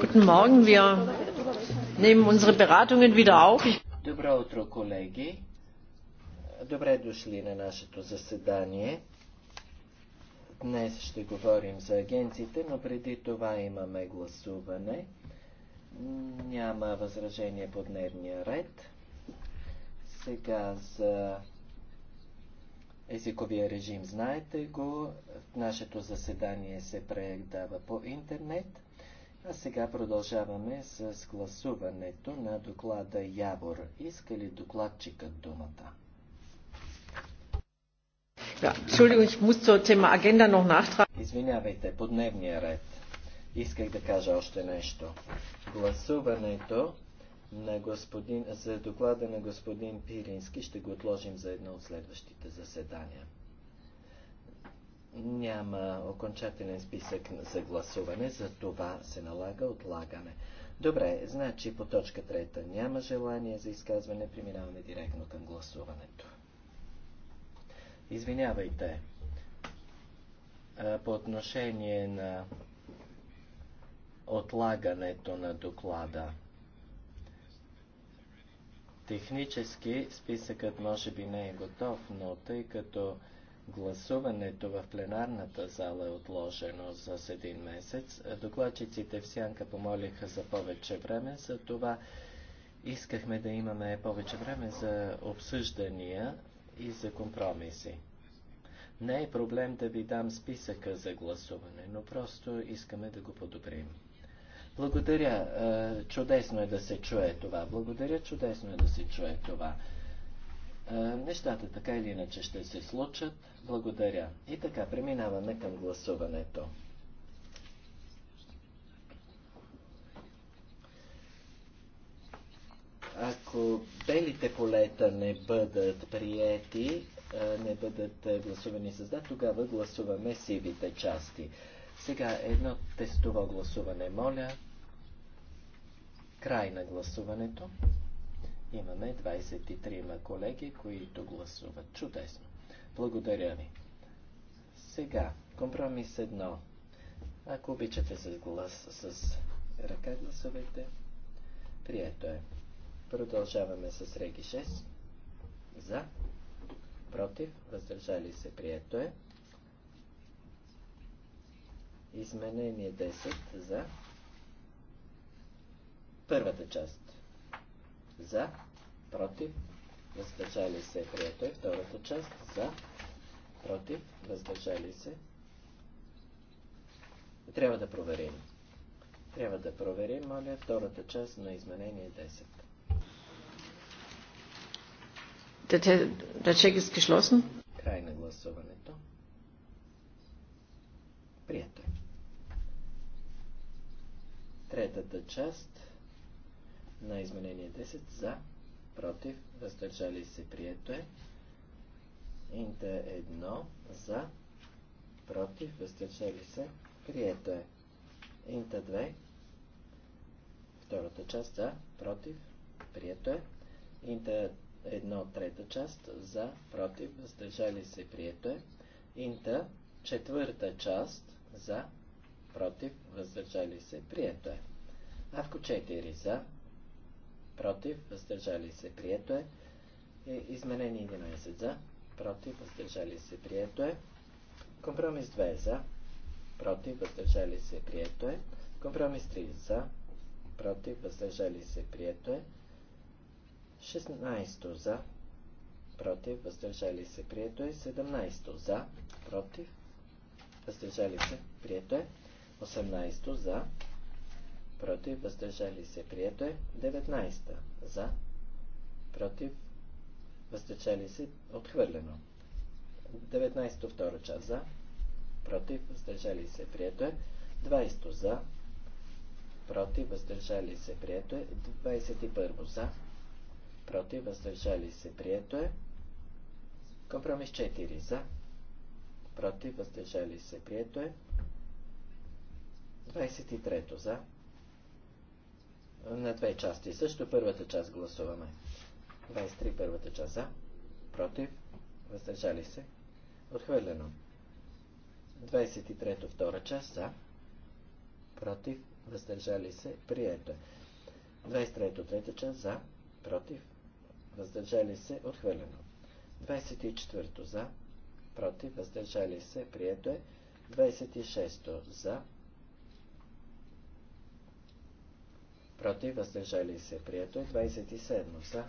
Guten Morgen, wir nehmen unsere Beratungen wieder auf. Добро утро, колеги. Добре дошли на нашето заседание. Днес ще говорим за агенциите, но преди това имаме гласуване. Няма възражение по дневния ред. Сега за езиковия режим знаете го. Нашето заседание се предава по интернет. А сега продължаваме с гласуването на доклада Явор. Иска ли докладчикът думата? Извинявайте, по дневния ред. Исках да кажа още нещо. Гласуването на господин, за доклада на господин Пирински ще го отложим за едно от следващите заседания. Няма окончателен списък за гласуване, за това се налага отлагане. Добре, значи по точка трета няма желание за изказване, преминаваме директно към гласуването. Извинявайте, по отношение на отлагането на доклада. Технически списъкът може би не е готов, но тъй като Гласуването в пленарната зала е отложено за един месец. Докладчиците в Сянка помолиха за повече време, за това искахме да имаме повече време за обсъждания и за компромиси. Не е проблем да ви дам списъка за гласуване, но просто искаме да го подобрим. Благодаря. Е, чудесно е да се чуе това. Благодаря. Чудесно е да се чуе това. Е, нещата така или иначе ще се случат. Благодаря. И така, преминаваме към гласуването. Ако белите полета не бъдат приети, е, не бъдат гласувани с да, тогава гласуваме сивите части. Сега едно тестово гласуване, моля. Край на гласуването. Имаме 23 колеги, които гласуват. Чудесно. Благодаря ви. Сега, компромис едно. Ако обичате с глас, с ръка гласовете, прието е. Продължаваме с реги 6. За. Против. Въздържали се. Прието е. Изменение 10 за първата част за, против, въздържали се, прието е. Втората част за, против, въздържали се. Трябва да проверим. Трябва да проверим, моля, втората част на изменение 10. Der Check ist geschlossen. Край на гласуването. Прието Chest. Е. Третата част на изменение 10 за, против, въздържали се, прието е. Инта 1 за, против, въздържали се, прието е. Инта 2, втората част за, против, прието е. Инта 1, трета част за, против, въздържали се, прието е. Инта четвърта част за, против, въздържали се, прието е. Авко 4 за, против, въздържали се, прието е. е Изменени 11 за, против, въздържали се, прието е. Компромис 2 е за, против, въздържали се, прието е. Компромис 3 за, против, въздържали се, прието е. 16 за, против, въздържали се, прието е. 17 за, против, въздържали се, прието е. 18 за, против, въздържали се, прието е. 19 за, против, въздържали се, отхвърлено. 19 втора част за, против, въздържали се, прието е. 20 за, против, въздържали се, прието е. 21 за, против, въздържали се, прието е. Компромис 4 за, против, въздържали се, прието е. 23 за, на две части. Също първата част гласуваме. 23 първата част за, против, въздържали се, отхвърлено. 23 втора част за, против, въздържали се, прието. 23 е. трета част за, против, въздържали се, отхвърлено. 24 за, против, въздържали се, прието е. 26 за, против, въздържали се, прието е. 27 за,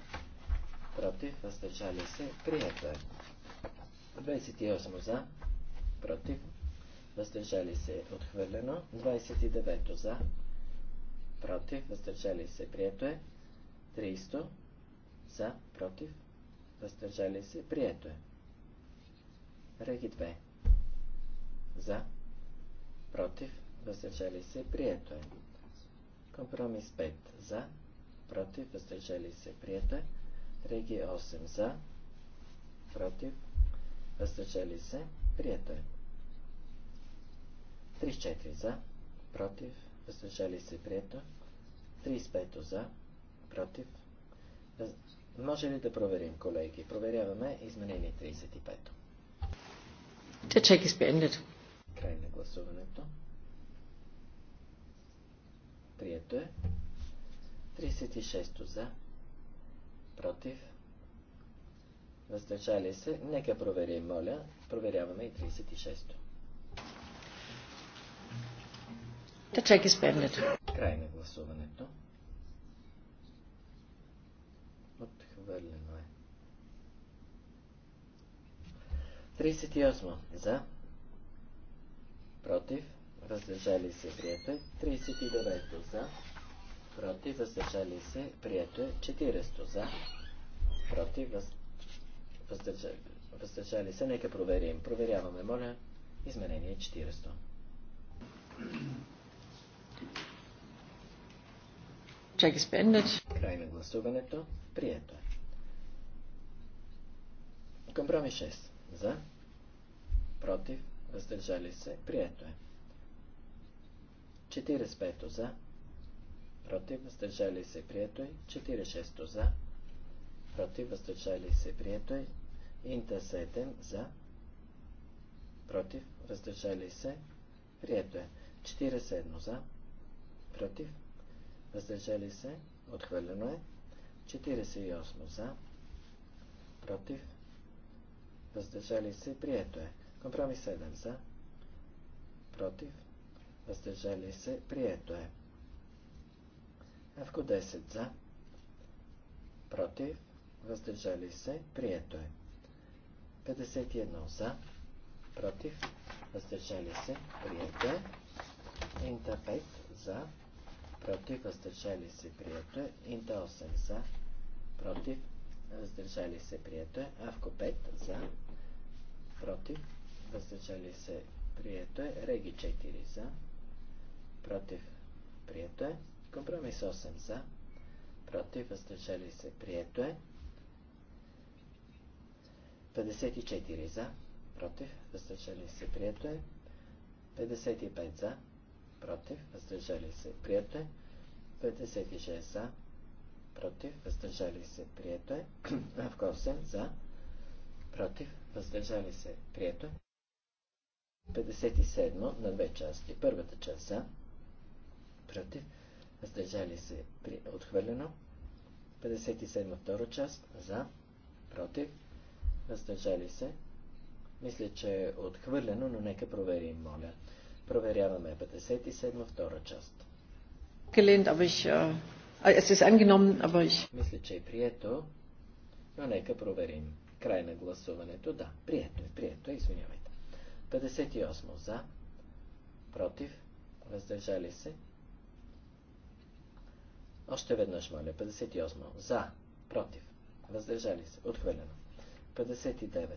против, въздържали се, прието е. 28 за, против, въздържали се, отхвърлено. 29 за, против, въздържали се, прието е. 300 за, против, въздържали се, прието е. Реги 2 за, против, въздържали се, прието е. Компромис 5 за, против, въздържали се, приета. Реги 8 за, против, въздържали се, приета. 34 за, против, въздържали се, прието. 35 за, против. Въз... Може ли да проверим, колеги? Проверяваме изменение 35. Те чеки спиенето. Край на гласуването. Прието е. 36 за. Против. Въздържали се. Нека проверим, моля. Проверяваме и 36-то. Да чеки Край на гласуването. Отхвърлено е. 38 за. Против въздържали се, прието е. 39-то за, против, въздържали се, прието е. 40-то за, против, въздържали, въздържали се. Нека проверим. Проверяваме, моля. Изменение 40-то. Чак Край на гласуването. Прието е. Компромис 6. За. Против. Въздържали се. Прието е. 45 за, против, въздържали се, прието е. 46 за, против, въздържали се, прието е. Инта 7 за, против, въздържали се, прието е. 47 за, против, въздържали се, отхвърлено е. 48 за, против, въздържали се, прието е. Компромис 7 за, против, въздържали се, прието е. Авко 10 за, против, въздържали се, прието е. 51 за, против, въздържали се, прието е. Инта 5 за, против, въздържали се, прието е. Инта 8 за, против, въздържали се, прието е. Авко 5 за, против, въздържали се, прието е. Реги 4 за, против, прието е. Компромис 8 за, против, въздържали се, прието е. 54 за, против, въздържали се, прието е. 55 за, против, въздържали се, прието е. 56 за, против, въздържали се, прието е. Авко 8 за, против, въздържали се, прието е. 57 на две части. Първата част за, против, въздържали се при отхвърлено. 57 втора част за, против, въздържали се. Мисля, че е отхвърлено, но нека проверим, моля. Проверяваме 57 втора част. Gelehnt, aber ich, äh, äh, es ist angenommen, aber ich... Мисля, че е прието, но нека проверим. Край на гласуването, да, прието е, прието е, извинявайте. 58 за, против, въздържали се, още веднъж, моля. 58. За. Против. Въздържали се. Отхвърлено. 59.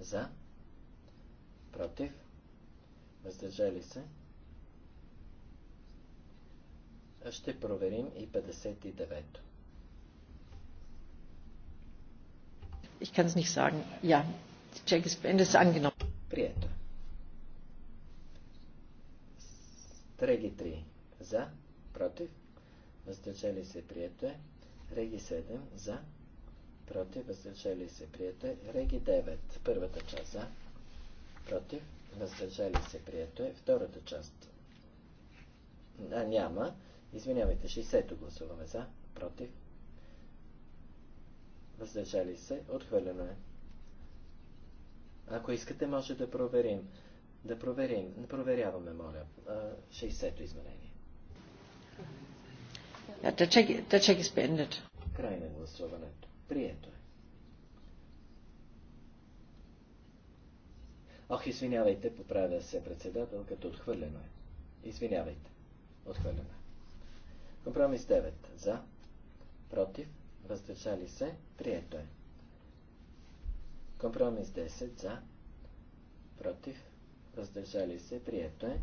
За. Против. Въздържали се. Ще проверим и 59. Ich kann es nicht sagen. Ja, die Check ist beendet, ist angenommen. Прието. Треги 3. За. Против въздържали се, прието е. Реги 7 за, против, въздържали се, прието е. Реги 9, първата част за, против, въздържали се, прието е. Втората част а, няма. Извинявайте, 60-то гласуваме за, против, въздържали се, отхвърляме. Ако искате, може да проверим. Да проверим. Проверяваме, моля. 60-то изменение der check, ist beendet. Край на гласуването. Прието е. Ох, извинявайте, поправя се председател, като отхвърлено е. Извинявайте. Отхвърлено е. Компромис 9. За. Против. Въздържали се. Прието е. Компромис 10. За. Против. Въздържали се. Прието е.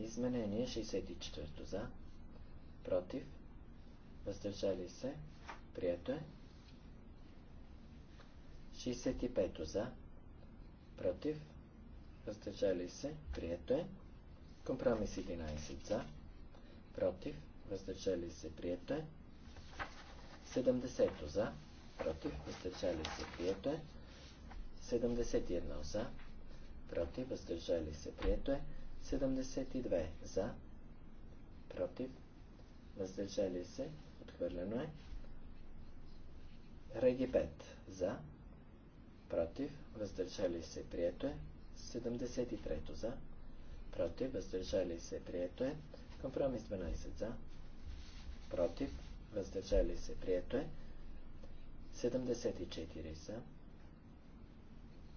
Изменение 64. За против, въздържали се, прието е. 65 за, против, въздържали се, прието е. Компромис 11 за, против, въздържали се, прието е. 70 за, против, въздържали се, прието е. 71 за, против, въздържали се, прието е. 72 за, против, въздържали се, отхвърлено е. Реги 5 за, против, въздържали се, прието е. 73 за, против, въздържали се, прието е. Компромис 12 за, против, въздържали се, прието е. 74 за,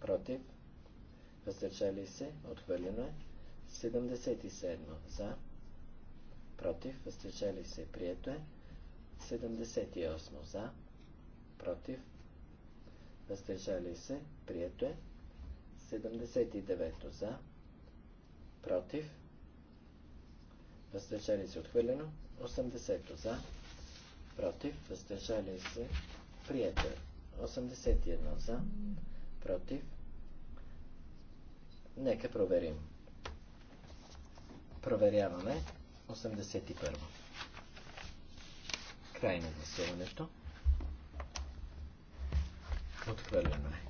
против, въздържали се, отхвърлено е. 77 за, против, въздържали се, прието е. 78 за, против, въздържали се, прието е. 79 за, против, въздържали се, отхвърлено. 80 за, против, въздържали се, прието е. 81 за, против. Нека проверим. Проверяваме. 81. Край на гласуването. Отхвърлено е.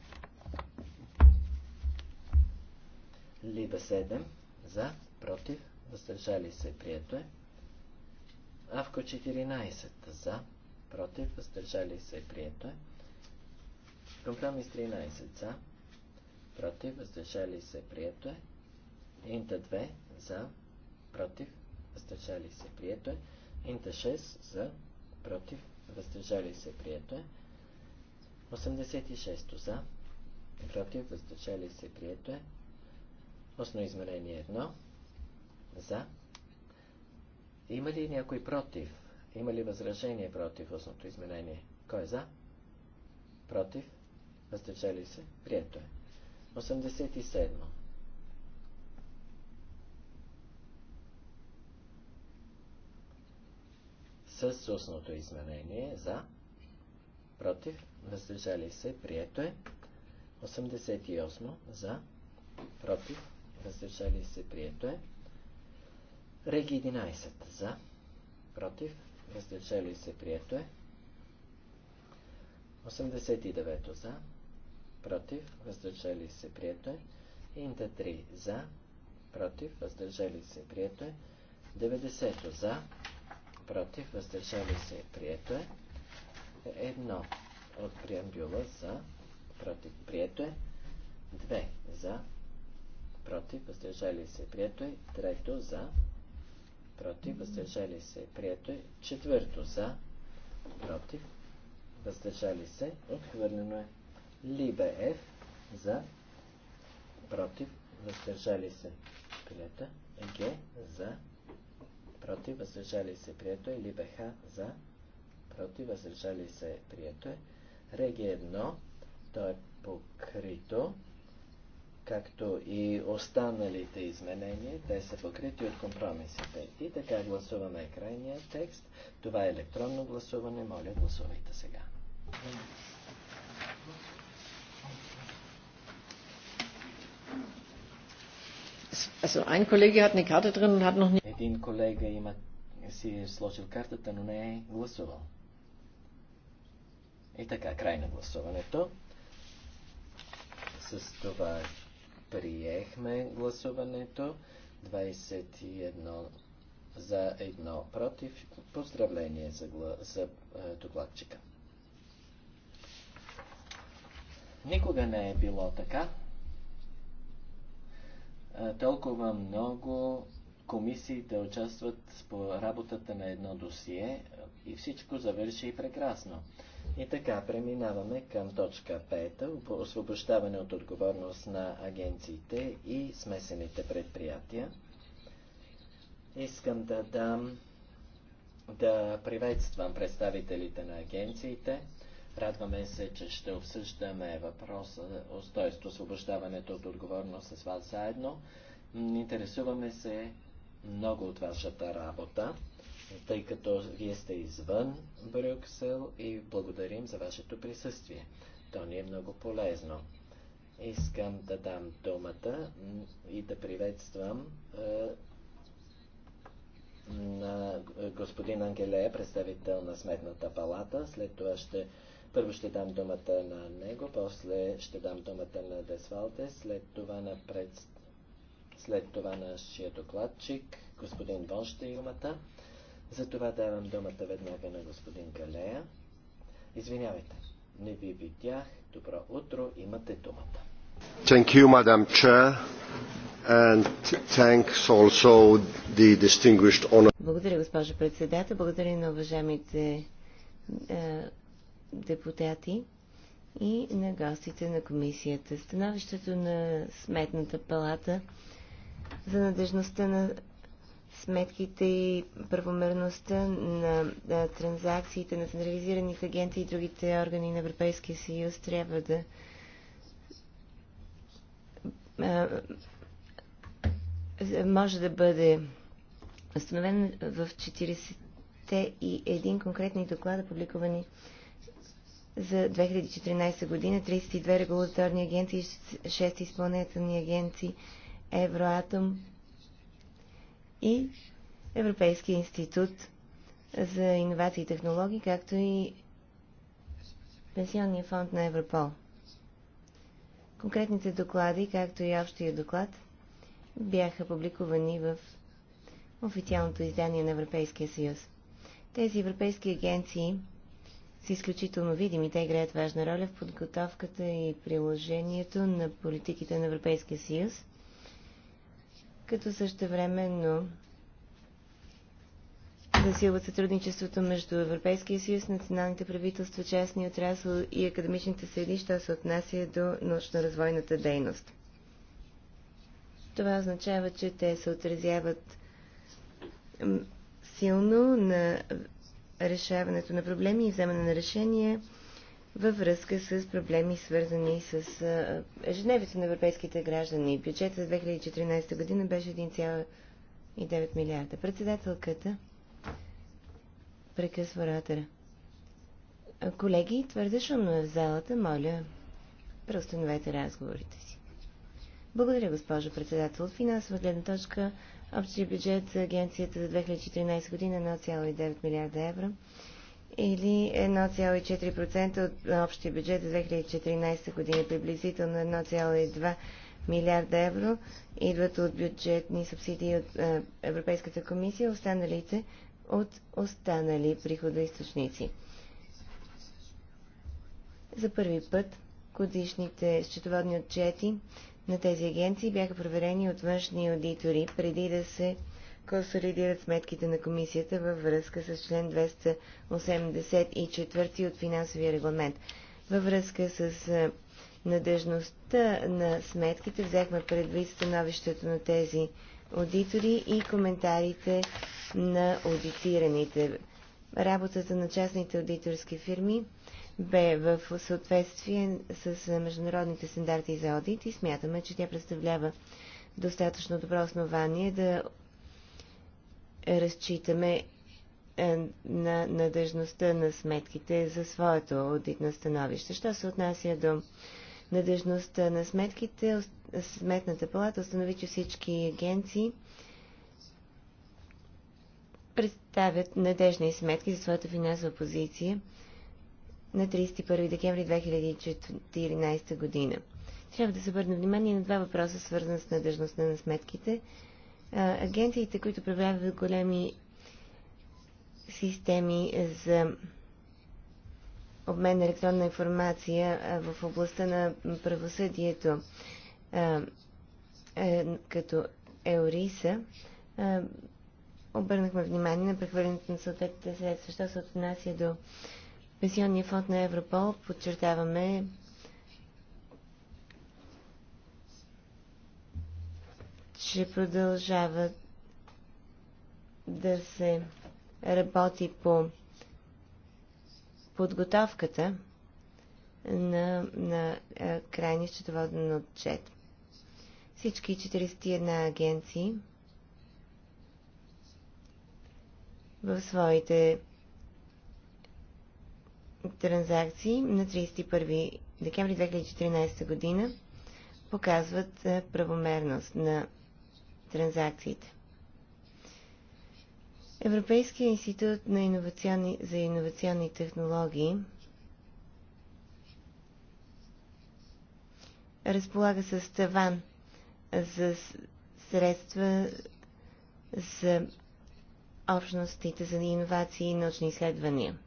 Либа 7. За, против, въздържали се, прието е. Авко 14. За, против, въздържали се, прието е. Компромис 13. За, против, въздържали се, прието е. Инта 2. За, против, въздържали се, прието е. Инта 6 за, против, въздържали се, прието е. 86 за, против, въздържали се, прието е. Осно измерение 1 за. Има ли някой против? Има ли възражение против осното измерение? Кой е за? Против? Въздържали се? Прието е. 87. с устното изменение за, против, въздържали се, прието е. 88 за, против, въздържали се, прието е. Реги 11 за, против, въздържали се, прието е. 89 за, против, въздържали се, прието е. Инта 3 за, против, въздържали се, прието е. 90 за, против, въздържали се, прието е. Едно от преамбюла за, против, прието е. Две за, против, въздържали се, прието е. Трето за, против, въздържали се, прието е. Четвърто за, против, въздържали се, отхвърлено е. Либе Ф за, против, въздържали се, прието е. Г за, против, въздържали се, прието е. Либе за, против, въздържали се, прието е. Реги 1, то е покрито, както и останалите изменения, те са покрити от компромисите. И така гласуваме крайния текст. Това е електронно гласуване. Моля, гласувайте сега. Also ein Kollege hat eine Karte drin und hat noch nicht... Един колега има, си е сложил картата, но не е гласувал. И така, край на гласуването. С това приехме гласуването. 21 за 1 против. Поздравление за, за е, докладчика. Никога не е било така толкова много комисии да участват по работата на едно досие и всичко завърши и прекрасно. И така преминаваме към точка 5 освобождаване от отговорност на агенциите и смесените предприятия. Искам да дам да приветствам представителите на агенциите. Радваме се, че ще обсъждаме въпроса, т.е. освобождаването от отговорност с вас заедно. Интересуваме се много от вашата работа, тъй като вие сте извън Брюксел и благодарим за вашето присъствие. То ни е много полезно. Искам да дам думата и да приветствам е, на господин Ангелея, представител на Сметната палата. След това ще първо ще дам думата на него, после ще дам думата на Десвалде, след това на пред... след това нашия докладчик, господин Бон ще имата. Затова давам думата веднага на господин Галея. Извинявайте, не ви видях. Добро утро, имате думата. Thank you, Madam Chair. Distinguished... Благодаря, госпожо председател. Благодаря на уважаемите е, депутати и на гостите на комисията. Становището на Сметната палата за надежността на сметките и правомерността на транзакциите на централизираните агенти и другите органи на Европейския съюз трябва да може да бъде установен в 41 конкретни доклада, публикувани за 2014 година 32 регулаторни агенции, 6 изпълнителни агенции, Евроатом и Европейския институт за иновации и технологии, както и Пенсионния фонд на Европол. Конкретните доклади, както и общия доклад, бяха публикувани в официалното издание на Европейския съюз. Тези европейски агенции са изключително видими. Те играят важна роля в подготовката и приложението на политиките на Европейския съюз, като същевременно засилват сътрудничеството между Европейския съюз, националните правителства, частния отрасъл и академичните среди, що се отнася до научно-развойната дейност. Това означава, че те се отразяват силно на решаването на проблеми и вземане на решения във връзка с проблеми, свързани с ежедневието на европейските граждани. Бюджетът за 2014 година беше 1,9 милиарда. Председателката прекъсва оратора. Колеги, твърде шумно е в залата. Моля, преустановете разговорите си. Благодаря, госпожо председател. От финансова гледна точка Общия бюджет за агенцията за 2014 година 1,9 е милиарда евро или 1,4% от общия бюджет за 2014 година. Приблизително 1,2 милиарда евро идват от бюджетни субсидии от е, Европейската комисия, останалите от останали приходоисточници. За първи път годишните счетоводни отчети на тези агенции бяха проверени от външни аудитори преди да се консолидират сметките на комисията във връзка с член 284 от финансовия регламент. Във връзка с надежността на сметките взехме предвид становището на тези аудитори и коментарите на аудитираните. Работата на частните аудиторски фирми бе в съответствие с международните стандарти за одит и смятаме, че тя представлява достатъчно добро основание да разчитаме е, на надежността на сметките за своето аудитно становище. Що се отнася до надежността на сметките, Сметната палата установи, че всички агенции представят надежни сметки за своята финансова позиция на 31 декември 2014 година. Трябва да се обърне внимание на два въпроса, свързани с надежността на сметките. Агенциите, които проявяват големи системи за обмен на електронна информация в областта на правосъдието, като Еориса, обърнахме внимание на прехвърлянето на съответните средства, що се отнася до Пенсионния фонд на Европол подчертаваме че продължават да се работи по подготовката на, на крайния счетоводен отчет. Всички 41 агенции в своите транзакции на 31 декември 2014 година показват е, правомерност на транзакциите. Европейския институт на инновационни, за иновационни технологии разполага с таван за средства за общностите за иновации и научни изследвания.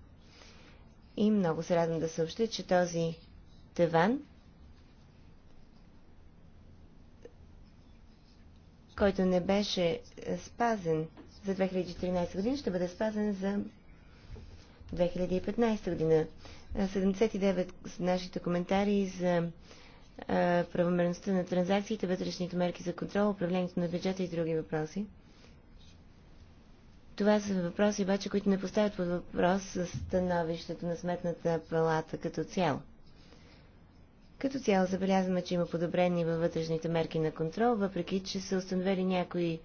И много се радвам да съобща, че този таван, който не беше спазен за 2013 година, ще бъде спазен за 2015 година. 79 са нашите коментари за правомерността на транзакциите, вътрешните мерки за контрол, управлението на бюджета и други въпроси. Това са въпроси обаче, които не поставят под въпрос становището на Сметната палата като цяло. Като цяло забелязваме, че има подобрени във вътрешните мерки на контрол, въпреки че са установили някои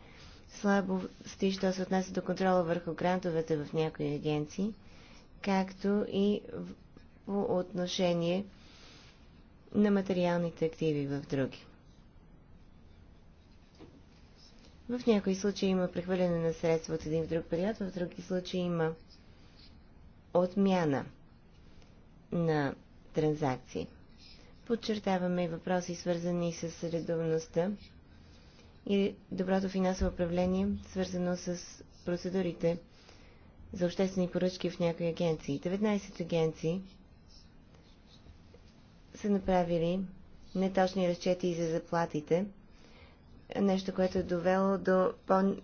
слабости, що се отнася до контрола върху грантовете в някои агенции, както и по отношение на материалните активи в други. В някои случаи има прехвърляне на средства от един в друг период, в други случаи има отмяна на транзакции. Подчертаваме и въпроси, свързани с редовността и доброто финансово управление, свързано с процедурите за обществени поръчки в някои агенции. 19 агенции са направили неточни разчети и за заплатите – нещо, което е довело до по-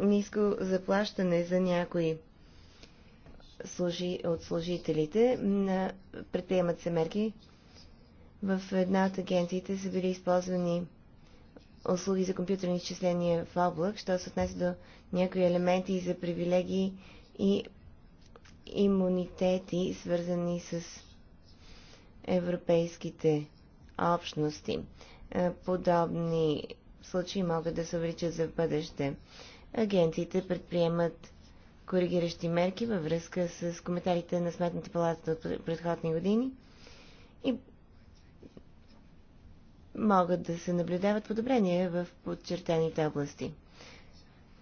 ниско заплащане за някои служи, от служителите. На, предприемат се мерки. В една от агенциите са били използвани услуги за компютърни изчисления в облак, що се отнесе до някои елементи за привилегии и имунитети, свързани с европейските общности. Е, подобни случаи могат да се увеличат за бъдеще. Агенциите предприемат коригиращи мерки във връзка с коментарите на Сметната палата от предходни години и могат да се наблюдават подобрения в подчертаните области.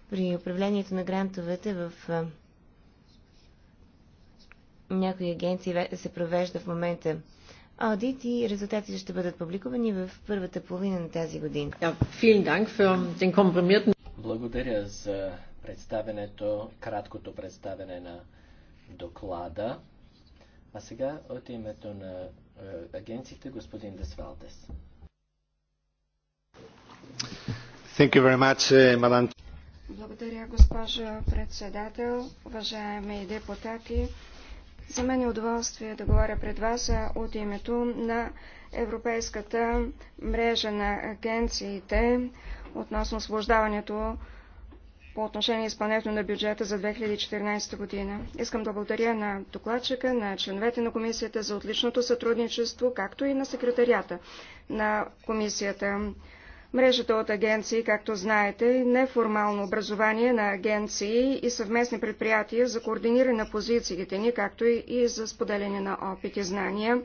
При управлението на грантовете в е, някои агенции се провежда в момента одит и резултатите ще бъдат публикувани в първата половина на тази година. Благодаря за представенето, краткото представене на доклада. А сега от името на е, агенциите господин Десвалдес. Е, Благодаря, госпожа председател, уважаеми депутати. За мен е удоволствие да говоря пред вас от името на Европейската мрежа на агенциите относно освобождаването по отношение изпълнението на бюджета за 2014 година. Искам да благодаря на докладчика, на членовете на комисията за отличното сътрудничество, както и на секретарията на комисията. Мрежата от агенции, както знаете, неформално образование на агенции и съвместни предприятия за координиране на позициите ни, както и за споделяне на опит и знания.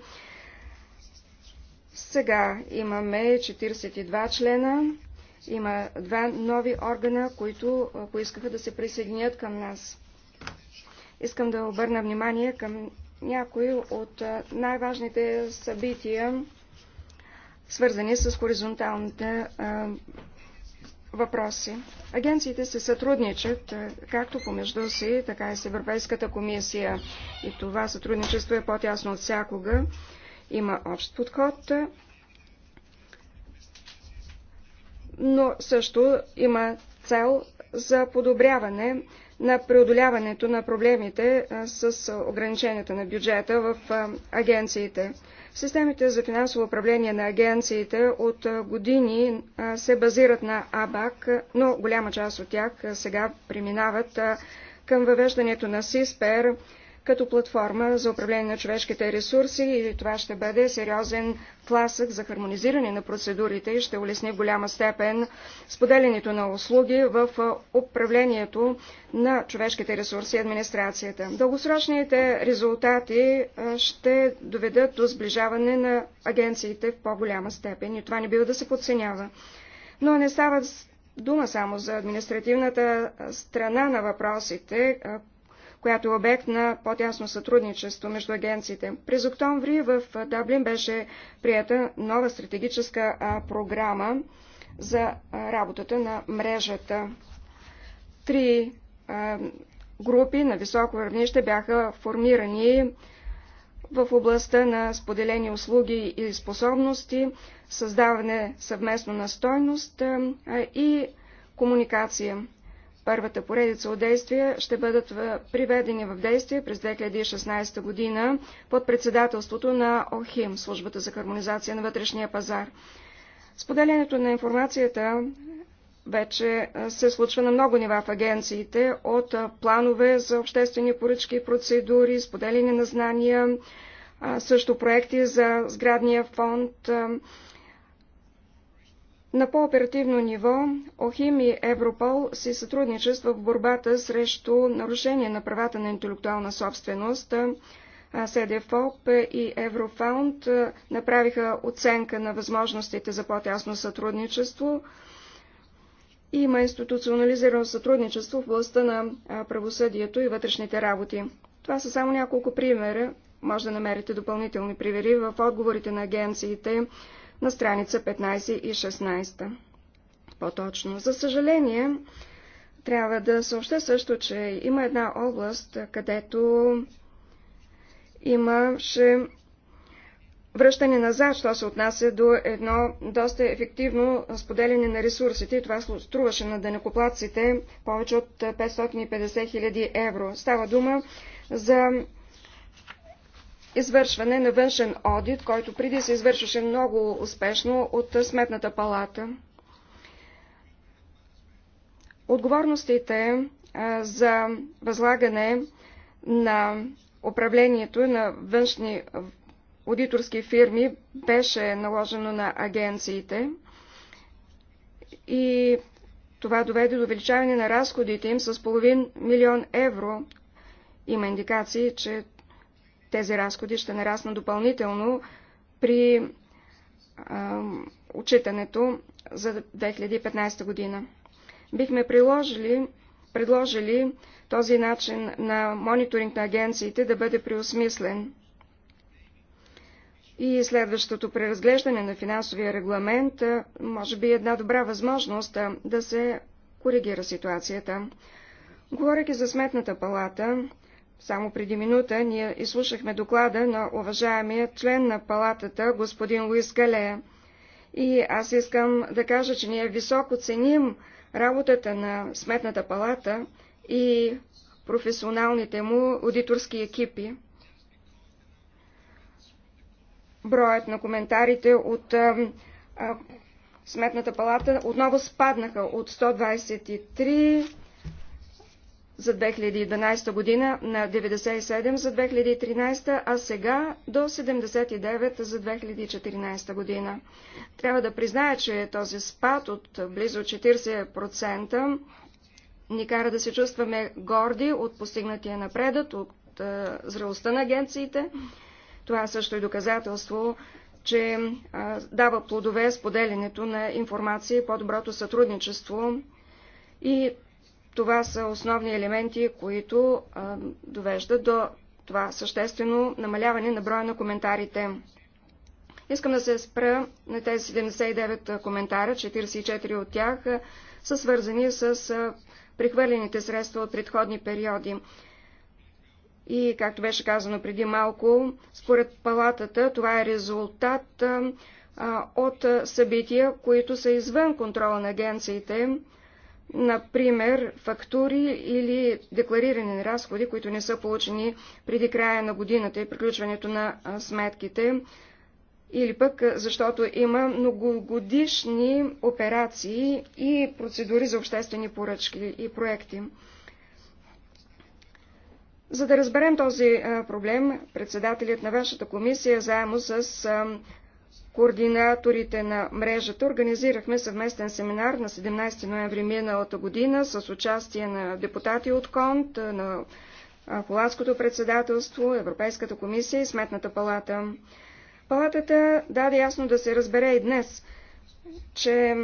Сега имаме 42 члена. Има два нови органа, които поискаха да се присъединят към нас. Искам да обърна внимание към някои от най-важните събития свързани с хоризонталните въпроси. Агенциите се сътрудничат както помежду си, така и с Европейската комисия. И това сътрудничество е по-тясно от всякога. Има общ подход, но също има цел за подобряване на преодоляването на проблемите с ограниченията на бюджета в агенциите. Системите за финансово управление на агенциите от години се базират на АБАК, но голяма част от тях сега преминават към въвеждането на СИСПЕР, като платформа за управление на човешките ресурси и това ще бъде сериозен тласък за хармонизиране на процедурите и ще улесни голяма степен споделянето на услуги в управлението на човешките ресурси и администрацията. Дългосрочните резултати ще доведат до сближаване на агенциите в по-голяма степен и това не бива да се подценява. Но не става дума само за административната страна на въпросите, която е обект на по-тясно сътрудничество между агенциите. През октомври в Даблин беше прията нова стратегическа програма за работата на мрежата. Три групи на високо равнище бяха формирани в областта на споделени услуги и способности, създаване съвместно на стойност и комуникация. Първата поредица от действия ще бъдат приведени в действие през 2016 година под председателството на ОХИМ, Службата за хармонизация на вътрешния пазар. Споделянето на информацията вече се случва на много нива в агенциите, от планове за обществени поръчки и процедури, споделяне на знания, също проекти за сградния фонд, на по-оперативно ниво ОХИМ и Европол си сътрудничества в борбата срещу нарушение на правата на интелектуална собственост. СДФОП и Еврофаунд направиха оценка на възможностите за по-тясно сътрудничество. Има институционализирано сътрудничество в областта на правосъдието и вътрешните работи. Това са само няколко примера. Може да намерите допълнителни примери в отговорите на агенциите на страница 15 и 16. По-точно. За съжаление, трябва да съобща също, че има една област, където имаше връщане назад, що се отнася до едно доста ефективно споделяне на ресурсите. това струваше на денекоплаците повече от 550 000 евро. Става дума за извършване на външен одит, който преди се извършваше много успешно от Сметната палата. Отговорностите за възлагане на управлението на външни аудиторски фирми беше наложено на агенциите и това доведе до увеличаване на разходите им с половин милион евро. Има индикации, че тези разходи ще нарасна допълнително при а, отчитането за 2015 година. Бихме приложили, предложили този начин на мониторинг на агенциите да бъде преосмислен. И следващото преразглеждане на финансовия регламент може би е една добра възможност да се коригира ситуацията. Говоряки за сметната палата, само преди минута ние изслушахме доклада на уважаемия член на палатата, господин Луис Галея. И аз искам да кажа, че ние високо ценим работата на Сметната палата и професионалните му аудиторски екипи. Броят на коментарите от а, а, Сметната палата отново спаднаха от 123 за 2011 година на 97 за 2013, а сега до 79 за 2014 година. Трябва да призная, че този спад от близо 40% ни кара да се чувстваме горди от постигнатия напредък, от е, зрелостта на агенциите. Това също е доказателство, че е, дава плодове споделянето на информация и по-доброто сътрудничество и това са основни елементи, които а, довеждат до това съществено намаляване на броя на коментарите. Искам да се спра на тези 79 коментара, 44 от тях са свързани с прихвърлените средства от предходни периоди. И, както беше казано преди малко, според палатата това е резултат от събития, които са извън контрола на агенциите, например, фактури или декларирани разходи, които не са получени преди края на годината и приключването на сметките, или пък защото има многогодишни операции и процедури за обществени поръчки и проекти. За да разберем този проблем, председателят на вашата комисия, заедно с координаторите на мрежата организирахме съвместен семинар на 17 ноември миналата година с участие на депутати от КОНТ, на Холандското председателство, Европейската комисия и Сметната палата. Палатата даде ясно да се разбере и днес, че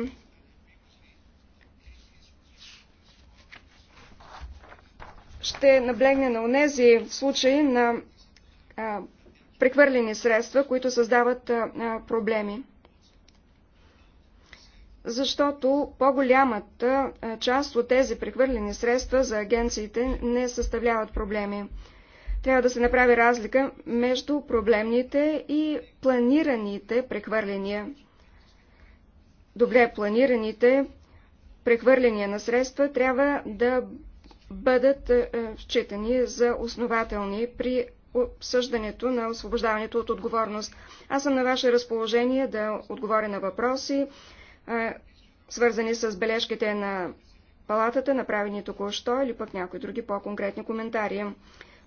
ще наблегне на онези случаи на прехвърлени средства, които създават проблеми. Защото по-голямата част от тези прехвърлени средства за агенциите не съставляват проблеми. Трябва да се направи разлика между проблемните и планираните прехвърления. Добре планираните прехвърления на средства трябва да бъдат считани за основателни при обсъждането на освобождаването от отговорност. Аз съм на ваше разположение да отговоря на въпроси, свързани с бележките на палатата, направени току-що, или пък някои други по-конкретни коментари.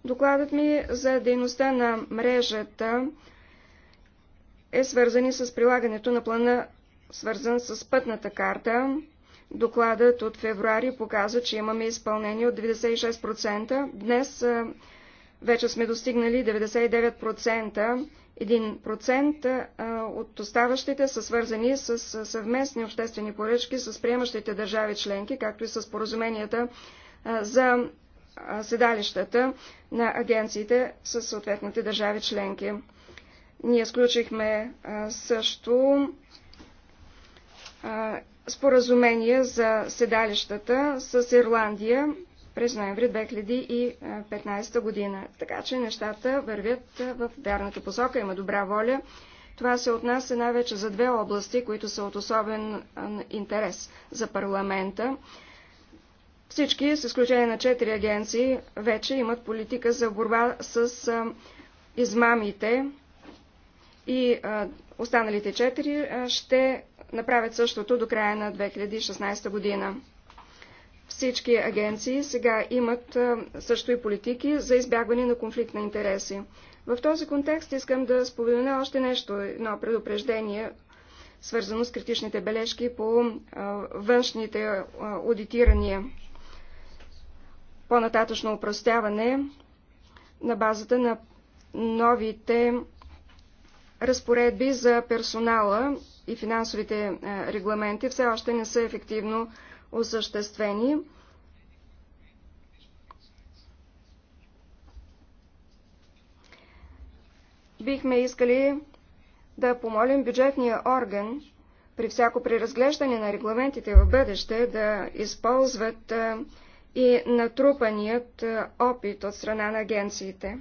Докладът ми за дейността на мрежата е свързан с прилагането на плана, свързан с пътната карта. Докладът от февруари показва, че имаме изпълнение от 96%. Днес вече сме достигнали 99%. 1% от оставащите са свързани с съвместни обществени поръчки с приемащите държави членки, както и с поразуменията за седалищата на агенциите с съответните държави членки. Ние сключихме също споразумение за седалищата с Ирландия през ноември 2015 година. Така че нещата вървят в вярната посока, има добра воля. Това се отнася най-вече за две области, които са от особен интерес за парламента. Всички, с изключение на четири агенции, вече имат политика за борба с измамите и останалите четири ще направят същото до края на 2016 година. Всички агенции сега имат също и политики за избягване на конфликт на интереси. В този контекст искам да спомена още нещо, едно предупреждение, свързано с критичните бележки по външните аудитирания. По-нататъчно упростяване на базата на новите разпоредби за персонала и финансовите регламенти все още не са ефективно осъществени. Бихме искали да помолим бюджетния орган при всяко преразглеждане на регламентите в бъдеще да използват и натрупаният опит от страна на агенциите.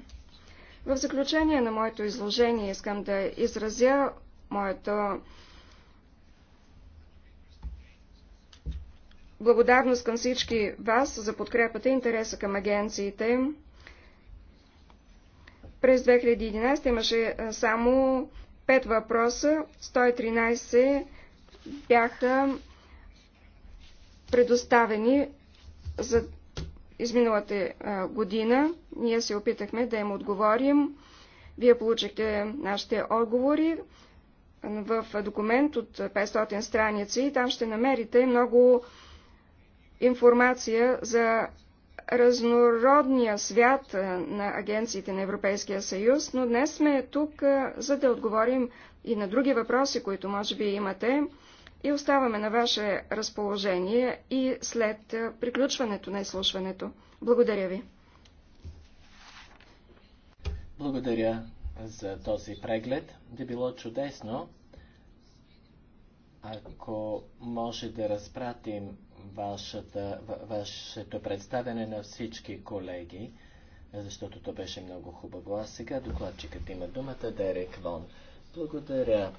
В заключение на моето изложение искам да изразя моето благодарност към всички вас за подкрепата и интереса към агенциите. През 2011 имаше само 5 въпроса, 113 бяха предоставени за изминалата година. Ние се опитахме да им отговорим. Вие получихте нашите отговори в документ от 500 страници и там ще намерите много информация за разнородния свят на агенциите на Европейския съюз, но днес сме тук, за да отговорим и на други въпроси, които може би имате и оставаме на ваше разположение и след приключването на изслушването. Благодаря ви. Благодаря за този преглед. Би било чудесно, ако може да разпратим вашата, вашето представяне на всички колеги, защото то беше много хубаво. А сега докладчикът има думата Дерек Вон. Благодаря,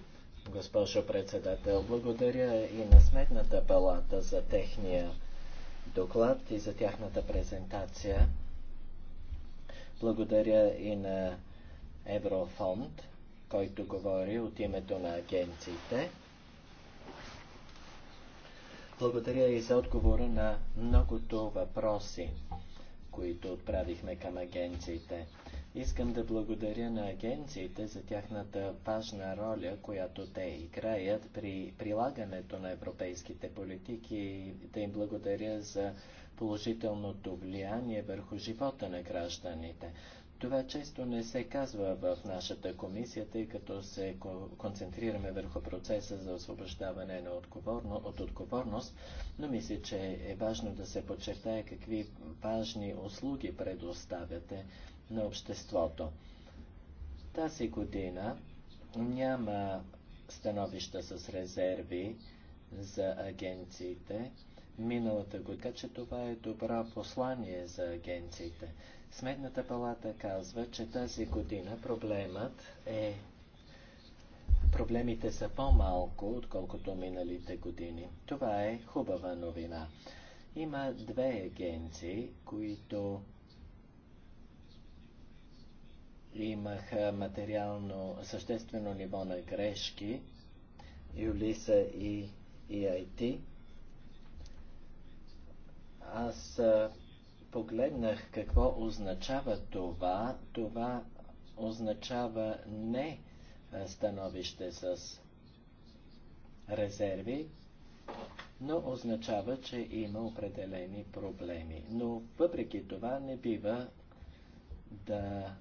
госпожо председател. Благодаря и на Сметната палата за техния доклад и за тяхната презентация. Благодаря и на Еврофонд, който говори от името на агенциите. Благодаря и за отговора на многото въпроси, които отправихме към агенциите. Искам да благодаря на агенциите за тяхната важна роля, която те играят при прилагането на европейските политики и да им благодаря за положителното влияние върху живота на гражданите. Това често не се казва в нашата комисия, тъй като се концентрираме върху процеса за освобождаване на отговорно, от отговорност, но мисля, че е важно да се подчертае какви важни услуги предоставяте на обществото. Тази година няма становища с резерви за агенциите миналата година, че това е добро послание за агенциите. Сметната палата казва, че тази година проблемът е Проблемите са по-малко, отколкото миналите години. Това е хубава новина. Има две агенции, които имаха материално съществено ниво на грешки, Юлиса и EIT. Аз погледнах какво означава това, това означава не становище с резерви, но означава, че има определени проблеми. Но въпреки това не бива да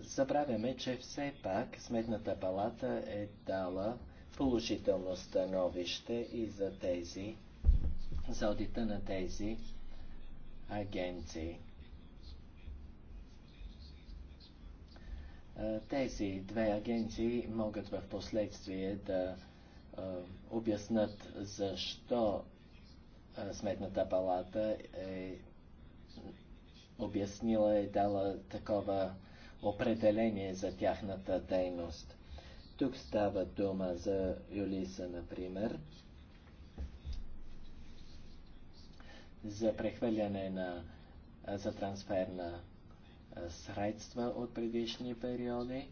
забравяме, че все пак Сметната палата е дала положително становище и за тези, за одита на тези агенции. Тези две агенции могат в последствие да обяснат защо Сметната палата е обяснила и дала такова определение за тяхната дейност. Тук става дума за Юлиса, например. за прехвърляне на, за трансфер на средства от предишни периоди.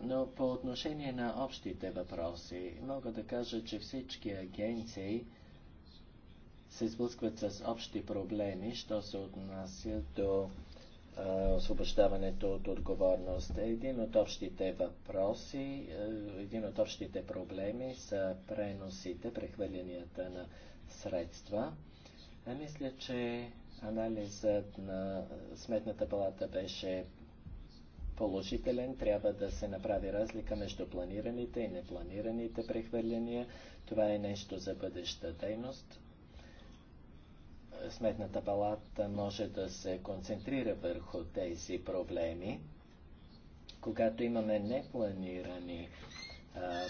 Но по отношение на общите въпроси, мога да кажа, че всички агенции се сблъскват с общи проблеми, що се отнася до освобождаването от отговорност. Един от общите въпроси, един от общите проблеми са преносите, прехвърлянията на средства. А мисля, че анализът на Сметната палата беше положителен. Трябва да се направи разлика между планираните и непланираните прехвърляния. Това е нещо за бъдеща дейност. Сметната палата може да се концентрира върху тези проблеми. Когато имаме непланирани а,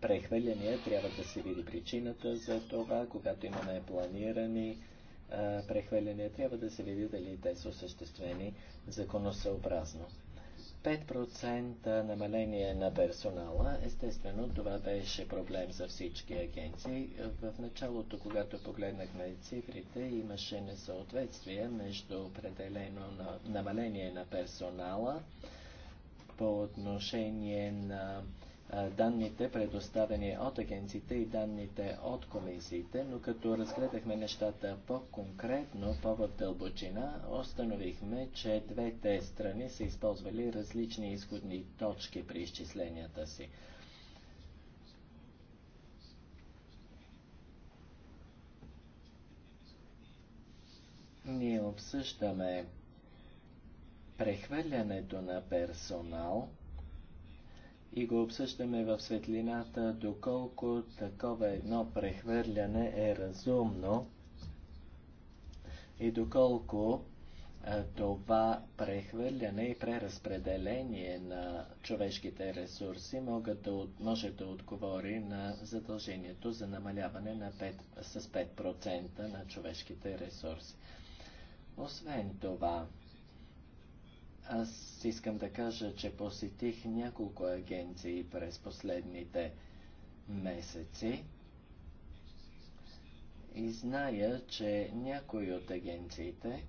прехвърляния, трябва да се види причината за това. Когато имаме планирани прехвърляния, трябва да се види дали те са осъществени законосъобразно. 5% намаление на персонала. Естествено, това беше проблем за всички агенции. В началото, когато погледнахме цифрите, имаше несъответствие между определено намаление на персонала по отношение на данните, предоставени от агенциите и данните от комисиите, но като разгледахме нещата по-конкретно, по-в дълбочина, установихме, че двете страни са използвали различни изходни точки при изчисленията си. Ние обсъждаме прехвърлянето на персонал – и го обсъждаме в светлината, доколко такова едно прехвърляне е разумно и доколко това прехвърляне и преразпределение на човешките ресурси могат да, може да отговори на задължението за намаляване на 5, с 5% на човешките ресурси. Освен това, аз искам да кажа, че посетих няколко агенции през последните месеци и зная, че някои от агенциите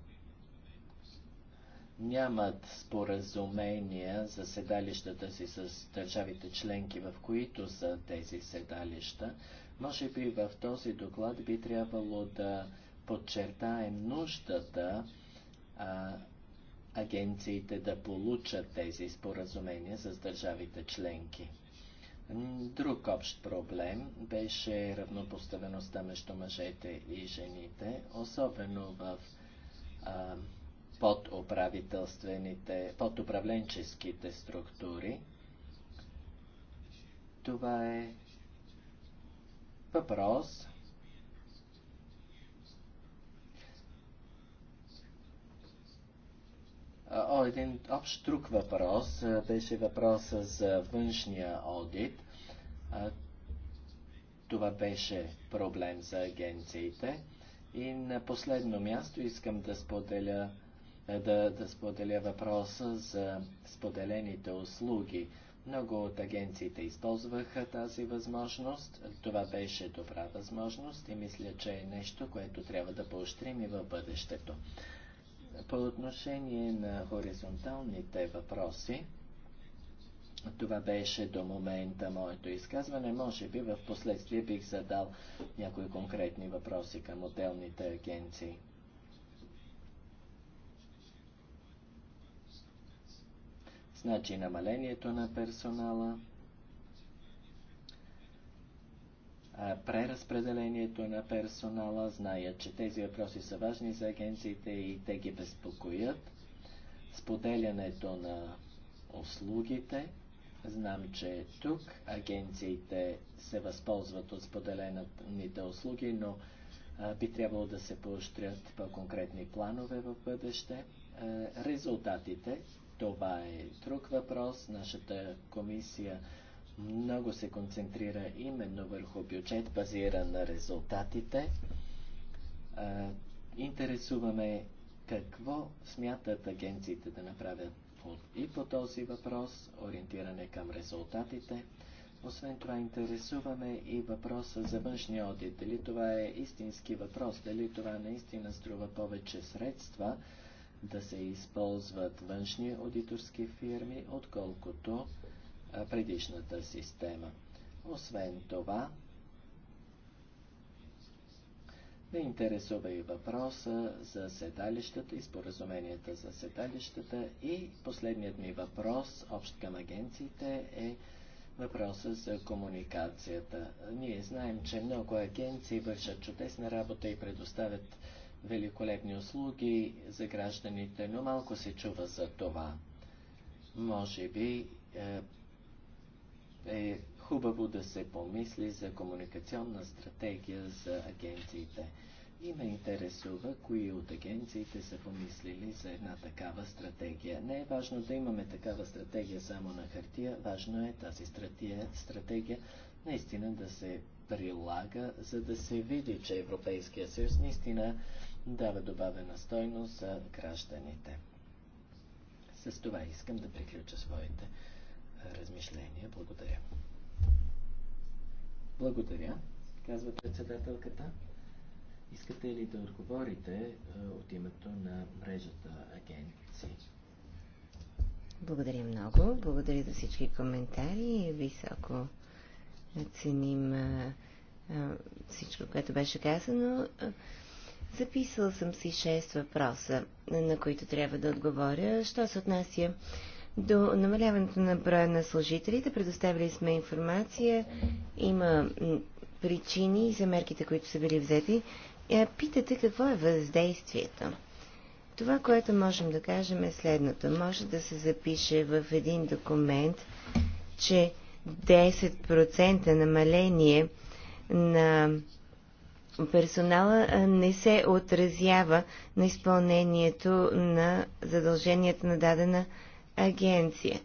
нямат споразумения за седалищата си с държавите членки, в които са тези седалища. Може би в този доклад би трябвало да подчертаем нуждата а, агенциите да получат тези споразумения с държавите членки. Друг общ проблем беше равнопоставеността между мъжете и жените, особено в а, подуправителствените, подуправленческите структури. Това е въпрос, О, един общ друг въпрос беше въпроса за външния одит. Това беше проблем за агенциите. И на последно място искам да споделя, да, да споделя въпроса за споделените услуги. Много от агенциите използваха тази възможност. Това беше добра възможност и мисля, че е нещо, което трябва да поощрим и в бъдещето. По отношение на хоризонталните въпроси, това беше до момента моето изказване. Може би в последствие бих задал някои конкретни въпроси към отделните агенции. Значи намалението на персонала – преразпределението на персонала. Знаят, че тези въпроси са важни за агенциите и те ги безпокоят. Споделянето на услугите. Знам, че тук агенциите се възползват от споделените услуги, но би трябвало да се поощрят по-конкретни планове в бъдеще. Резултатите, това е друг въпрос. Нашата комисия много се концентрира именно върху бюджет, базиран на резултатите. А, интересуваме какво смятат агенциите да направят и по този въпрос, ориентиране към резултатите. Освен това, интересуваме и въпроса за външния одит. Дали това е истински въпрос, дали това наистина струва повече средства да се използват външни аудиторски фирми, отколкото предишната система. Освен това, ме интересува и въпроса за седалищата и споразуменията за седалищата. И последният ми въпрос, общ към агенциите, е въпроса за комуникацията. Ние знаем, че много агенции вършат чудесна работа и предоставят великолепни услуги за гражданите, но малко се чува за това. Може би е, е хубаво да се помисли за комуникационна стратегия за агенциите. И ме интересува, кои от агенциите са помислили за една такава стратегия. Не е важно да имаме такава стратегия само на хартия, важно е тази стратегия, стратегия наистина да се прилага, за да се види, че Европейския съюз наистина дава добавена стойност за гражданите. С това искам да приключа своите размишление. Благодаря. Благодаря, казва председателката. Искате ли да отговорите е, от името на мрежата агенции? Благодаря много. Благодаря за всички коментари. Високо ценим е, е, всичко, което беше казано. Записал съм си шест въпроса, на които трябва да отговоря. Що се отнася до намаляването на броя на служителите. Предоставили сме информация. Има причини за мерките, които са били взети. Е, питате какво е въздействието. Това, което можем да кажем е следното. Може да се запише в един документ, че 10% намаление на персонала не се отразява на изпълнението на задълженията на дадена агенция.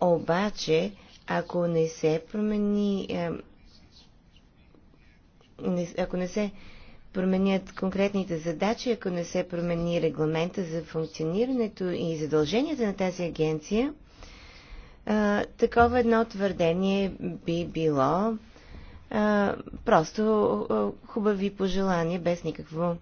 Обаче, ако не се промени, ако не се променят конкретните задачи, ако не се промени регламента за функционирането и задълженията на тази агенция, такова едно твърдение би било просто хубави пожелания без никакво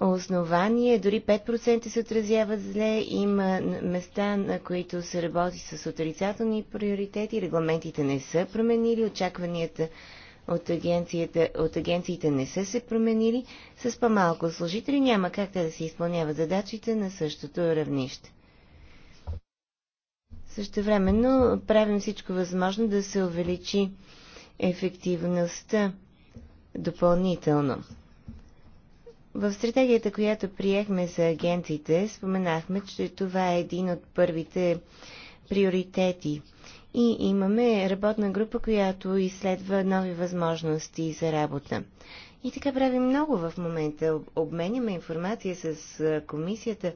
основание, дори 5% се отразяват зле, има места, на които се работи с отрицателни приоритети, регламентите не са променили, очакванията от, агенцията, от агенциите не са се променили, с по-малко служители няма как те да се изпълняват задачите на същото равнище. Също времено правим всичко възможно да се увеличи ефективността допълнително. В стратегията, която приехме за агенциите, споменахме, че това е един от първите приоритети. И имаме работна група, която изследва нови възможности за работа. И така правим много в момента. Обменяме информация с комисията.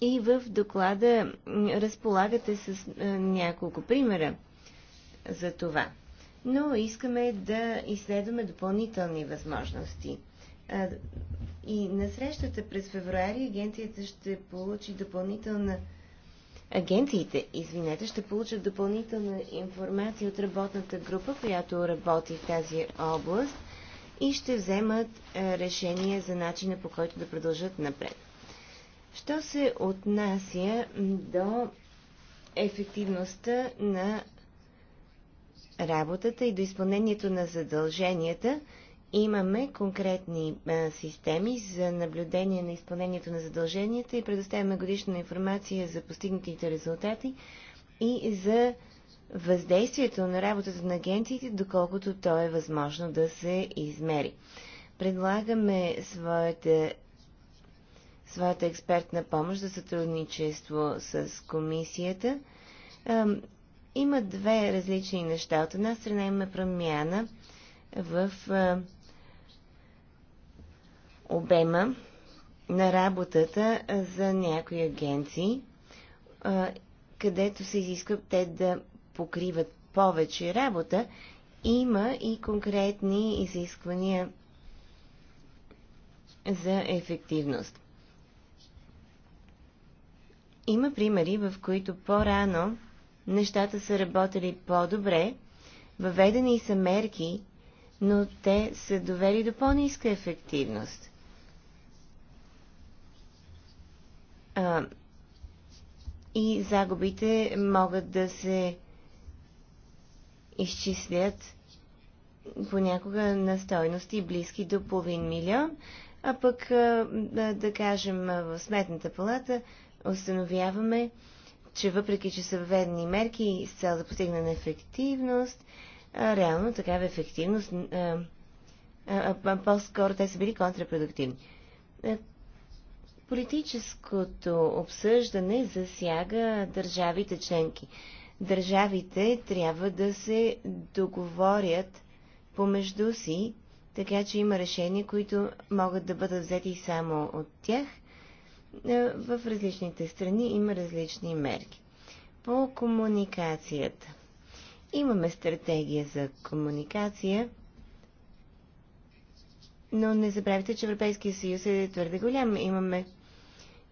И в доклада разполагате с няколко примера за това но искаме да изследваме допълнителни възможности. И на срещата през февруари агенцията ще получи допълнителна Агенциите, извинете, ще получат допълнителна информация от работната група, която работи в тази област и ще вземат решение за начина по който да продължат напред. Що се отнася до ефективността на работата и до изпълнението на задълженията имаме конкретни а, системи за наблюдение на изпълнението на задълженията и предоставяме годишна информация за постигнатите резултати и за въздействието на работата на агенциите, доколкото то е възможно да се измери. Предлагаме своята, своята експертна помощ за сътрудничество с комисията има две различни неща. От една страна има промяна в обема на работата за някои агенции, където се изисква те да покриват повече работа. Има и конкретни изисквания за ефективност. Има примери, в които по-рано нещата са работили по-добре, въведени са мерки, но те са довели до по-ниска ефективност. А, и загубите могат да се изчислят понякога на стойности близки до половин милион, а пък, да кажем, в Сметната палата установяваме, че въпреки, че са введени мерки с цел да постигне на ефективност, а, реално такава ефективност, по-скоро те са били контрапродуктивни. А, политическото обсъждане засяга държавите членки. Държавите трябва да се договорят помежду си, така че има решения, които могат да бъдат взети само от тях – е, в различните страни има различни мерки. По комуникацията. Имаме стратегия за комуникация, но не забравяйте, че Европейския съюз е твърде голям. Имаме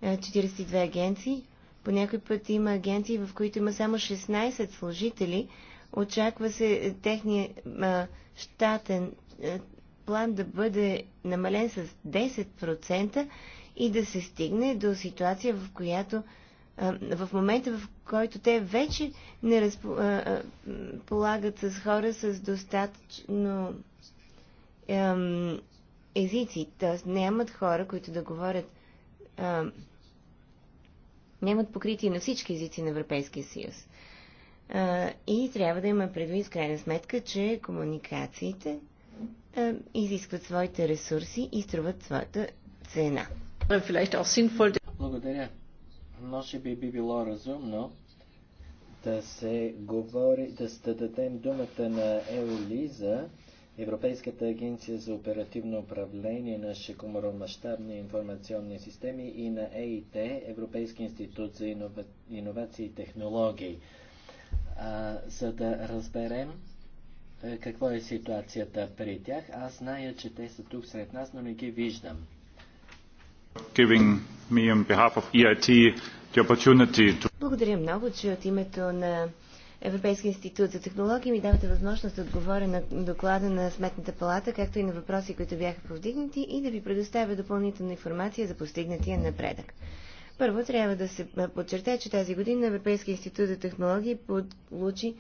42 е, агенции. По някой път има агенции, в които има само 16 служители. Очаква се техния а, е, щатен а, план да бъде намален с 10% и да се стигне до ситуация, в която в момента, в който те вече не разполагат с хора с достатъчно ем, езици, т.е. нямат хора, които да говорят, ем, нямат покритие на всички езици на Европейския съюз. Е, и трябва да има предвид, в крайна сметка, че комуникациите е, изискват своите ресурси и струват своята цена. Благодаря. Може би би било разумно да се говори, да, да дадем думата на Еолиза, Европейската агенция за оперативно управление на шекоморомащабни информационни системи и на ЕИТ, Европейски институт за инова... иновации и технологии, а, за да разберем е, какво е ситуацията при тях. Аз зная, че те са тук сред нас, но не ги виждам. E Благодаря много, че от името на Европейския институт за технологии ми давате възможност да отговоря на доклада на Сметната палата, както и на въпроси, които бяха повдигнати и да ви предоставя допълнителна информация за постигнатия напредък. Първо трябва да се подчертая, че тази година Европейския институт за технологии получи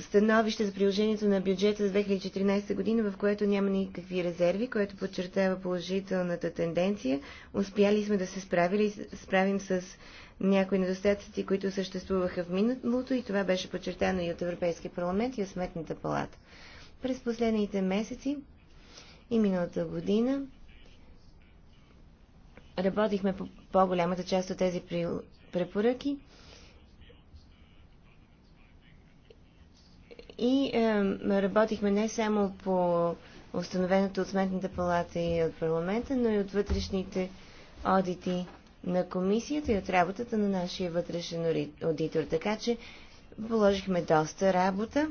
становище за приложението на бюджета за 2014 година, в което няма никакви резерви, което подчертава положителната тенденция. Успяли сме да се справили, справим с някои недостатъци, които съществуваха в миналото и това беше подчертано и от Европейския парламент и от Сметната палата. През последните месеци и миналата година работихме по по-голямата част от тези препоръки И е, работихме не само по установеното от Сметната палата и от парламента, но и от вътрешните одити на комисията и от работата на нашия вътрешен аудитор. Така че положихме доста работа,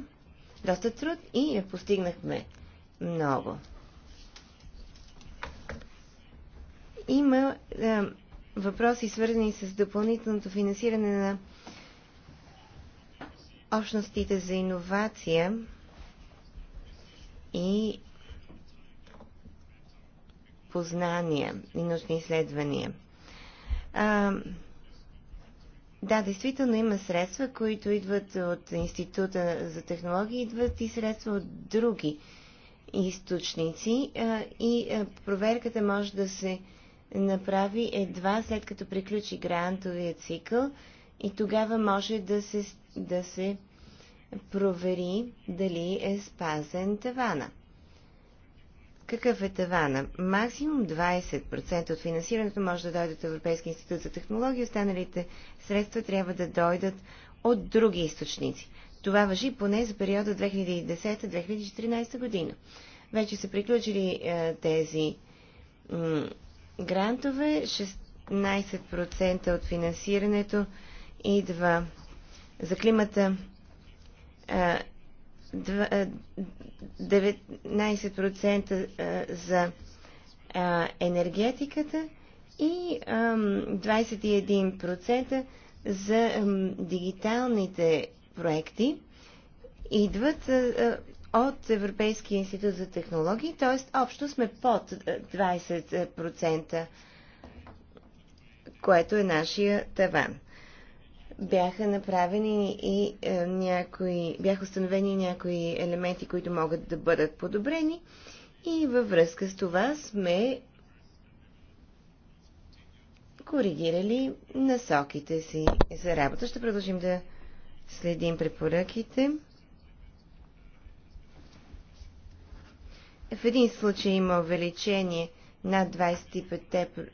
доста труд и я постигнахме много. Има е, въпроси свързани с допълнителното финансиране на общностите за иновация и познания и научни изследвания. А, да, действително има средства, които идват от Института за технологии, идват и средства от други източници а, и а, проверката може да се направи едва след като приключи грантовия цикъл и тогава може да се да се провери дали е спазен тавана. Какъв е тавана? Максимум 20% от финансирането може да дойде от Европейския институт за технологии, останалите средства трябва да дойдат от други източници. Това въжи поне за периода 2010-2014 година. Вече са приключили е, тези грантове. 16% от финансирането идва за климата 19% за енергетиката и 21% за дигиталните проекти идват от Европейския институт за технологии, т.е. общо сме под 20%, което е нашия таван бяха направени и е, някои, бяха установени някои елементи, които могат да бъдат подобрени. И във връзка с това сме коригирали насоките си за работа. Ще продължим да следим препоръките. В един случай има увеличение над 25%.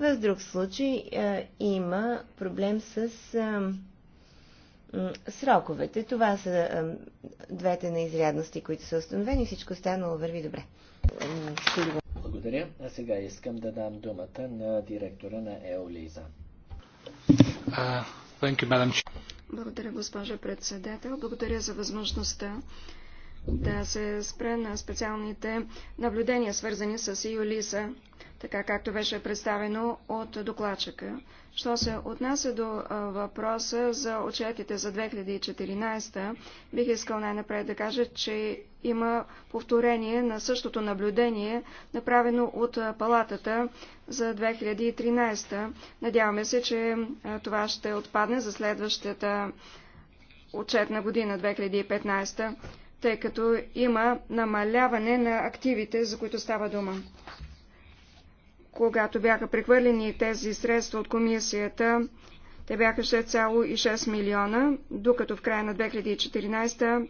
В друг случай а, е, има проблем с а, е, сроковете. Това са а, е, двете неизрядности, които са установени. Всичко останало върви добре. Благодаря. А сега искам да дам думата на директора на Еолиза. Uh, Благодаря, госпожа председател. Благодаря за възможността да се спре на специалните наблюдения, свързани с Юлиса така както беше представено от докладчика. Що се отнася до въпроса за отчетите за 2014, бих искал най-напред да кажа, че има повторение на същото наблюдение, направено от палатата за 2013. Надяваме се, че това ще отпадне за следващата отчетна година 2015 тъй като има намаляване на активите, за които става дума когато бяха прехвърлени тези средства от комисията, те бяха 6,6 милиона, докато в края на 2014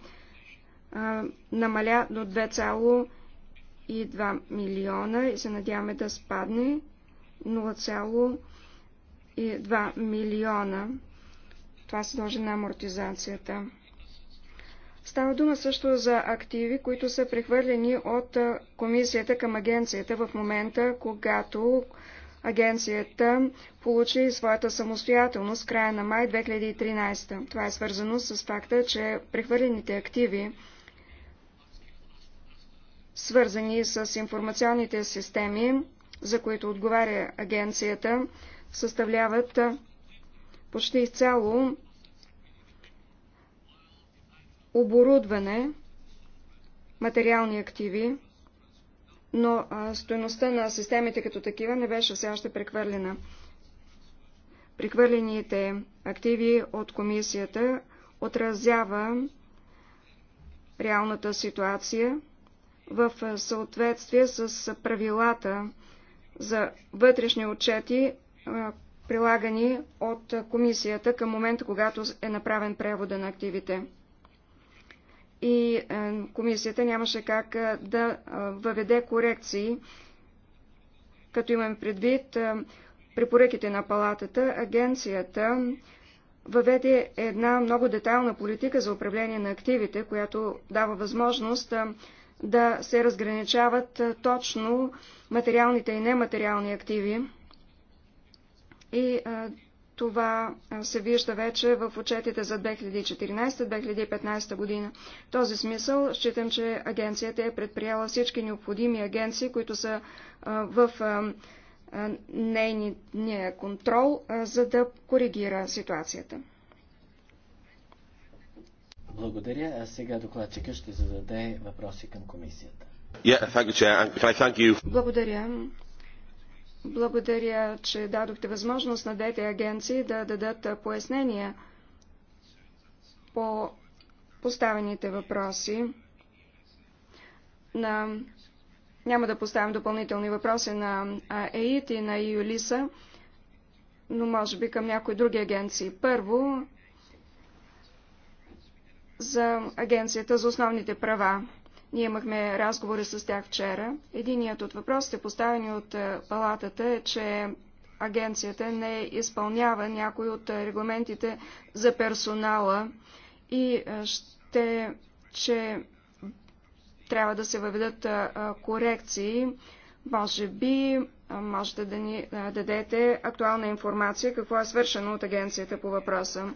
намаля до 2,2 милиона и се надяваме да спадне 0,2 милиона. Това се дължи на амортизацията. Става дума също за активи, които са прехвърлени от комисията към агенцията в момента, когато агенцията получи своята самостоятелност края на май 2013. Това е свързано с факта, че прехвърлените активи, свързани с информационните системи, за които отговаря агенцията, съставляват почти изцяло оборудване, материални активи, но стоеността на системите като такива не беше все още прехвърлена. Прехвърлените активи от комисията отразява реалната ситуация в съответствие с правилата за вътрешни отчети, прилагани от комисията към момента, когато е направен превода на активите и е, комисията нямаше как е, да е, въведе корекции, като имам предвид препоръките на палатата, агенцията въведе една много детайлна политика за управление на активите, която дава възможност да се разграничават точно материалните и нематериални активи. И това се вижда вече в отчетите за 2014-2015 година. В този смисъл считам, че агенцията е предприела всички необходими агенции, които са в нейния контрол, за да коригира ситуацията. Благодаря. А сега докладчика ще зададе въпроси към комисията. Благодаря. Благодаря, че дадохте възможност на двете агенции да дадат пояснения по поставените въпроси. На... Няма да поставям допълнителни въпроси на ЕИТ и на ЮЛИСА, но може би към някои други агенции. Първо, за Агенцията за основните права. Ние имахме разговори с тях вчера. Единият от въпросите, поставени от е, палатата, е, че агенцията не изпълнява някои от е, регламентите за персонала и е, ще, че трябва да се въведат корекции. Може би можете да ни дадете актуална информация какво е свършено от агенцията по въпроса.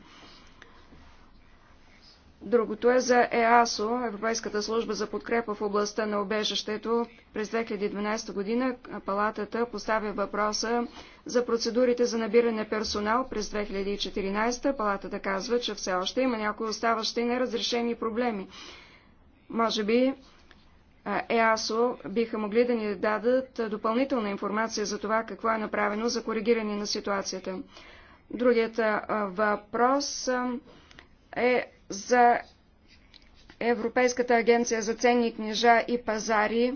Другото е за ЕАСО, Европейската служба за подкрепа в областта на обежището. През 2012 година палатата поставя въпроса за процедурите за набиране персонал. През 2014 палатата казва, че все още има някои оставащи неразрешени проблеми. Може би ЕАСО биха могли да ни дадат допълнителна информация за това какво е направено за коригиране на ситуацията. Другият въпрос е за Европейската агенция за ценни книжа и пазари,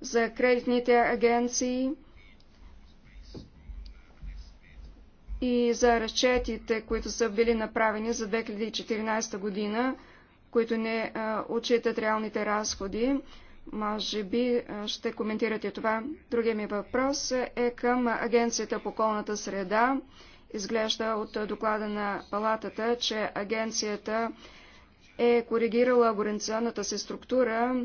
за кредитните агенции и за разчетите, които са били направени за 2014 година, които не а, отчитат реалните разходи. Може би ще коментирате това. Другия ми въпрос е към Агенцията по околната среда изглежда от доклада на палатата, че агенцията е коригирала организационната си структура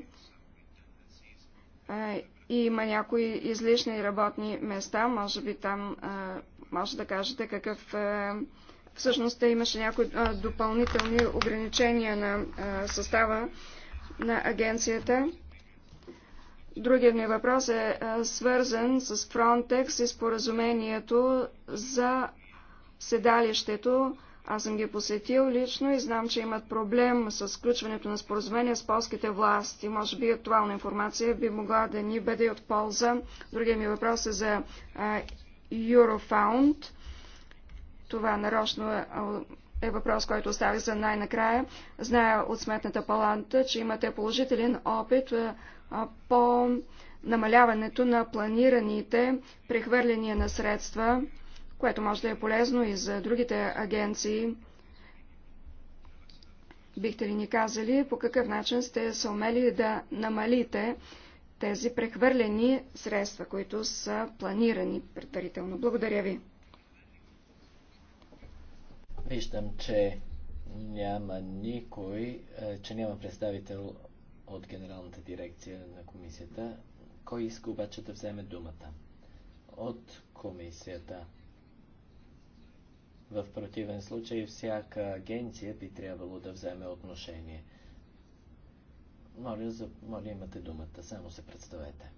и има някои излишни работни места. Може би там може да кажете какъв всъщност имаше някои допълнителни ограничения на състава на агенцията. Другият ми въпрос е свързан с Frontex и споразумението за седалището. Аз съм ги посетил лично и знам, че имат проблем с включването на споразумение с полските власти. Може би актуална информация би могла да ни бъде от полза. Другия ми въпрос е за Eurofound. Това нарочно е въпрос, който оставих за най-накрая. Зная от Сметната паланта, че имате положителен опит по намаляването на планираните прехвърляния на средства което може да е полезно и за другите агенции. Бихте ли ни казали по какъв начин сте се умели да намалите тези прехвърлени средства, които са планирани предварително? Благодаря ви. Виждам, че няма никой, е, че няма представител от Генералната дирекция на комисията. Кой иска обаче да вземе думата? От комисията. В противен случай всяка агенция би трябвало да вземе отношение. Моля, за... моля имате думата, само се представете.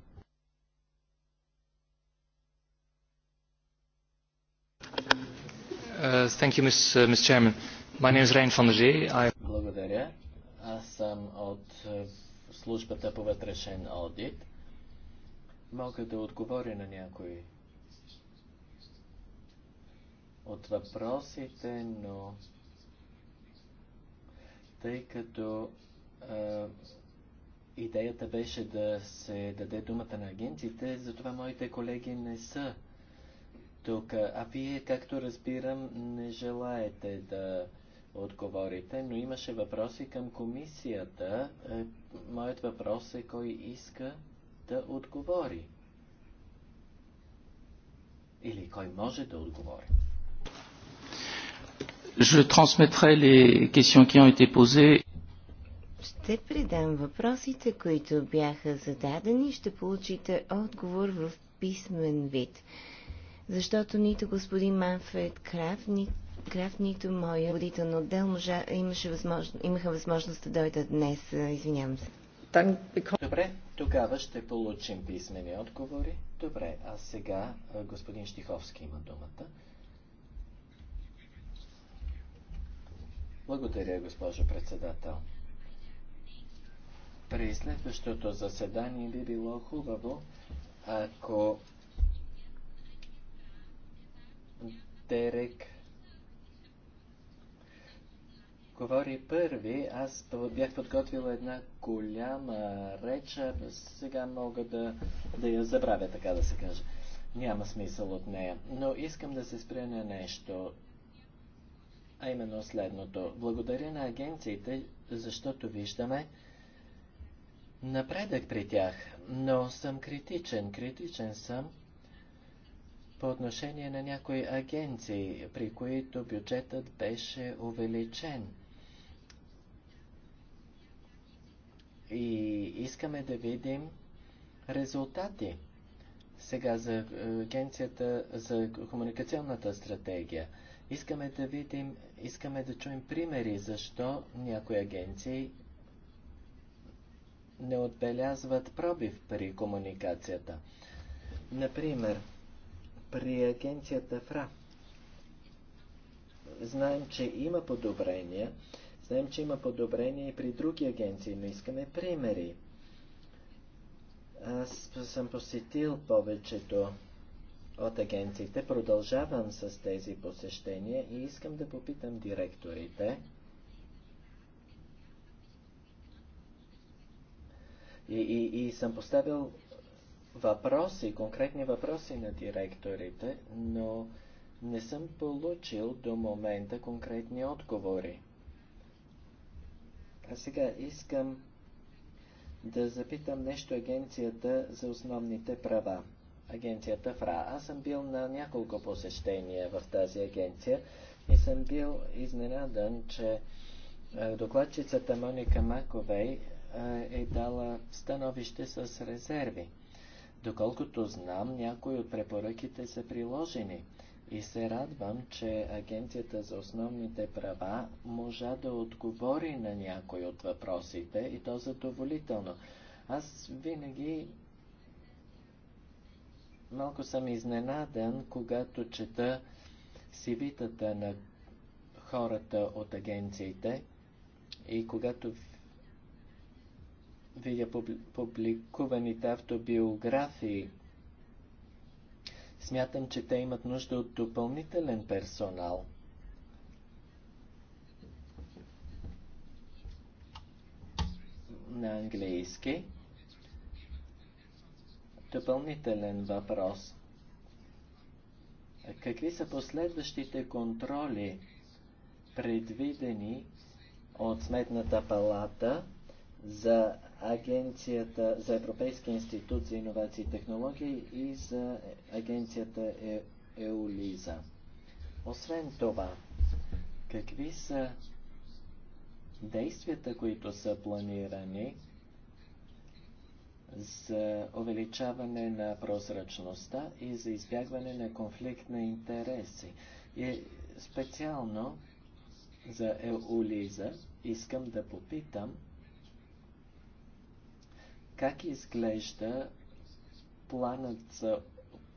Uh, thank you, Ms. Uh, Ms. Chairman. My name is Rein van der Zee. I... Благодаря. Аз съм от е, службата по вътрешен аудит. Мога да отговоря на някои от въпросите, но тъй като а, идеята беше да се даде думата на агенциите, затова моите колеги не са тук. А вие, както разбирам, не желаете да отговорите, но имаше въпроси към комисията. Е, моят въпрос е кой иска да отговори. Или кой може да отговори. Je transmettrai les questions qui ont été posées. Ще предам въпросите, които бяха зададени, ще получите отговор в писмен вид. Защото нито господин Манфред Краф, ни, Краф нито моя родител на отдел можа, имаше възможно, имаха възможност да дойдат днес. Извинявам се. Добре, тогава ще получим писмени отговори. Добре, а сега господин Штиховски има думата. Благодаря, госпожо председател. При следващото заседание би било хубаво, ако Дерек говори първи. Аз бях подготвила една голяма реча. сега мога да, да я забравя, така да се каже. Няма смисъл от нея. Но искам да се спря на нещо а именно следното. Благодаря на агенциите, защото виждаме напредък при тях, но съм критичен. Критичен съм по отношение на някои агенции, при които бюджетът беше увеличен. И искаме да видим резултати. Сега за е, агенцията за комуникационната стратегия – Искаме да видим, искаме да чуем примери, защо някои агенции не отбелязват пробив при комуникацията. Например, при агенцията ФРА. Знаем, че има подобрения, знаем, че има подобрения и при други агенции, но искаме примери. Аз съм посетил повечето от агенциите. Продължавам с тези посещения и искам да попитам директорите. И, и, и съм поставил въпроси, конкретни въпроси на директорите, но не съм получил до момента конкретни отговори. А сега искам да запитам нещо агенцията за основните права агенцията ФРА. Аз съм бил на няколко посещения в тази агенция и съм бил изненадан, че докладчицата Моника Маковей е дала становище с резерви. Доколкото знам, някои от препоръките са приложени и се радвам, че Агенцията за основните права можа да отговори на някои от въпросите и то задоволително. Аз винаги малко съм изненадан, когато чета сивитата на хората от агенциите и когато видя публикуваните автобиографии, смятам, че те имат нужда от допълнителен персонал. На английски допълнителен въпрос. Какви са последващите контроли, предвидени от Сметната палата за Агенцията за Европейски институт за иновации и технологии и за Агенцията е, ЕОЛИЗА? Освен това, какви са действията, които са планирани за увеличаване на прозрачността и за избягване на конфликт на интереси. И специално за Еолиза искам да попитам как изглежда планът за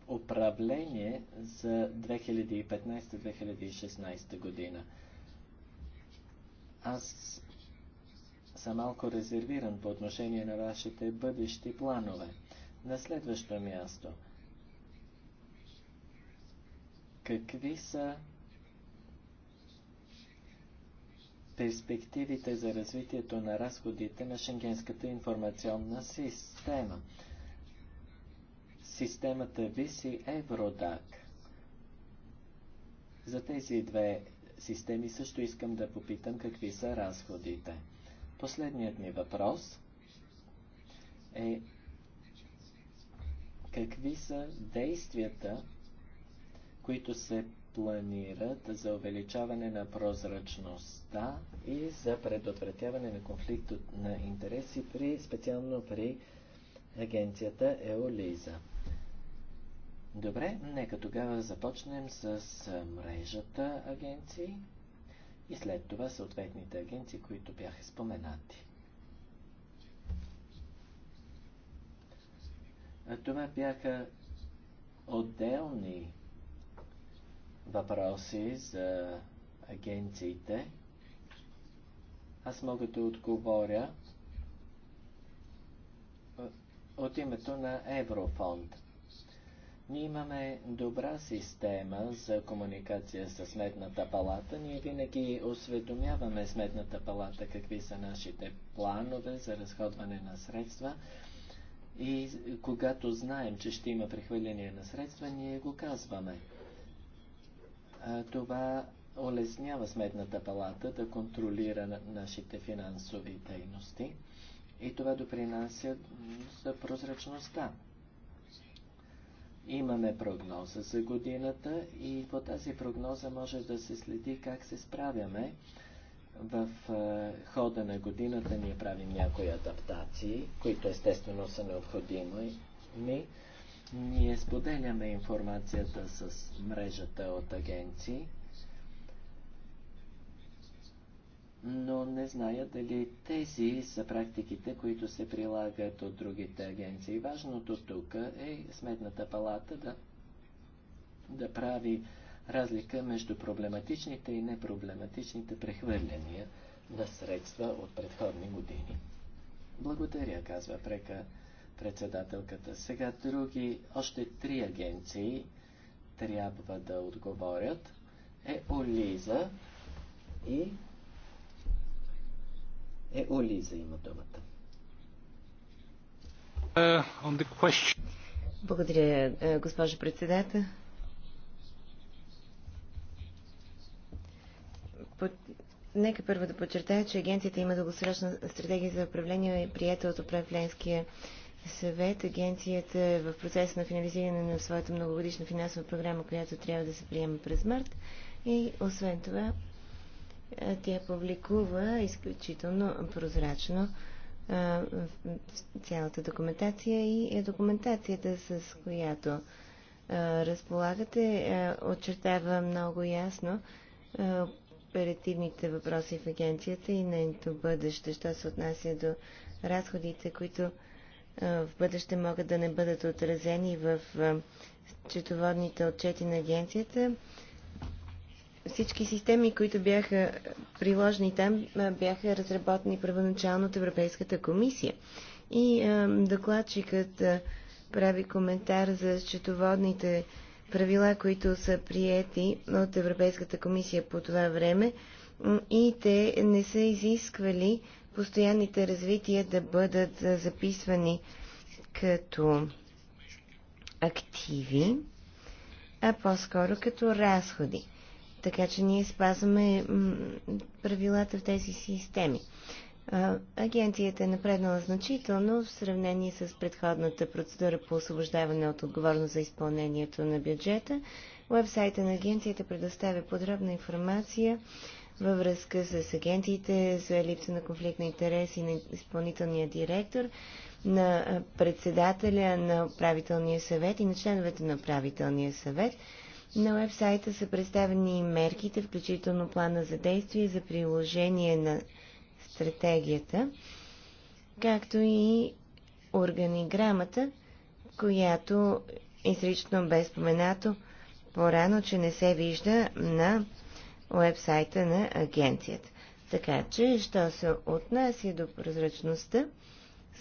управление за 2015-2016 година. Аз са малко резервиран по отношение на вашите бъдещи планове. На следващо място. Какви са перспективите за развитието на разходите на Шенгенската информационна система? Системата ВИС и Евродак. За тези две системи също искам да попитам какви са разходите. Последният ми въпрос е какви са действията, които се планират за увеличаване на прозрачността и за предотвратяване на конфликт на интереси, при, специално при агенцията Еолиза. Добре, нека тогава започнем с мрежата агенции и след това съответните агенции, които бяха споменати. А това бяха отделни въпроси за агенциите. Аз мога да отговоря от името на Еврофонд. Ние имаме добра система за комуникация с Сметната палата. Ние винаги осведомяваме Сметната палата какви са нашите планове за разходване на средства. И когато знаем, че ще има прехвърляне на средства, ние го казваме. Това олеснява Сметната палата да контролира нашите финансови дейности и това допринася за прозрачността. Имаме прогноза за годината и по тази прогноза може да се следи как се справяме. В хода на годината ние правим някои адаптации, които естествено са необходими. Ние споделяме информацията с мрежата от агенции но не зная дали тези са практиките, които се прилагат от другите агенции. Важното тук е Сметната палата да, да прави разлика между проблематичните и непроблематичните прехвърляния на средства от предходни години. Благодаря, казва прека председателката. Сега други, още три агенции трябва да отговорят. Е Олиза и е, Олиза има думата. Uh, Благодаря, uh, госпожо председател. Нека първо да подчертая, че агенцията има дългосрочна стратегия за управление, е прията от управленския съвет. Агенцията е в процеса на финализиране на своята многогодишна финансова програма, която трябва да се приема през март. И освен това, е, тя публикува изключително прозрачно цялата документация и е документацията, с която разполагате, е, очертава много ясно оперативните въпроси в агенцията и нейното бъдеще, що се отнася до разходите, които в бъдеще могат да не бъдат отразени в четоводните отчети на агенцията всички системи, които бяха приложени там, бяха разработени първоначално от Европейската комисия. И а, докладчикът а, прави коментар за счетоводните правила, които са приети от Европейската комисия по това време и те не са изисквали постоянните развития да бъдат записвани като активи, а по-скоро като разходи. Така че ние спазваме правилата в тези системи. Агенцията е напреднала значително в сравнение с предходната процедура по освобождаване от отговорност за изпълнението на бюджета. Уебсайта на агенцията предоставя подробна информация във връзка с агентите за липса на конфликт на интереси на изпълнителния директор, на председателя на управителния съвет и на членовете на управителния съвет – на вебсайта са представени и мерките, включително плана за действие за приложение на стратегията, както и органиграмата, която е изрично бе споменато по-рано, че не се вижда на уебсайта на агенцията. Така че, що се отнася до прозрачността,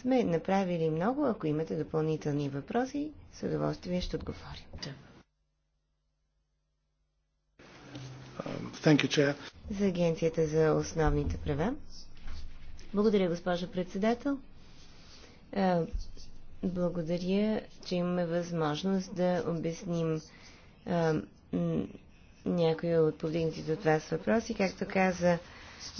сме направили много. Ако имате допълнителни въпроси, с удоволствие ще отговорим. You, за Агенцията за основните права. Благодаря, госпожа председател. Благодаря, че имаме възможност да обясним някои от повдигнатите от вас въпроси. Както каза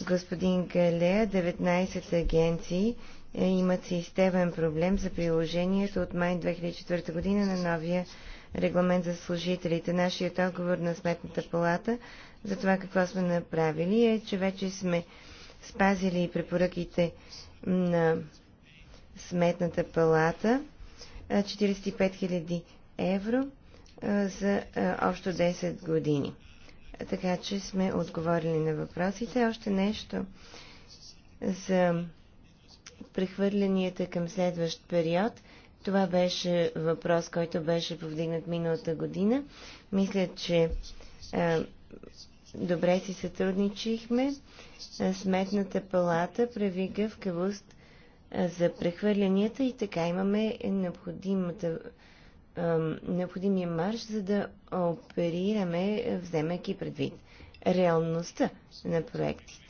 господин Галея, 19 агенции е, имат системен проблем за приложението от май 2004 година на новия регламент за служителите. Нашият отговор на Сметната палата за това какво сме направили е, че вече сме спазили препоръките на Сметната палата 45 000 евро за общо 10 години. Така че сме отговорили на въпросите. Още нещо за прехвърлянията към следващ период. Това беше въпрос, който беше повдигнат миналата година. Мисля, че добре си сътрудничихме. Сметната палата прави гъвкавост за прехвърлянията и така имаме необходимата, необходимия марш, за да оперираме, вземайки предвид реалността на проектите.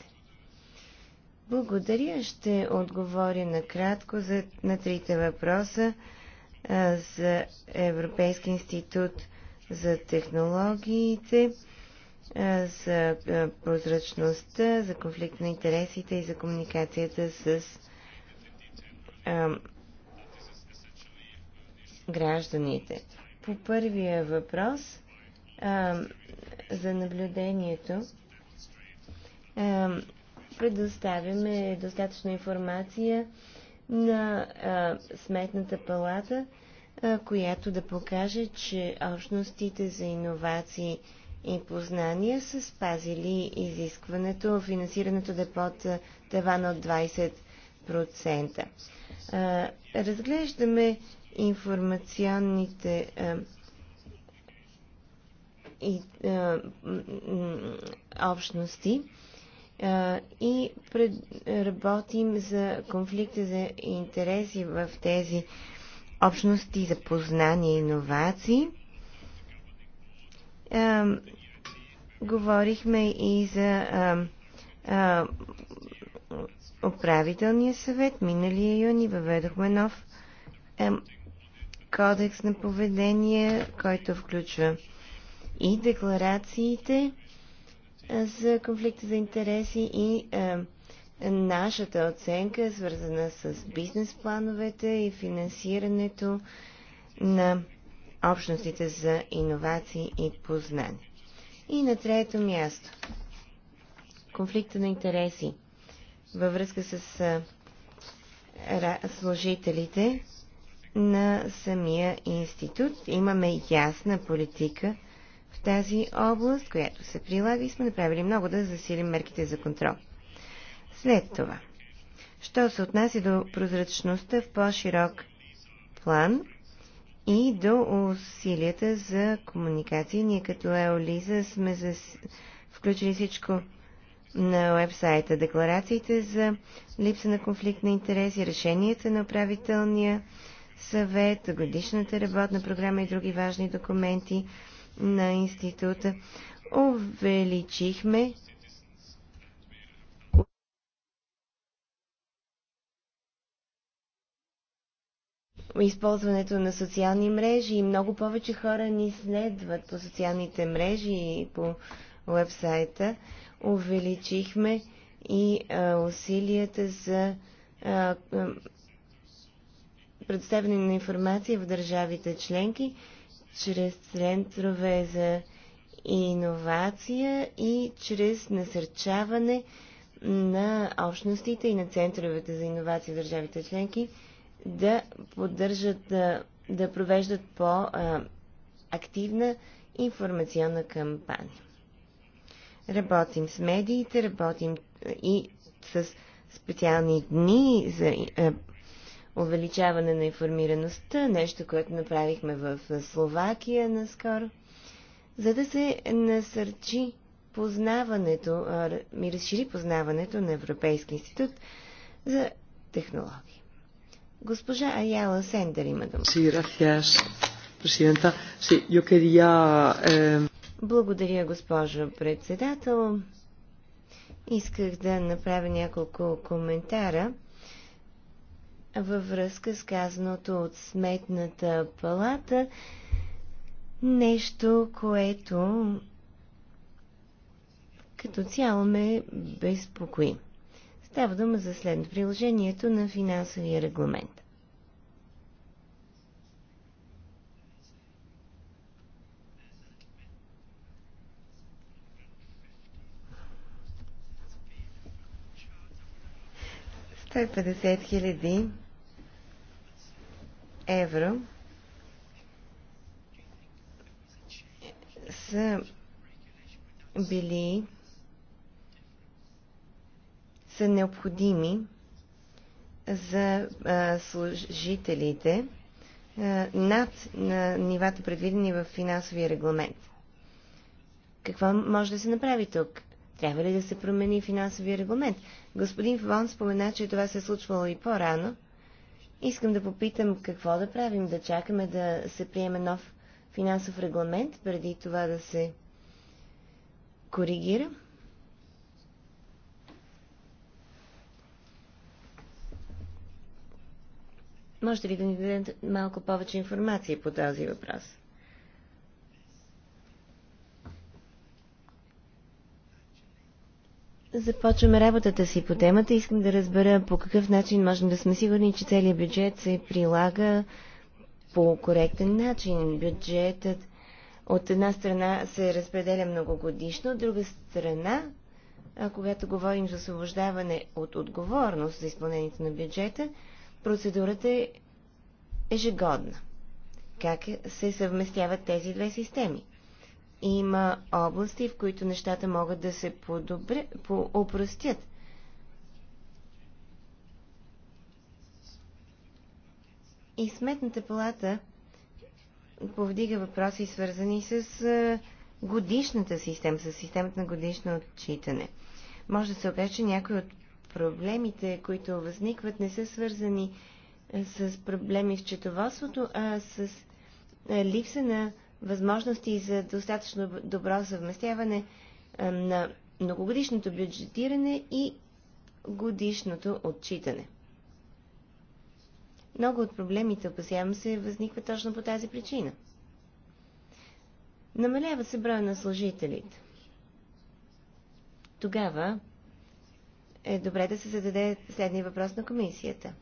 Благодаря. Ще отговоря накратко за, на трите въпроса за Европейски институт за технологиите. Е, за е, прозрачността, за конфликт на интересите и за комуникацията с е, гражданите. По първия въпрос а, за наблюдението а, предоставяме достатъчно информация на а, Сметната палата, а, която да покаже, че общностите за иновации и познания са спазили изискването финансирането да е под таван от 20%. Разглеждаме информационните и, а, общности а, и пред, работим за конфликта за интереси в тези общности за познания и иновации а, говорихме и за а, а, управителния съвет. Миналия юни въведохме нов а, кодекс на поведение, който включва и декларациите за конфликта за интереси и а, нашата оценка, свързана с бизнес плановете и финансирането на общностите за иновации и познание. И на трето място конфликта на интереси във връзка с служителите на самия институт. Имаме ясна политика в тази област, която се прилага и сме направили много да засилим мерките за контрол. След това, що се отнася до прозрачността в по-широк план, и до усилията за комуникация. Ние като Еолиза сме за... включили всичко на вебсайта. Декларациите за липса на конфликт на интереси, решенията на управителния съвет, годишната работна програма и други важни документи на института. Увеличихме използването на социални мрежи и много повече хора ни следват по социалните мрежи и по вебсайта. Увеличихме и а, усилията за а, а, представяне на информация в държавите членки чрез центрове за иновация и чрез насърчаване на общностите и на центровете за иновация в държавите членки да поддържат, да, да провеждат по-активна информационна кампания. Работим с медиите, работим и с специални дни за увеличаване на информираността, нещо, което направихме в Словакия наскоро, за да се насърчи познаването ми разшири познаването на Европейски институт за технологии. Госпожа Аяла Сендер има дума. Sí, gracias, Sí, yo quería, eh... Благодаря, госпожо председател. Исках да направя няколко коментара във връзка с казаното от Сметната палата. Нещо, което като цяло ме безпокои. Става дума за следно приложението на финансовия регламент. Той 50 хиляди евро са били са необходими за служителите над нивата предвидени в финансовия регламент. Какво може да се направи тук? Трябва ли да се промени финансовия регламент? Господин Фавон спомена, че това се е случвало и по-рано. Искам да попитам какво да правим, да чакаме да се приеме нов финансов регламент, преди това да се коригира. Можете ли да ни дадете малко повече информация по този въпрос? Започваме работата си по темата. Искам да разбера по какъв начин можем да сме сигурни, че целият бюджет се прилага по коректен начин. Бюджетът от една страна се разпределя многогодишно, от друга страна, а когато говорим за освобождаване от отговорност за изпълнението на бюджета, процедурата е ежегодна. Как се съвместяват тези две системи? Има области, в които нещата могат да се подобре, опростят. И Сметната палата повдига въпроси, свързани с годишната система, с системата на годишно отчитане. Може да се окаже, че някои от проблемите, които възникват, не са свързани е, с проблеми в четоводството, а с е, липса на възможности за достатъчно добро съвместяване е, на многогодишното бюджетиране и годишното отчитане. Много от проблемите, опасявам се, възникват точно по тази причина. Намалява се броя на служителите. Тогава е добре да се зададе следния въпрос на комисията.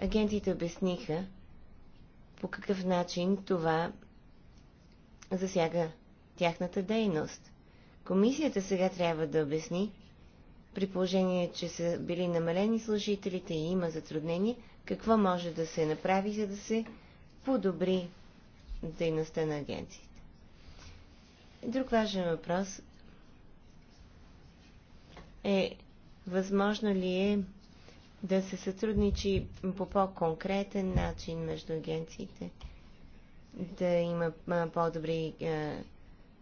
Агентите обясниха по какъв начин това засяга тяхната дейност. Комисията сега трябва да обясни, при положение, че са били намалени служителите и има затруднения, какво може да се направи, за да се подобри дейността на агенциите. Друг важен въпрос е Възможно ли е да се сътрудничи по по-конкретен начин между агенциите? Да има по-добри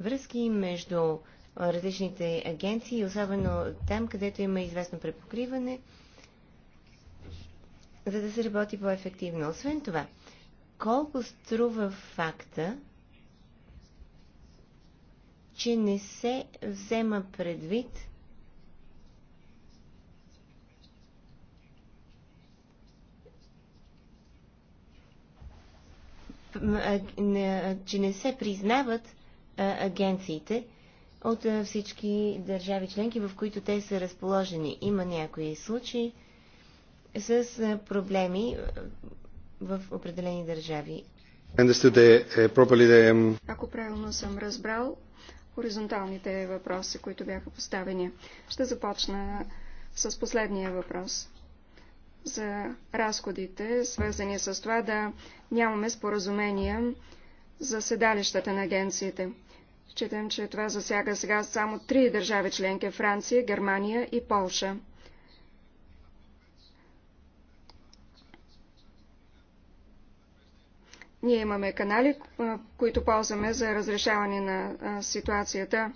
връзки между различните агенции, особено там, където има известно препокриване, за да се работи по-ефективно. Освен това, колко струва факта, че не се взема предвид че не се признават агенциите от всички държави членки, в които те са разположени. Има някои случаи с проблеми в определени държави. Uh, um, Ако правилно съм разбрал хоризонталните въпроси, които бяха поставени, ще започна с последния въпрос за разходите, свързани с това да нямаме споразумения за седалищата на агенциите. Считам, че това засяга сега само три държави членки – Франция, Германия и Полша. Ние имаме канали, които ползваме за разрешаване на ситуацията.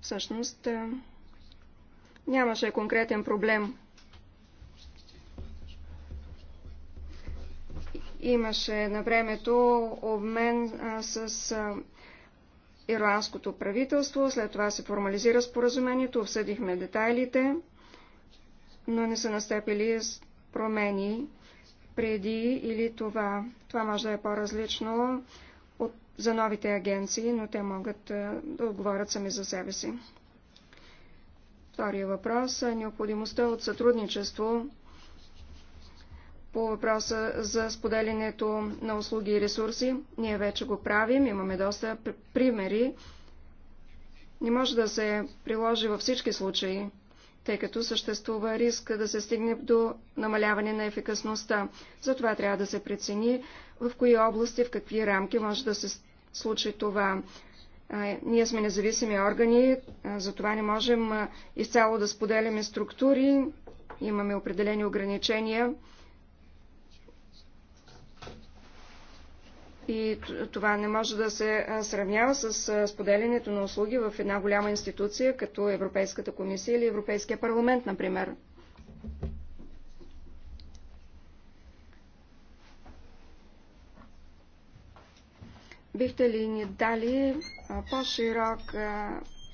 Всъщност, нямаше конкретен проблем. Имаше на времето обмен с ирландското правителство, след това се формализира споразумението, обсъдихме детайлите, но не са настъпили промени преди или това. Това може да е по-различно от, за новите агенции, но те могат да отговорят сами за себе си. Втория въпрос е необходимостта от сътрудничество по въпроса за споделянето на услуги и ресурси. Ние вече го правим, имаме доста примери. Не може да се приложи във всички случаи, тъй като съществува риск да се стигне до намаляване на ефикасността. Затова трябва да се прецени в кои области, в какви рамки може да се случи това. Ние сме независими органи, затова не можем изцяло да споделяме структури, имаме определени ограничения. И това не може да се сравнява с споделянето на услуги в една голяма институция, като Европейската комисия или Европейския парламент, например. Бихте ли ни дали по-широк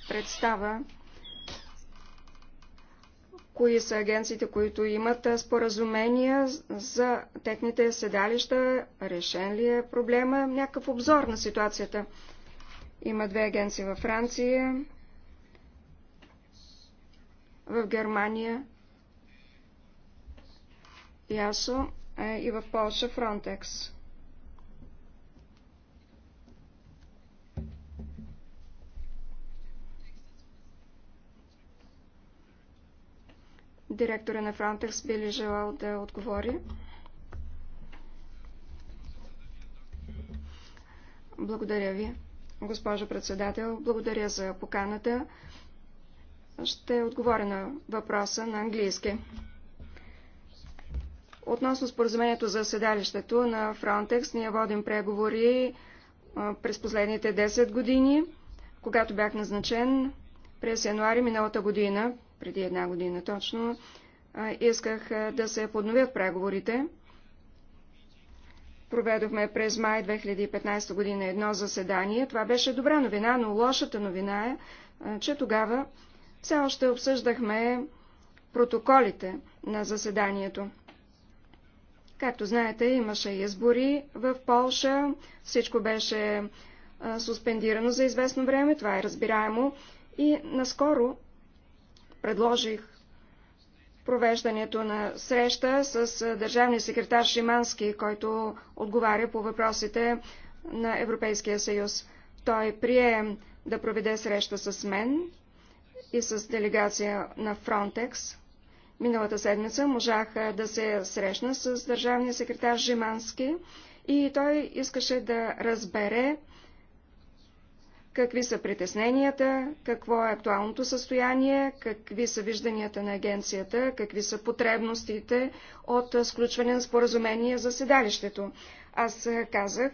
представа кои са агенциите, които имат споразумения за техните седалища, решен ли е проблема, някакъв обзор на ситуацията. Има две агенции във Франция, в Германия, ЯСО и в Польша Фронтекс. директора на Frontex би ли желал да отговори? Благодаря ви, госпожо председател. Благодаря за поканата. Ще отговоря на въпроса на английски. Относно споразумението за седалището на Frontex, ние водим преговори през последните 10 години, когато бях назначен през януари миналата година преди една година точно, исках да се подновят преговорите. Проведохме през май 2015 година едно заседание. Това беше добра новина, но лошата новина е, че тогава все още обсъждахме протоколите на заседанието. Както знаете, имаше избори в Полша, всичко беше суспендирано за известно време, това е разбираемо. И наскоро предложих провеждането на среща с държавния секретар Шимански, който отговаря по въпросите на Европейския съюз. Той прие да проведе среща с мен и с делегация на Фронтекс. Миналата седмица можах да се срещна с държавния секретар Жимански и той искаше да разбере какви са притесненията, какво е актуалното състояние, какви са вижданията на агенцията, какви са потребностите от сключване на споразумение за седалището. Аз казах,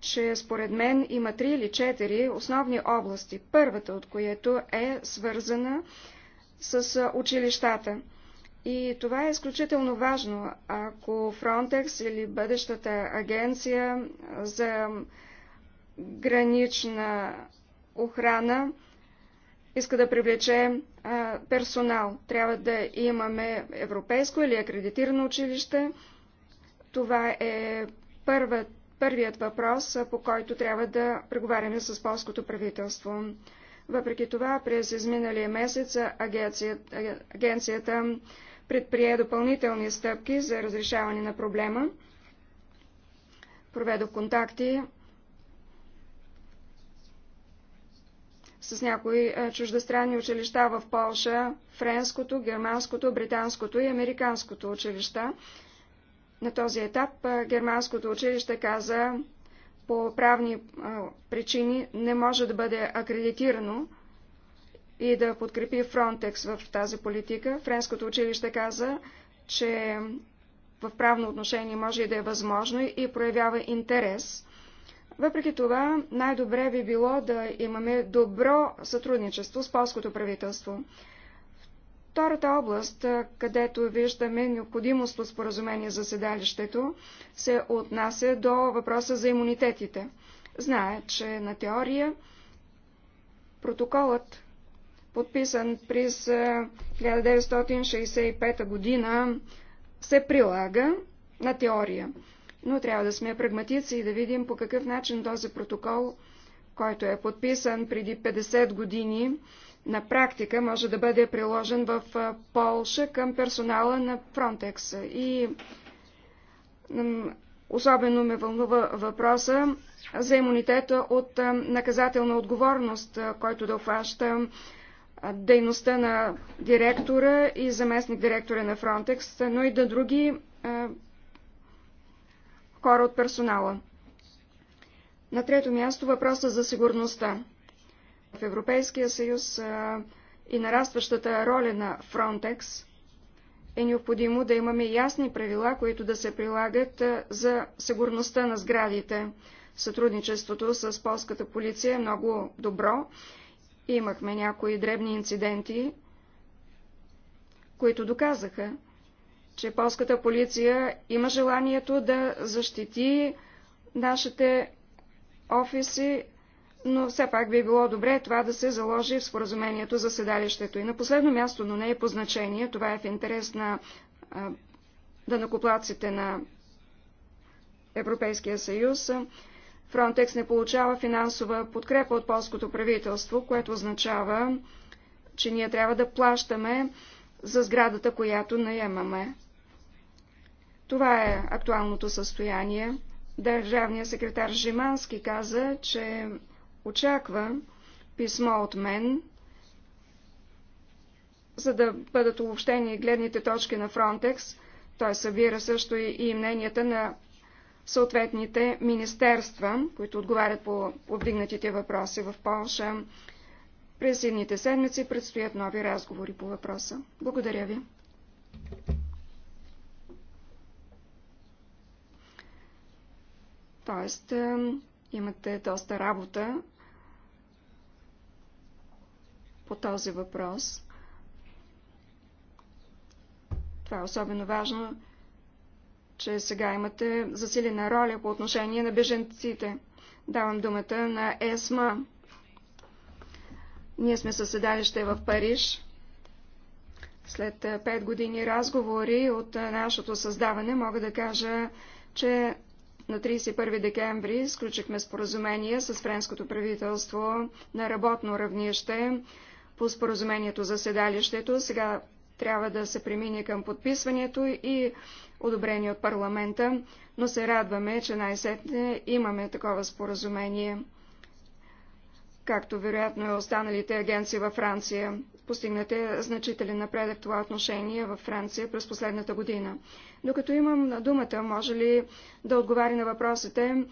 че според мен има три или четири основни области, първата от която е свързана с училищата. И това е изключително важно, ако Frontex или бъдещата агенция за гранична охрана иска да привлече а, персонал. Трябва да имаме европейско или акредитирано училище. Това е първа, първият въпрос, по който трябва да преговаряме с полското правителство. Въпреки това, през изминалия месец агенцията, агенцията предприе допълнителни стъпки за разрешаване на проблема. Проведох контакти с някои е, чуждестранни училища в Полша, френското, германското, британското и американското училища. На този етап е, германското училище каза, по правни е, причини не може да бъде акредитирано и да подкрепи Фронтекс в тази политика. Френското училище каза, че в правно отношение може и да е възможно и проявява интерес. Въпреки това, най-добре би било да имаме добро сътрудничество с полското правителство. Втората област, където виждаме необходимост от споразумение за седалището, се отнася до въпроса за имунитетите. Знае, че на теория протоколът, подписан през 1965 година, се прилага на теория но трябва да сме прагматици и да видим по какъв начин този протокол, който е подписан преди 50 години, на практика може да бъде приложен в Полша към персонала на Фронтекс. И особено ме вълнува въпроса за имунитета от наказателна отговорност, който да обхваща дейността на директора и заместник директора на Фронтекс, но и да други хора от персонала. На трето място въпроса за сигурността. В Европейския съюз а, и нарастващата роля на Frontex е необходимо да имаме ясни правила, които да се прилагат а, за сигурността на сградите. Сътрудничеството с полската полиция е много добро. Имахме някои дребни инциденти, които доказаха, че полската полиция има желанието да защити нашите офиси, но все пак би било добре това да се заложи в споразумението за седалището. И на последно място, но не е по значение, това е в интерес на накоплаците на Европейския съюз. Фронтекс не получава финансова подкрепа от полското правителство, което означава, че ние трябва да плащаме за сградата, която наемаме. Това е актуалното състояние. Държавният секретар Жимански каза, че очаква писмо от мен, за да бъдат обобщени гледните точки на Фронтекс. Той събира също и мненията на съответните министерства, които отговарят по повдигнатите въпроси в Польша. През едните седмици предстоят нови разговори по въпроса. Благодаря ви. Тоест, имате доста работа по този въпрос. Това е особено важно, че сега имате засилена роля по отношение на беженците. Давам думата на ЕСМА. Ние сме със седалище в Париж. След пет години разговори от нашето създаване мога да кажа, че на 31 декември сключихме споразумение с френското правителство на работно равнище по споразумението за седалището. Сега трябва да се премине към подписването и одобрение от парламента, но се радваме, че най-сетне имаме такова споразумение, както вероятно и е останалите агенции във Франция постигнат е значителен напредък това отношение във Франция през последната година. Докато имам на думата, може ли да отговаря на въпросите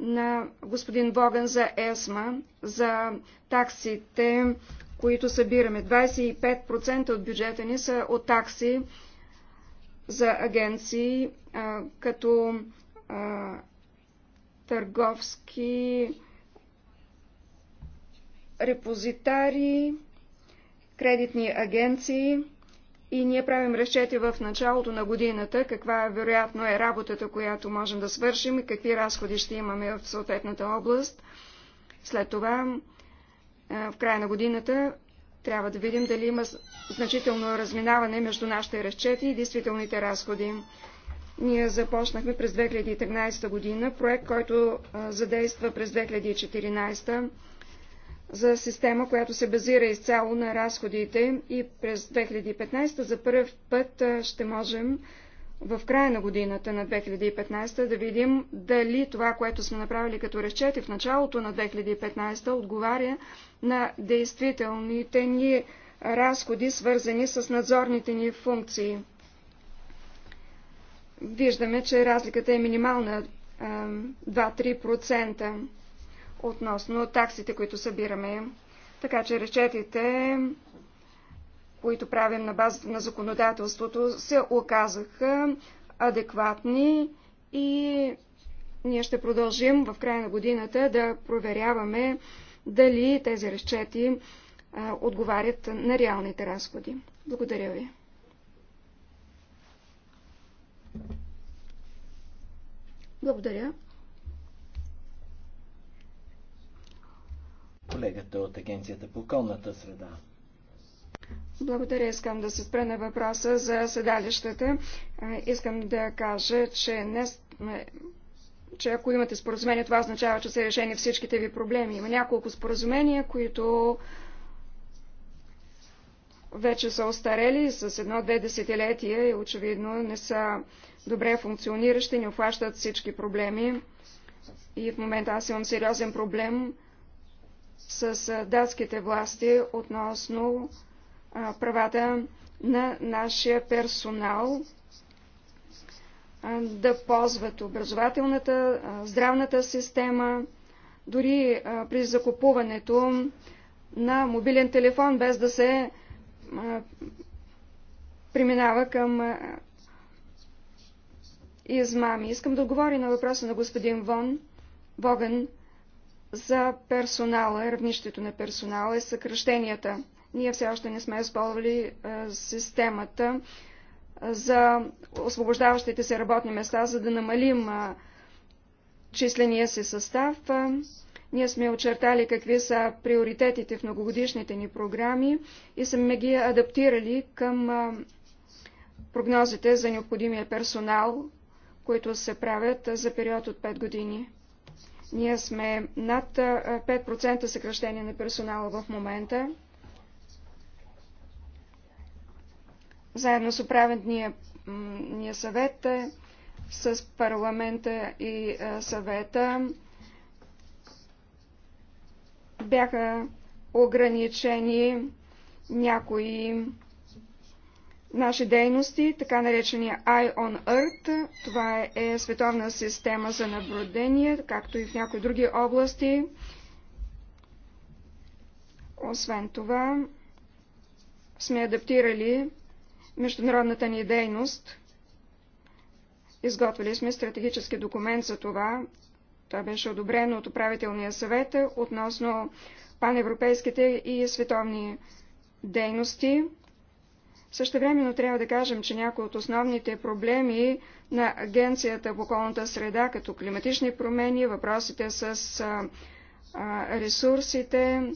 на господин Боган за ЕСМА, за таксите, които събираме. 25% от бюджета ни са от такси за агенции, като търговски репозитари, кредитни агенции и ние правим разчети в началото на годината, каква вероятно е работата, която можем да свършим и какви разходи ще имаме в съответната област. След това, в края на годината, трябва да видим дали има значително разминаване между нашите разчети и действителните разходи. Ние започнахме през 2013 година проект, който задейства през 2014 за система, която се базира изцяло на разходите и през 2015 за първ път ще можем в края на годината на 2015 да видим дали това, което сме направили като разчети в началото на 2015 отговаря на действителните ни разходи, свързани с надзорните ни функции. Виждаме, че разликата е минимална 2-3% относно таксите, които събираме. Така че речетите, които правим на базата на законодателството, се оказаха адекватни и ние ще продължим в края на годината да проверяваме дали тези разчети отговарят на реалните разходи. Благодаря ви. Благодаря. колегата от Агенцията по околната среда. Благодаря. Искам да се спра на въпроса за седалищата. Искам да кажа, че, не, че ако имате споразумение, това означава, че са решени всичките ви проблеми. Има няколко споразумения, които вече са остарели с едно-две десетилетия и очевидно не са добре функциониращи, не обхващат всички проблеми. И в момента аз имам сериозен проблем с датските власти относно правата на нашия персонал да ползват образователната, здравната система, дори при закупуването на мобилен телефон, без да се преминава към измами. Искам да отговоря на въпроса на господин Вон Боган за персонала, равнището на персонала и съкръщенията. Ние все още не сме използвали е, системата е, за освобождаващите се работни места, за да намалим е, числения си състав. Ние сме очертали какви са приоритетите в многогодишните ни програми и сме ги адаптирали към прогнозите за необходимия персонал, които се правят за период от 5 години. Ние сме над 5% съкръщение на персонала в момента. Заедно с управедния съвет, с парламента и съвета бяха ограничени някои наши дейности, така наречения Eye on Earth. Това е световна система за наблюдение, както и в някои други области. Освен това, сме адаптирали международната ни дейност. Изготвили сме стратегически документ за това. Това беше одобрено от управителния съвет относно паневропейските и световни дейности. Същевременно трябва да кажем, че някои от основните проблеми на Агенцията по околната среда, като климатични промени, въпросите с ресурсите,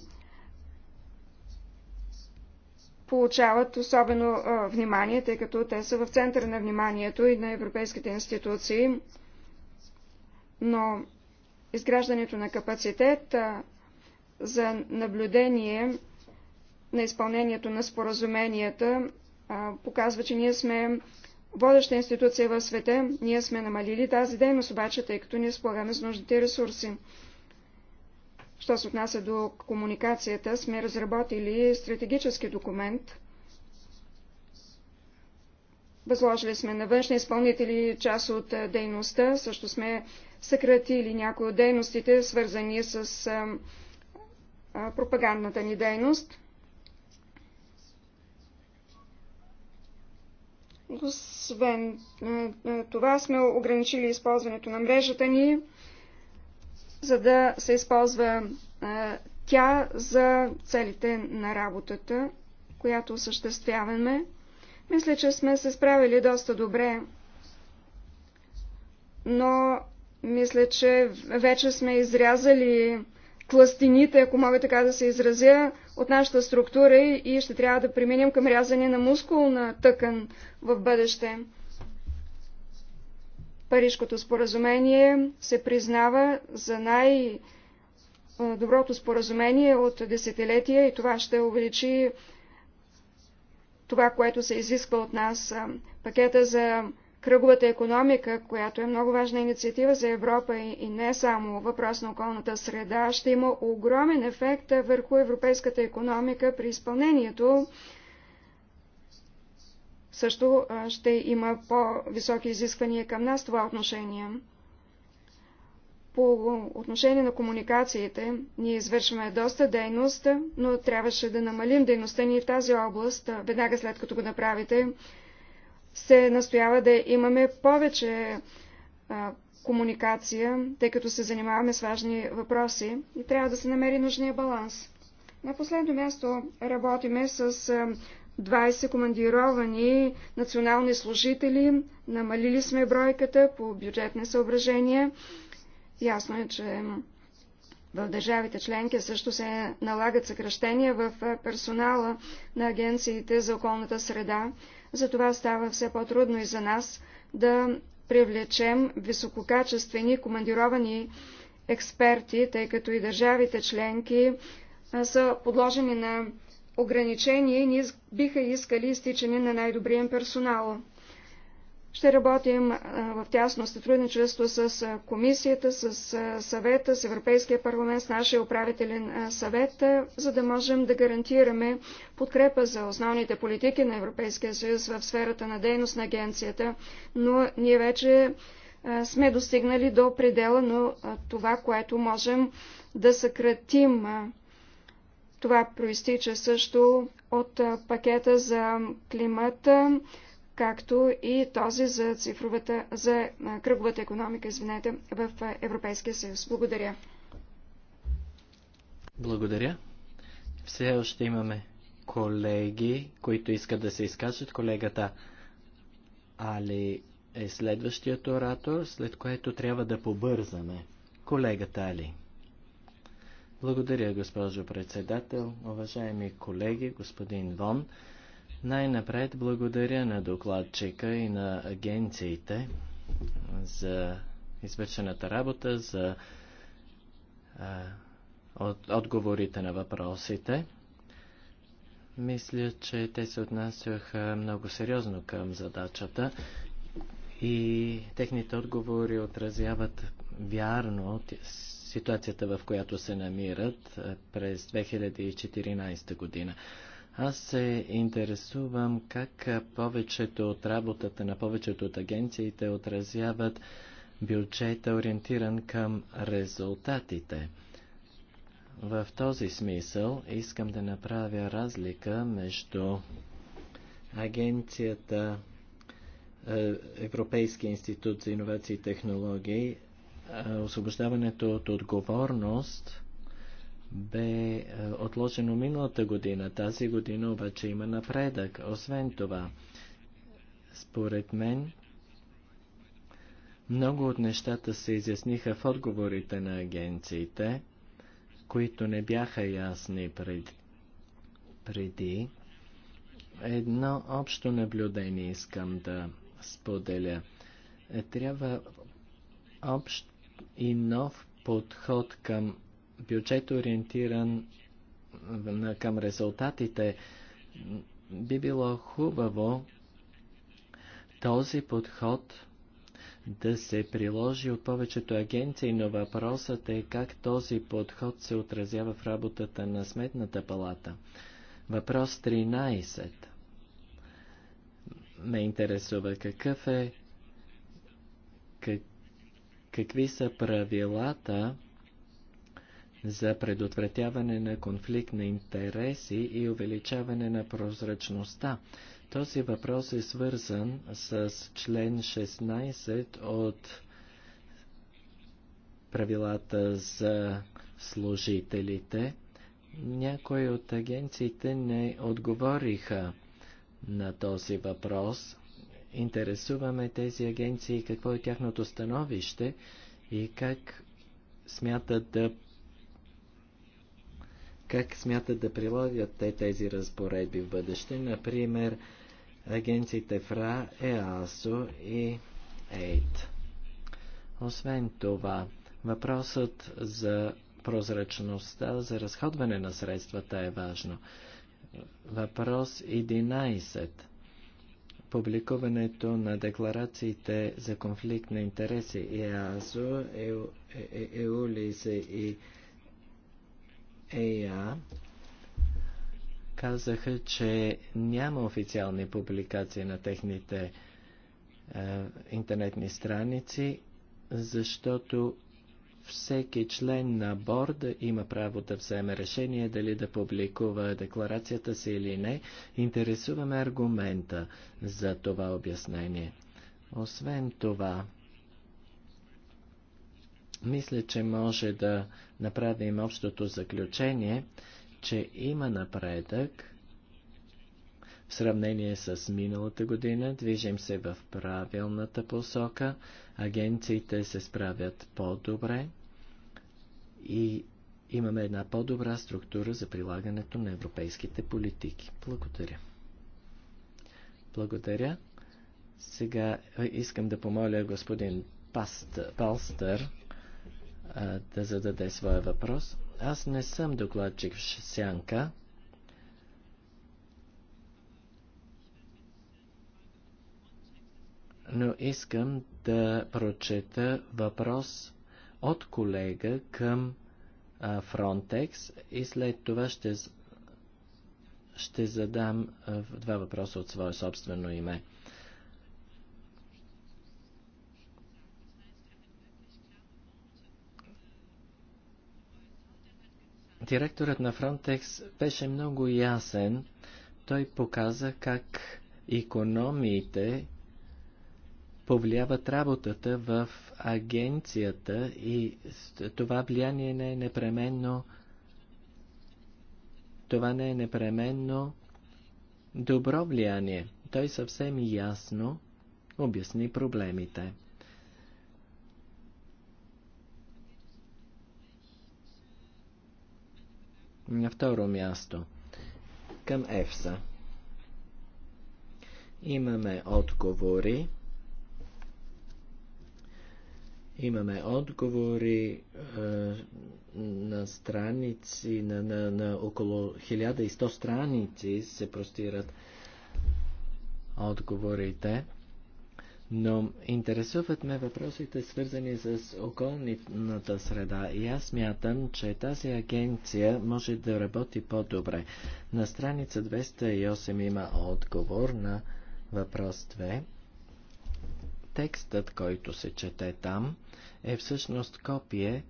получават особено внимание, тъй като те са в центъра на вниманието и на европейските институции. Но изграждането на капацитет за наблюдение на изпълнението на споразуменията показва, че ние сме водеща институция в света. Ние сме намалили тази дейност, обаче, тъй като ние сполагаме с нужните ресурси. Що се отнася до комуникацията, сме разработили стратегически документ. Възложили сме на външни изпълнители част от дейността. Също сме съкратили някои от дейностите, свързани с пропагандната ни дейност. Освен е, е, това сме ограничили използването на мрежата ни, за да се използва е, тя за целите на работата, която осъществяваме. Мисля, че сме се справили доста добре, но мисля, че вече сме изрязали пластините, ако мога така да се изразя, от нашата структура и ще трябва да преминем към рязане на мускул на тъкан в бъдеще. Парижкото споразумение се признава за най-доброто споразумение от десетилетия и това ще увеличи това, което се изисква от нас. Пакета за кръговата економика, която е много важна инициатива за Европа и не само въпрос на околната среда, ще има огромен ефект върху европейската економика при изпълнението. Също ще има по-високи изисквания към нас това отношение. По отношение на комуникациите, ние извършваме доста дейност, но трябваше да намалим дейността ни в тази област, веднага след като го направите, се настоява да имаме повече а, комуникация, тъй като се занимаваме с важни въпроси и трябва да се намери нужния баланс. На последно място работиме с а, 20 командировани национални служители, намалили сме бройката по бюджетни съображения. Ясно е, че в държавите членки също се налагат съкръщения в персонала на агенциите за околната среда. Затова става все по-трудно и за нас да привлечем висококачествени командировани експерти, тъй като и държавите членки са подложени на ограничения и ние биха искали изтичане на най-добрия персонал. Ще работим в тясно сътрудничество с комисията, с съвета, с Европейския парламент, с нашия управителен съвет, за да можем да гарантираме подкрепа за основните политики на Европейския съюз в сферата на дейност на агенцията, но ние вече сме достигнали до предела на това, което можем да съкратим. Това проистича също от пакета за климата, както и този за, цифровата, за кръговата економика извинете, в Европейския съюз. Благодаря. Благодаря. Все още имаме колеги, които искат да се изкажат. Колегата Али е следващият оратор, след което трябва да побързаме. Колегата Али. Благодаря, госпожо председател, уважаеми колеги, господин Вон. Най-напред благодаря на докладчика и на агенциите за извършената работа, за а, от, отговорите на въпросите. Мисля, че те се отнасяха много сериозно към задачата и техните отговори отразяват вярно от ситуацията, в която се намират през 2014 година. Аз се интересувам как повечето от работата на повечето от агенциите отразяват бюджета, ориентиран към резултатите. В този смисъл искам да направя разлика между агенцията е, Европейски институт за иновации и технологии, е, освобождаването от отговорност бе е, отложено миналата година. Тази година обаче има напредък. Освен това, според мен, много от нещата се изясниха в отговорите на агенциите, които не бяха ясни пред, преди. Едно общо наблюдение искам да споделя. Е, трябва общ и нов подход към бюджет ориентиран към резултатите, би било хубаво този подход да се приложи от повечето агенции, но въпросът е как този подход се отразява в работата на Сметната палата. Въпрос 13. Ме интересува какъв е, как, какви са правилата, за предотвратяване на конфликт на интереси и увеличаване на прозрачността. Този въпрос е свързан с член 16 от правилата за служителите. Някои от агенциите не отговориха на този въпрос. Интересуваме тези агенции какво е тяхното становище и как смятат да как смятат да прилагат те тези разпоредби в бъдеще, например агенциите ФРА, ЕАСО и ЕЙТ. Освен това, въпросът за прозрачността за разходване на средствата е важно. Въпрос 11. Публикуването на декларациите за конфликт на интереси е- е- е- и ЕАЗО, и и ЕА казаха, че няма официални публикации на техните е, интернетни страници, защото всеки член на борда има право да вземе решение дали да публикува декларацията си или не. Интересуваме аргумента за това обяснение. Освен това, мисля, че може да направим общото заключение, че има напредък в сравнение с миналата година. Движим се в правилната посока. Агенциите се справят по-добре и имаме една по-добра структура за прилагането на европейските политики. Благодаря. Благодаря. Сега искам да помоля господин Паст, Палстър да зададе своя въпрос. Аз не съм докладчик в Сянка. Но искам да прочета въпрос от колега към а, Frontex и след това ще, ще задам а, два въпроса от свое собствено име. директорът на Frontex беше много ясен. Той показа как економиите повлияват работата в агенцията и това влияние не е непременно това не е непременно добро влияние. Той съвсем ясно обясни проблемите. На второ място, към ЕФСА. Имаме отговори. Имаме отговори е, на страници, на, на, на около 1100 страници се простират отговорите но интересуват ме въпросите свързани с околната среда и аз мятам, че тази агенция може да работи по-добре. На страница 208 има отговор на въпрос 2. Текстът, който се чете там, е всъщност копие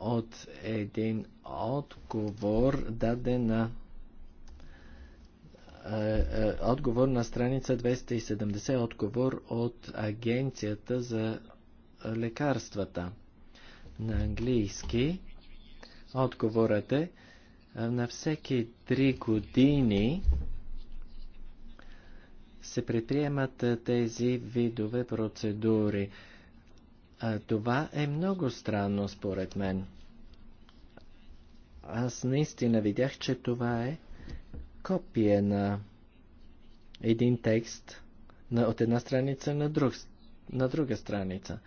от един отговор даден на е, е, отговор на страница 270, отговор от Агенцията за лекарствата. На английски отговорът е, е на всеки три години се предприемат тези видове процедури. А, това е много странно според мен. Аз наистина видях, че това е копие на един текст на, от една страница на, друг, на друга страница.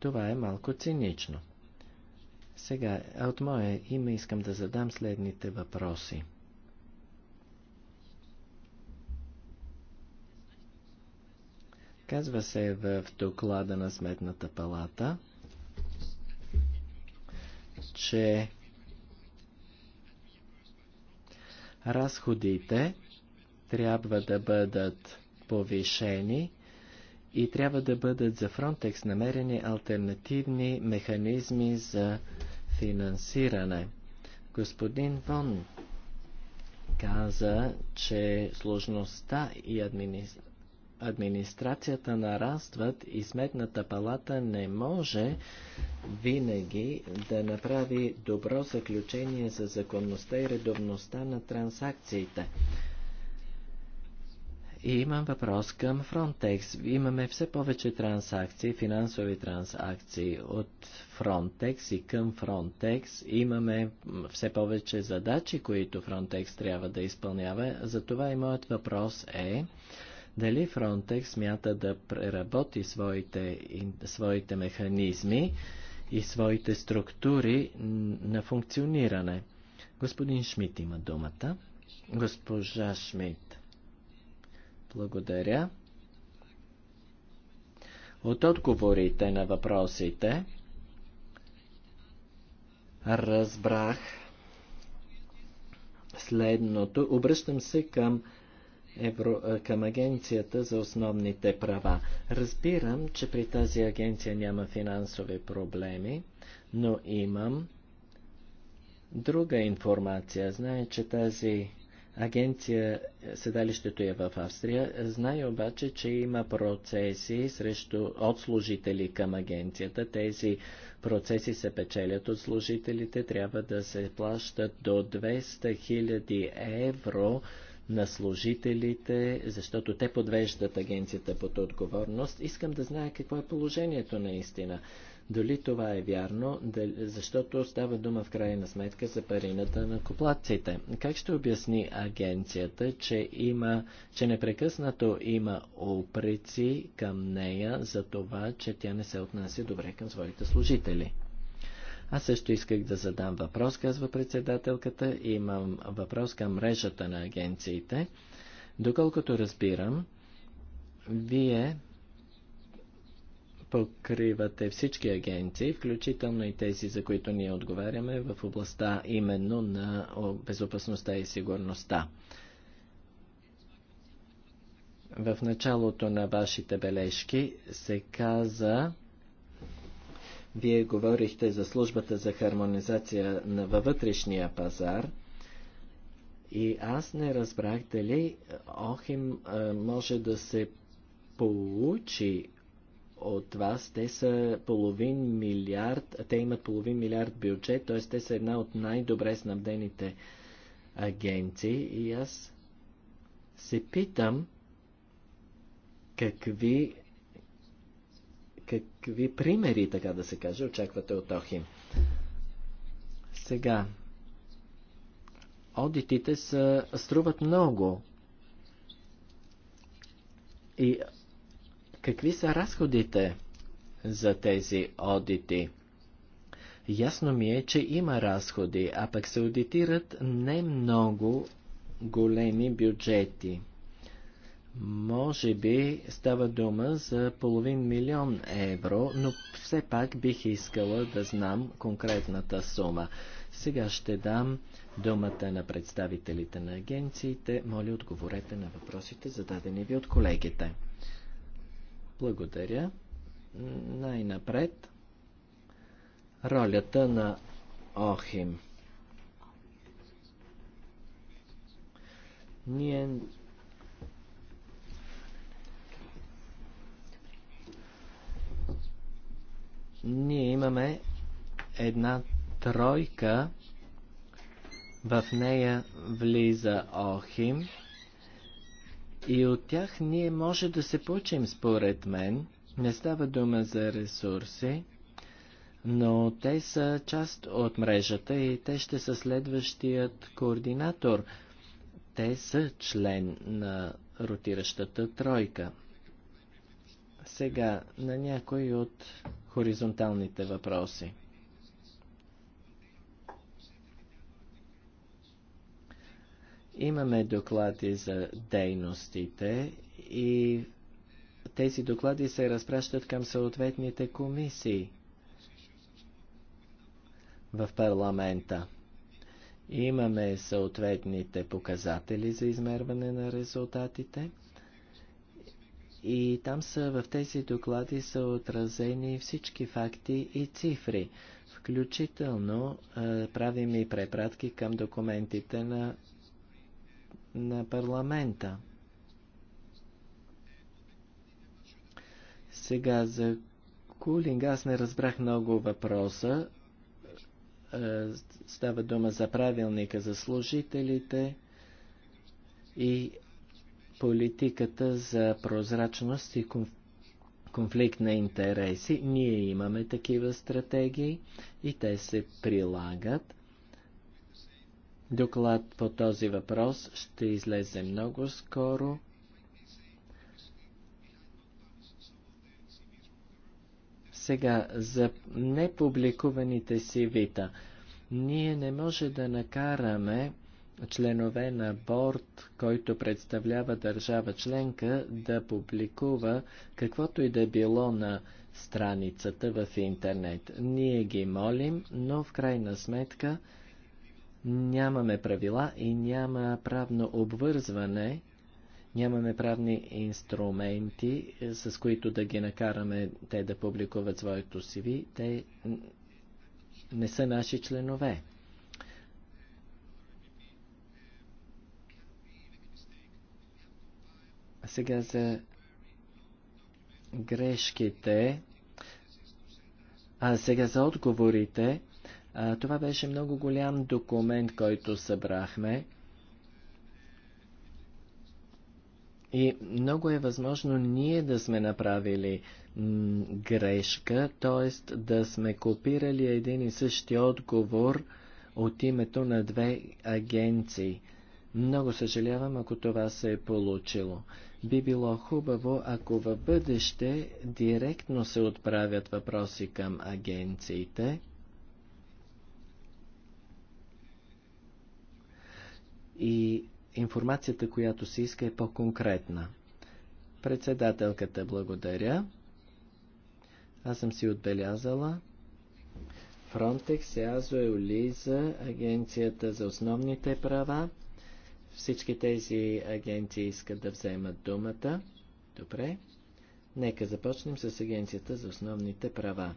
Това е малко цинично. Сега, от мое име искам да задам следните въпроси. Казва се в доклада на Сметната палата, че Разходите трябва да бъдат повишени и трябва да бъдат за Фронтекс намерени альтернативни механизми за финансиране. Господин Вон каза, че сложността и администрацията администрацията нарастват и сметната палата не може винаги да направи добро заключение за законността и редовността на транзакциите. И имам въпрос към Frontex. Имаме все повече транзакции, финансови транзакции от Frontex и към Frontex. Имаме все повече задачи, които Frontex трябва да изпълнява. Затова и моят въпрос е дали Frontex смята да преработи своите, своите механизми и своите структури на функциониране. Господин Шмидт има думата. Госпожа Шмидт. Благодаря. От отговорите на въпросите разбрах следното. Обръщам се към Евро, към Агенцията за основните права. Разбирам, че при тази агенция няма финансови проблеми, но имам друга информация. Знае, че тази агенция, седалището е в Австрия. Знае обаче, че има процеси срещу, от служители към агенцията. Тези процеси се печелят от служителите. Трябва да се плащат до 200 000 евро на служителите, защото те подвеждат агенцията под отговорност. Искам да зная какво е положението наистина. Дали това е вярно, дали, защото става дума в крайна сметка за парината на коплаците. Как ще обясни агенцията, че, има, че непрекъснато има опреци към нея за това, че тя не се отнася добре към своите служители? Аз също исках да задам въпрос, казва председателката. Имам въпрос към мрежата на агенциите. Доколкото разбирам, вие покривате всички агенции, включително и тези, за които ние отговаряме в областта именно на безопасността и сигурността. В началото на вашите бележки се каза, вие говорихте за службата за хармонизация на във вътрешния пазар. И аз не разбрах дали е, Охим е, може да се получи от вас. Те са половин милиард, те имат половин милиард бюджет, т.е. те са една от най-добре снабдените агенции. И аз се питам какви какви примери, така да се каже, очаквате от Охим? Сега, одитите са, струват много. И какви са разходите за тези одити? Ясно ми е, че има разходи, а пък се аудитират не много големи бюджети. Може би става дума за половин милион евро, но все пак бих искала да знам конкретната сума. Сега ще дам думата на представителите на агенциите. Моля, отговорете на въпросите, зададени ви от колегите. Благодаря. Най-напред ролята на Охим. Ние ние имаме една тройка, в нея влиза Охим и от тях ние може да се получим, според мен. Не става дума за ресурси, но те са част от мрежата и те ще са следващият координатор. Те са член на ротиращата тройка. Сега на някой от хоризонталните въпроси. Имаме доклади за дейностите и тези доклади се разпращат към съответните комисии в парламента. Имаме съответните показатели за измерване на резултатите – и там са в тези доклади са отразени всички факти и цифри. Включително е, правим и препратки към документите на, на парламента. Сега за кулинг аз не разбрах много въпроса. Е, става дума за правилника за служителите и политиката за прозрачност и конфликт на интереси. Ние имаме такива стратегии и те се прилагат. Доклад по този въпрос ще излезе много скоро. Сега, за непубликуваните си вита. Ние не може да накараме членове на борт, който представлява държава членка, да публикува каквото и да било на страницата в интернет. Ние ги молим, но в крайна сметка нямаме правила и няма правно обвързване, нямаме правни инструменти, с които да ги накараме те да публикуват своето CV. Те не са наши членове. Сега за грешките, а сега за отговорите. А, това беше много голям документ, който събрахме. И много е възможно ние да сме направили грешка, т.е. да сме копирали един и същи отговор от името на две агенции – много съжалявам, ако това се е получило. Би било хубаво, ако в бъдеще директно се отправят въпроси към агенциите и информацията, която се иска, е по-конкретна. Председателката благодаря. Аз съм си отбелязала. Фронтекс, Азо, EULISA, Агенцията за основните права. Всички тези агенции искат да вземат думата. Добре. Нека започнем с Агенцията за основните права.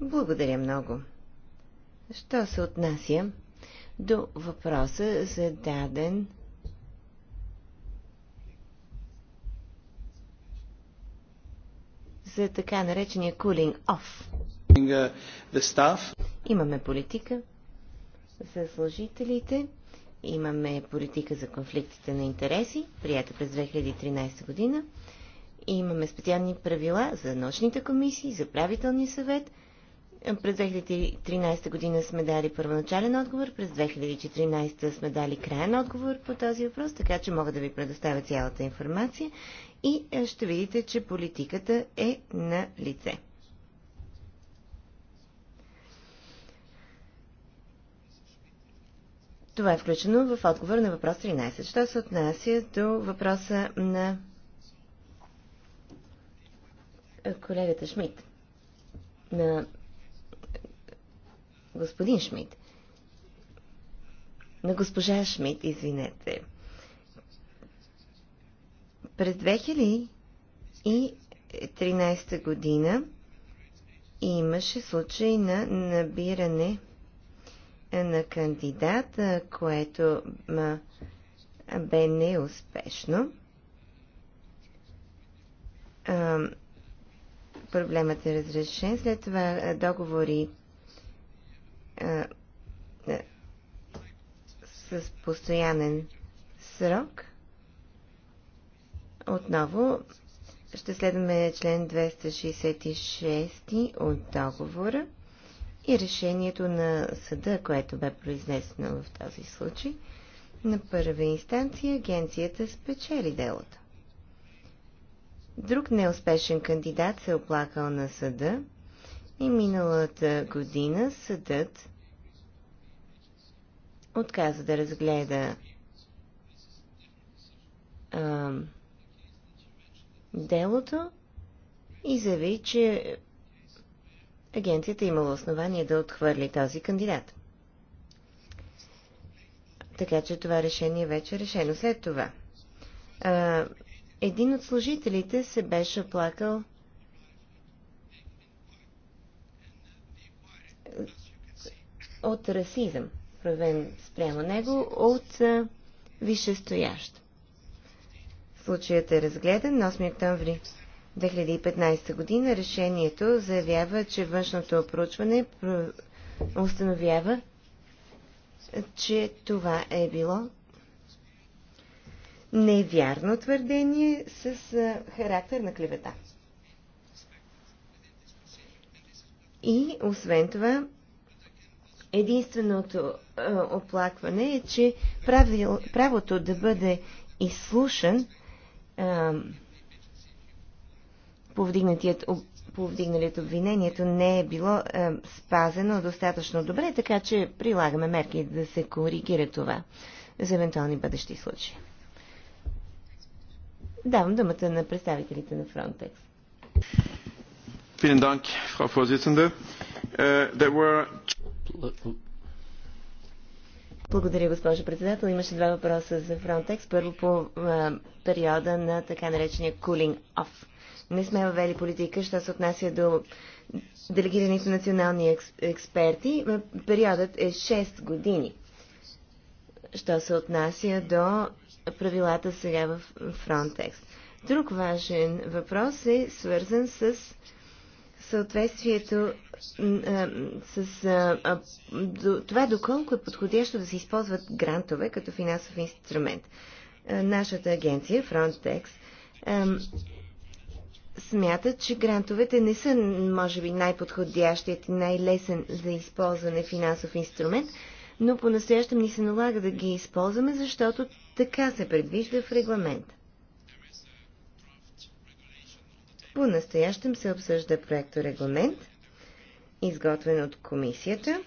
Благодаря много. Що се отнася до въпроса зададен за така наречения cooling off. Имаме политика, за служителите. Имаме политика за конфликтите на интереси, прията през 2013 година. Имаме специални правила за научните комисии, за правителния съвет. През 2013 година сме дали първоначален отговор, през 2014 сме дали краен отговор по този въпрос, така че мога да ви предоставя цялата информация и е, ще видите, че политиката е на лице. Това е включено в отговор на въпрос 13. Що се отнася до въпроса на е, колегата Шмидт, на господин Шмидт, на госпожа Шмидт, извинете. През 2013 година имаше случай на набиране на кандидат, което бе неуспешно. Проблемът е разрешен. След това договори с постоянен срок. Отново ще следваме член 266 от договора и решението на съда, което бе произнесено в този случай. На първа инстанция агенцията спечели делото. Друг неуспешен кандидат се оплакал на съда и миналата година съдът отказа да разгледа а, делото и заяви, че агенцията е имала основание да отхвърли този кандидат. Така че това решение вече е решено. След това, а, един от служителите се беше оплакал от расизъм, проявен спрямо него, от висшестоящ. Случаят е разгледан на 8 октомври 2015 година решението заявява, че външното проучване установява, че това е било невярно твърдение с характер на клевета. И освен това, единственото оплакване е, че правил, правото да бъде изслушан повдигнатият повдигналият обвинението не е било е, спазено достатъчно добре, така че прилагаме мерки да се коригира това за евентуални бъдещи случаи. Давам думата на представителите на Frontex. Е, Благодаря, госпожо председател. Имаше два въпроса за Frontex. Първо по е, периода на така наречения cooling off не сме въвели политика, що се отнася до делегираните национални експерти. Периодът е 6 години. Що се отнася до правилата сега в Frontex. Друг важен въпрос е свързан с съответствието с а, до, това доколко е подходящо да се използват грантове като финансов инструмент. А, нашата агенция Frontex смятат, че грантовете не са, може би, най-подходящият и най-лесен за използване финансов инструмент, но по-настоящем ни се налага да ги използваме, защото така се предвижда в регламента. По-настоящем се обсъжда регламент, изготвен от комисията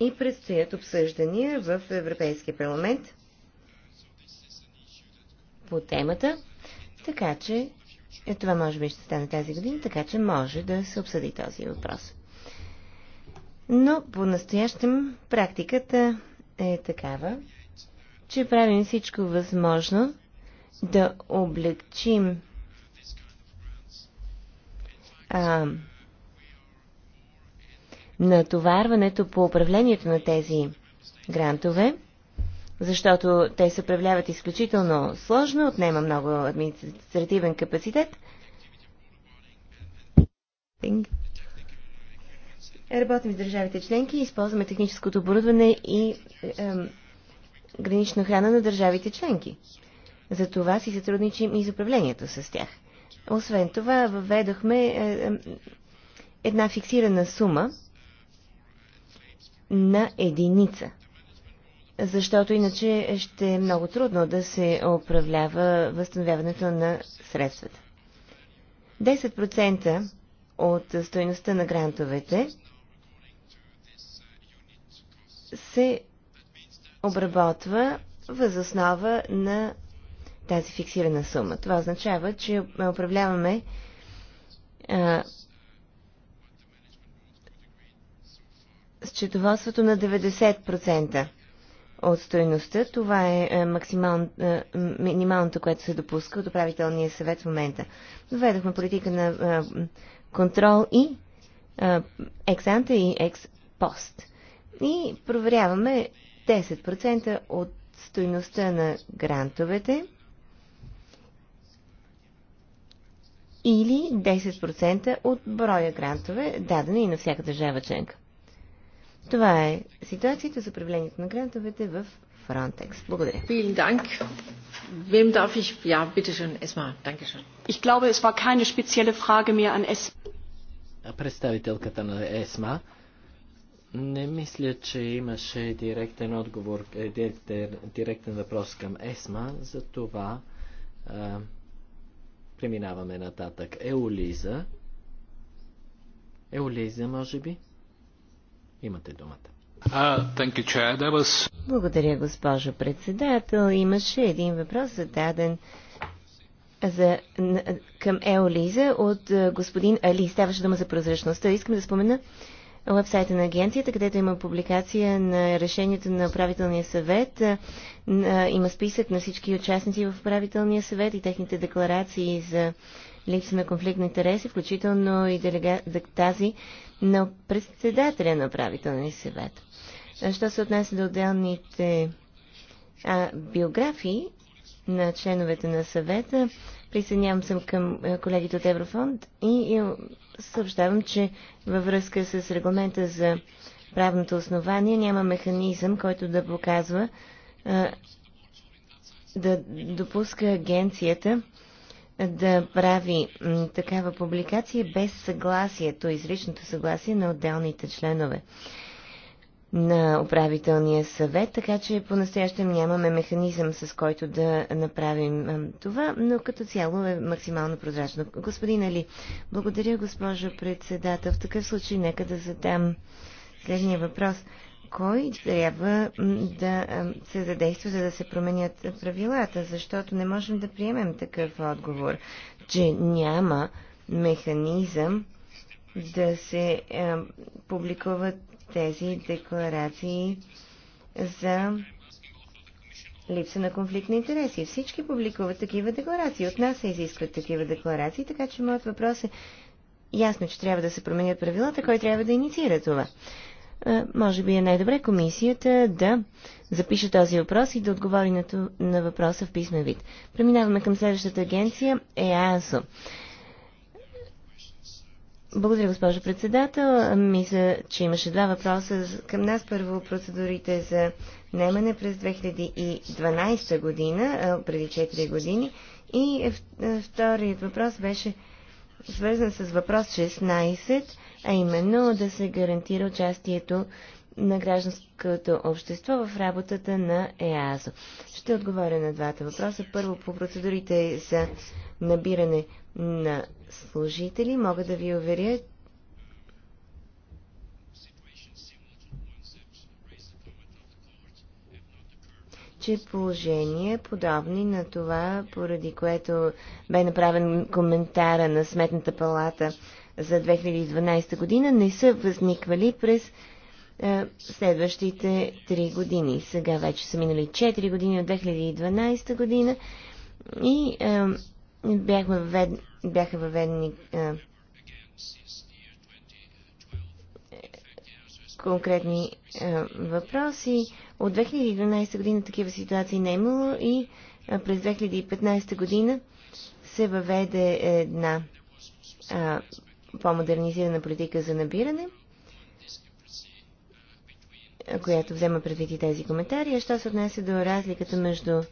и предстоят обсъждания в Европейския парламент по темата, така че е, това може би ще стане тази година, така че може да се обсъди този въпрос. Но по-настоящем практиката е такава, че правим всичко възможно да облегчим а, натоварването по управлението на тези грантове защото те се управляват изключително сложно, отнема много административен капацитет. Работим с държавите членки, използваме техническото оборудване и е, гранична охрана на държавите членки. За това си сътрудничим и с управлението с тях. Освен това, въведохме е, е, една фиксирана сума на единица – защото иначе ще е много трудно да се управлява възстановяването на средствата. 10% от стоеността на грантовете се обработва възоснова на тази фиксирана сума. Това означава, че управляваме а, счетоводството на 90% от стоеността. Това е, е максимал, е, минималното, което се допуска от управителния съвет в момента. Доведохме политика на е, контрол и ексанта и експост. И проверяваме 10% от стоеността на грантовете или 10% от броя грантове, дадени на всяка държава членка. Това е ситуацията за управлението на грантовете в Frontex. Благодаря. Vielen Dank. Wem darf ich? Ja, bitte schön, Esma. Danke schön. Ich glaube, es war keine spezielle Frage mehr an Esma. Представителката на Esma. Не мисля, че имаше директен отговор, е, директен, въпрос към ЕСМА, за това преминаваме нататък. Еолиза. Еолиза, може би? Имате думата. Uh, you, was... Благодаря, госпожо председател. Имаше един въпрос зададен за, към Еолиза от господин Али. Ставаше дума за прозрачността. Искам да спомена вебсайта на агенцията, където има публикация на решението на управителния съвет. Има списък на всички участници в управителния съвет и техните декларации за липса на конфликт на интереси, включително и делега... тази на председателя на правителния съвет. Що се отнася до отделните а, биографии на членовете на съвета, присъединявам се към колегите от Еврофонд и, и съобщавам, че във връзка с регламента за правното основание няма механизъм, който да показва а, да допуска агенцията да прави такава публикация без съгласието, изричното съгласие на отделните членове на управителния съвет, така че по-настоящем нямаме механизъм, с който да направим това, но като цяло е максимално прозрачно. Господин Али, благодаря, госпожо председател. В такъв случай нека да задам следния въпрос кой трябва да се задейства, за да се променят правилата, защото не можем да приемем такъв отговор, че няма механизъм да се публикуват тези декларации за липса на конфликт на интереси. Всички публикуват такива декларации. От нас се изискват такива декларации, така че моят въпрос е ясно, че трябва да се променят правилата, кой трябва да инициира това може би е най-добре комисията да запише този въпрос и да отговори на, на въпроса в писмен вид. Преминаваме към следващата агенция ЕАСО. Благодаря, госпожо председател. Мисля, че имаше два въпроса към нас. Първо, процедурите за наемане през 2012 година, преди 4 години. И вторият въпрос беше свързан с въпрос 16 а именно да се гарантира участието на гражданското общество в работата на ЕАЗО. Ще отговоря на двата въпроса. Първо, по процедурите за набиране на служители, мога да ви уверя, че положение е подобни на това, поради което бе направен коментара на Сметната палата за 2012 година не са възниквали през е, следващите 3 години. Сега вече са минали 4 години от 2012 година и е, бяхме въвед... бяха въведени е, конкретни е, въпроси. От 2012 година такива ситуации не е имало и е, през 2015 година се въведе една а, е, по-модернизирана политика за набиране, която взема предвид и тези коментари. А що се отнесе до разликата между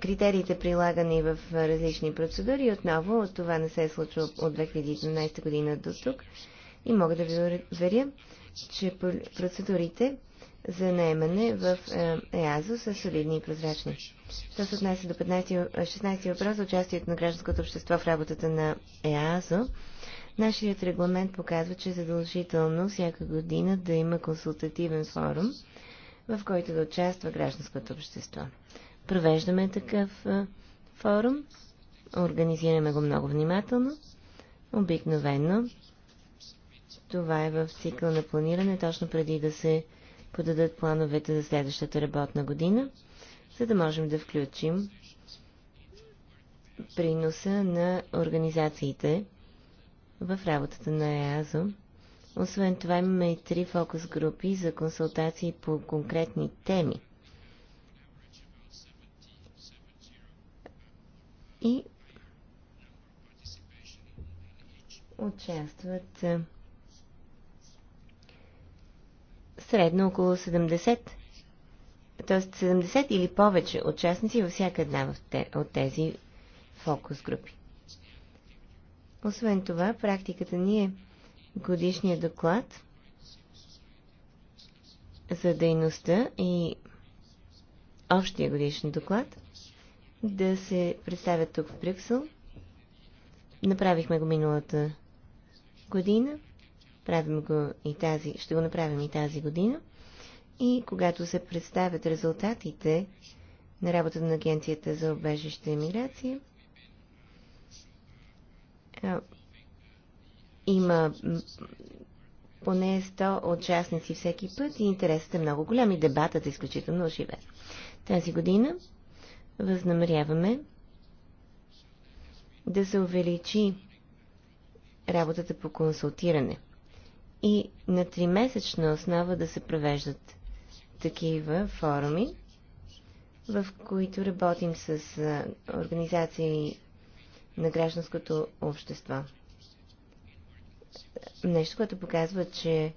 критериите прилагани в различни процедури, отново това не се е случило от 2017 година до тук. И мога да ви уверя, че процедурите за наемане в е, ЕАЗО са солидни и прозрачни. Що се отнася до 16 е, въпрос за участието на гражданското общество в работата на ЕАЗО, нашият регламент показва, че е задължително всяка година да има консултативен форум, в който да участва гражданското общество. Провеждаме такъв е, форум, организираме го много внимателно, обикновенно. Това е в цикъл на планиране, точно преди да се подадат плановете за следващата работна година, за да можем да включим приноса на организациите в работата на ЕАЗО. Освен това имаме и три фокус групи за консултации по конкретни теми. И участват средно около 70, т.е. 70 или повече участници във всяка една от тези фокус групи. Освен това, практиката ни е годишния доклад за дейността и общия годишен доклад да се представят тук в Брюксел. Направихме го миналата година. Правим го и тази, ще го направим и тази година. И когато се представят резултатите на работата на Агенцията за обежище и миграция, има поне 100 участници всеки път и интересът е много голям и дебатът е изключително оживен. Тази година възнамеряваме да се увеличи работата по консултиране – и на тримесечна основа да се провеждат такива форуми, в които работим с организации на гражданското общество. Нещо, което показва, че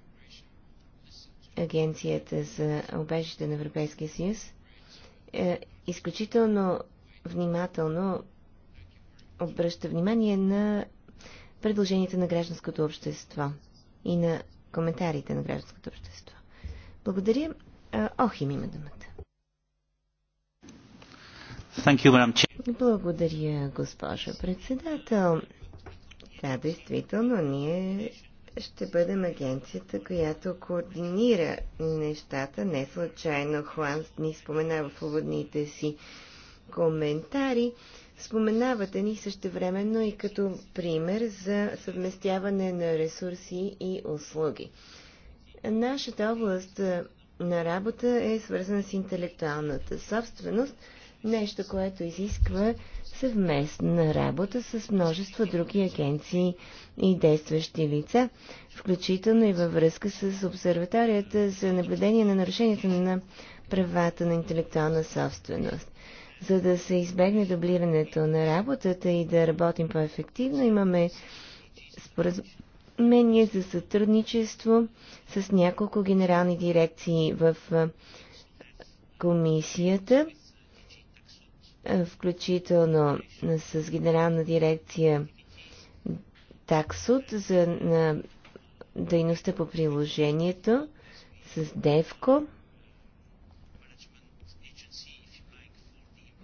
Агенцията за обежище на Европейския съюз е изключително внимателно обръща внимание на предложенията на гражданското общество и на коментарите на гражданското общество. Благодаря. Охим има думата. You, Благодаря, госпожо председател. Да, действително, ние ще бъдем агенцията, която координира нещата. Не случайно Хуан ни спомена в уводните си коментари. Споменавате ни същевременно и като пример за съвместяване на ресурси и услуги. Нашата област е, на работа е свързана с интелектуалната собственост, нещо, което изисква съвместна работа с множество други агенции и действащи лица, включително и във връзка с обсерваторията за наблюдение на нарушенията на правата на интелектуална собственост. За да се избегне дублирането на работата и да работим по-ефективно, имаме споразумение за сътрудничество с няколко генерални дирекции в комисията, включително с генерална дирекция таксот за на дейността по приложението с ДЕВКО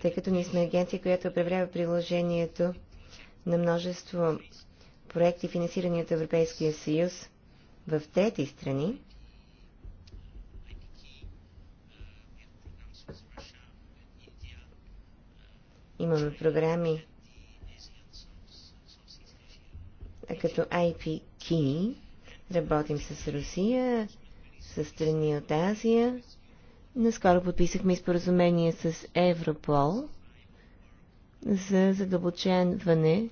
тъй като ние сме агенция, която управлява приложението на множество проекти, финансирани от Европейския съюз в трети страни, имаме програми като IP Key, работим с Русия, с страни от Азия, Наскоро подписахме споразумение с Европол за задълбочаване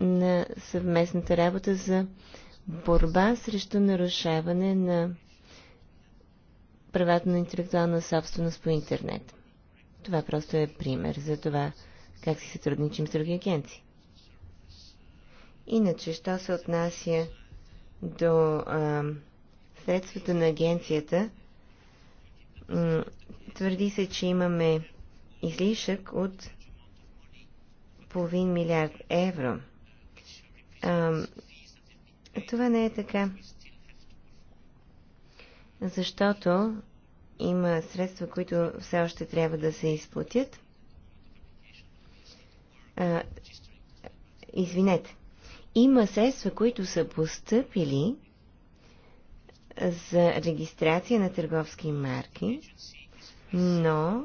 на съвместната работа за борба срещу нарушаване на правата на интелектуална собственост по интернет. Това просто е пример за това как си сътрудничим с други агенции. Иначе, що се отнася до а, средствата на агенцията, твърди се, че имаме излишък от половин милиард евро. А, това не е така. Защото има средства, които все още трябва да се изплатят. А, извинете. Има средства, които са постъпили, за регистрация на търговски марки, но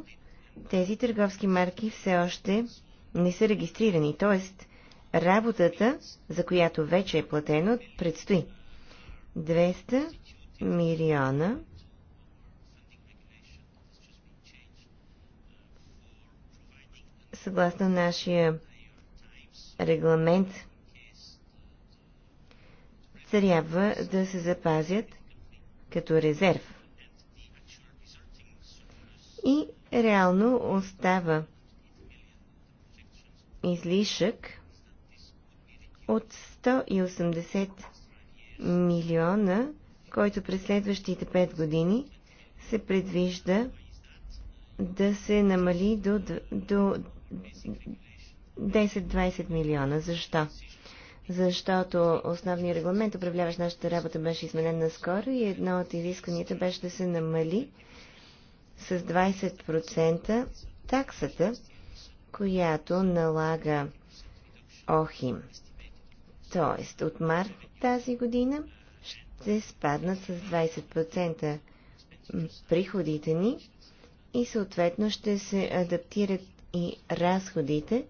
тези търговски марки все още не са регистрирани, т.е. работата, за която вече е платено, предстои. 200 милиона съгласно нашия регламент трябва да се запазят – като резерв. И реално остава излишък от 180 милиона, който през следващите 5 години се предвижда да се намали до, до 10-20 милиона. Защо? защото основният регламент, управляващ нашата работа, беше изменен наскоро и едно от изискванията беше да се намали с 20% таксата, която налага ОХИМ. Тоест, от март тази година ще спаднат с 20% приходите ни и съответно ще се адаптират и разходите,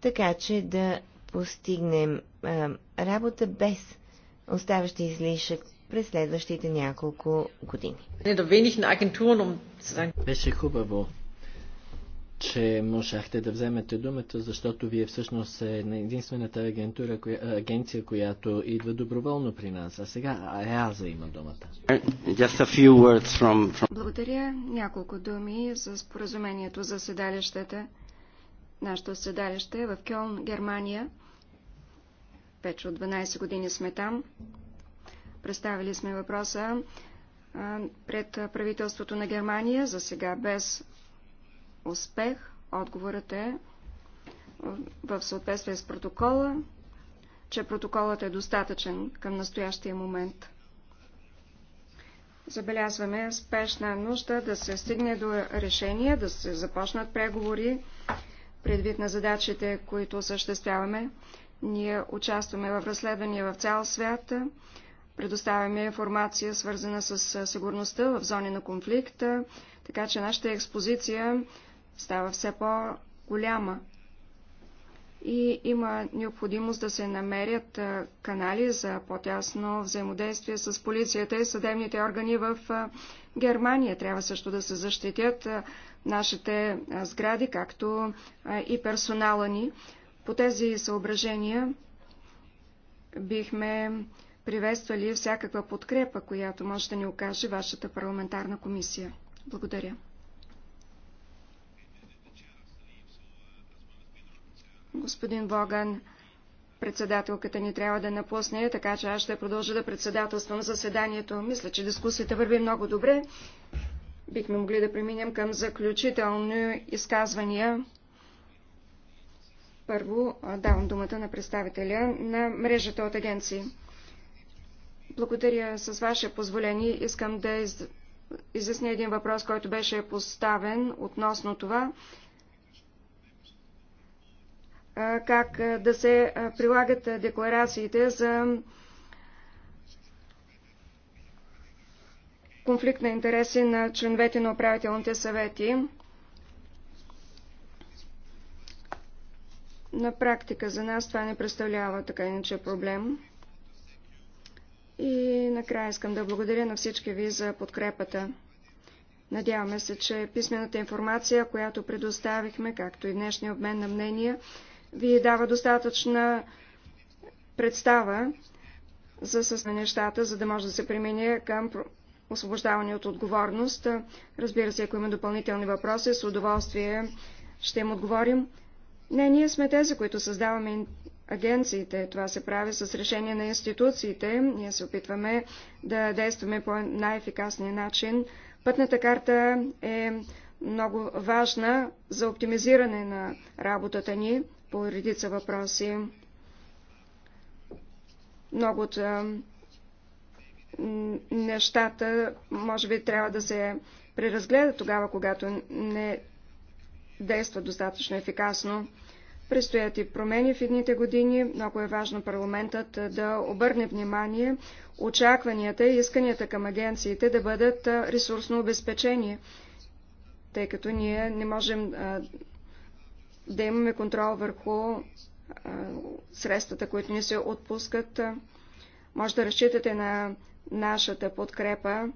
така че да постигнем а, работа без оставащи излишък през следващите няколко години. Um Беше хубаво, че можахте да вземете думата, защото вие всъщност е единствената агентура, коя, агенция, която идва доброволно при нас. А сега Аяза има думата. From, from... Благодаря. Няколко думи за споразумението за седалищата. Нашето седалище е в Кьолн, Германия. Вече от 12 години сме там. Представили сме въпроса пред правителството на Германия, за сега без успех. Отговорът е в съответствие с протокола, че протоколът е достатъчен към настоящия момент. Забелязваме спешна нужда да се стигне до решение, да се започнат преговори предвид на задачите, които осъществяваме. Ние участваме в разследвания в цял свят, предоставяме информация, свързана с сигурността в зони на конфликта, така че нашата експозиция става все по-голяма. И има необходимост да се намерят канали за по-тясно взаимодействие с полицията и съдебните органи в Германия. Трябва също да се защитят нашите сгради, както и персонала ни. По тези съображения бихме приветствали всякаква подкрепа, която може да ни окаже вашата парламентарна комисия. Благодаря. Господин Воган, председателката ни трябва да напусне, така че аз ще продължа да председателствам заседанието. Мисля, че дискусията върви много добре бихме могли да преминем към заключителни изказвания. Първо давам думата на представителя на мрежата от агенции. Благодаря с ваше позволение. Искам да из... изясня един въпрос, който беше поставен относно това, как да се прилагат декларациите за конфликт на интереси на членовете на управителните съвети. На практика за нас това не представлява така иначе проблем. И накрая искам да благодаря на всички ви за подкрепата. Надяваме се, че писмената информация, която предоставихме, както и днешния обмен на мнения, ви дава достатъчна представа за със нещата, за да може да се премине към освобождаване от отговорност. Разбира се, ако има допълнителни въпроси, с удоволствие ще им отговорим. Не, ние сме тези, които създаваме агенциите. Това се прави с решение на институциите. Ние се опитваме да действаме по най-ефикасния начин. Пътната карта е много важна за оптимизиране на работата ни по редица въпроси. Много от нещата може би трябва да се преразгледат тогава, когато не действа достатъчно ефикасно. Предстоят и промени в едните години. Много е важно парламентът да обърне внимание очакванията и исканията към агенциите да бъдат ресурсно обезпечени, тъй като ние не можем да имаме контрол върху средствата, които ни се отпускат. Може да разчитате на нашата подкрепа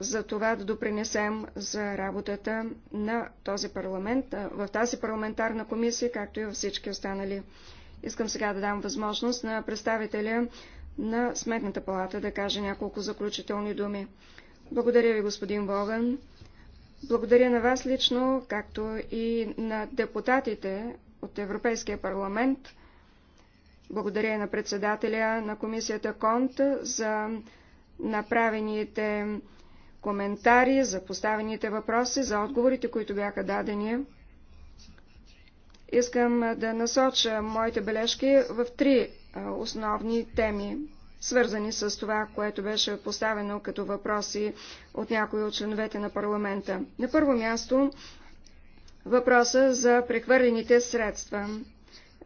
за това да допринесем за работата на този парламент, в тази парламентарна комисия, както и във всички останали. Искам сега да дам възможност на представителя на Сметната палата да каже няколко заключителни думи. Благодаря ви, господин Боган. Благодаря на вас лично, както и на депутатите от Европейския парламент благодаря на председателя на комисията Конт за направените коментари, за поставените въпроси, за отговорите, които бяха дадени. Искам да насоча моите бележки в три основни теми, свързани с това, което беше поставено като въпроси от някои от членовете на парламента. На първо място въпроса за прехвърлените средства.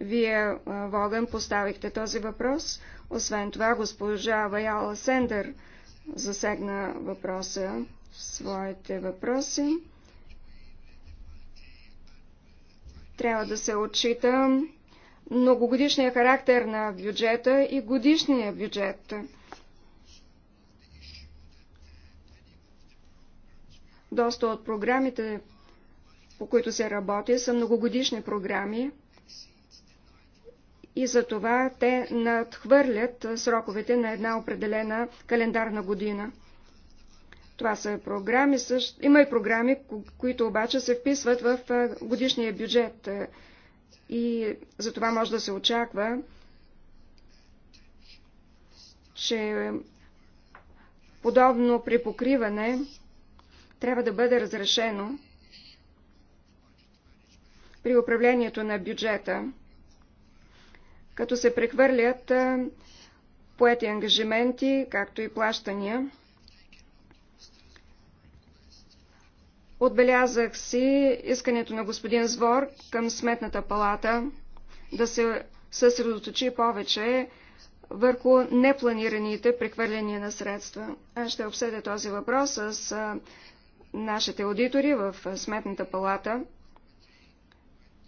Вие, Воган, поставихте този въпрос. Освен това, госпожа Ваяла Сендър засегна въпроса в своите въпроси. Трябва да се отчита многогодишния характер на бюджета и годишния бюджет. Доста от програмите, по които се работи, са многогодишни програми и за това те надхвърлят сроковете на една определена календарна година. Това са програми, също... има и програми, които обаче се вписват в годишния бюджет и за това може да се очаква, че подобно припокриване трябва да бъде разрешено при управлението на бюджета като се прехвърлят поети ангажименти, както и плащания. Отбелязах си искането на господин Звор към Сметната палата да се съсредоточи повече върху непланираните прехвърляния на средства. Аз ще обсъдя този въпрос с нашите аудитори в Сметната палата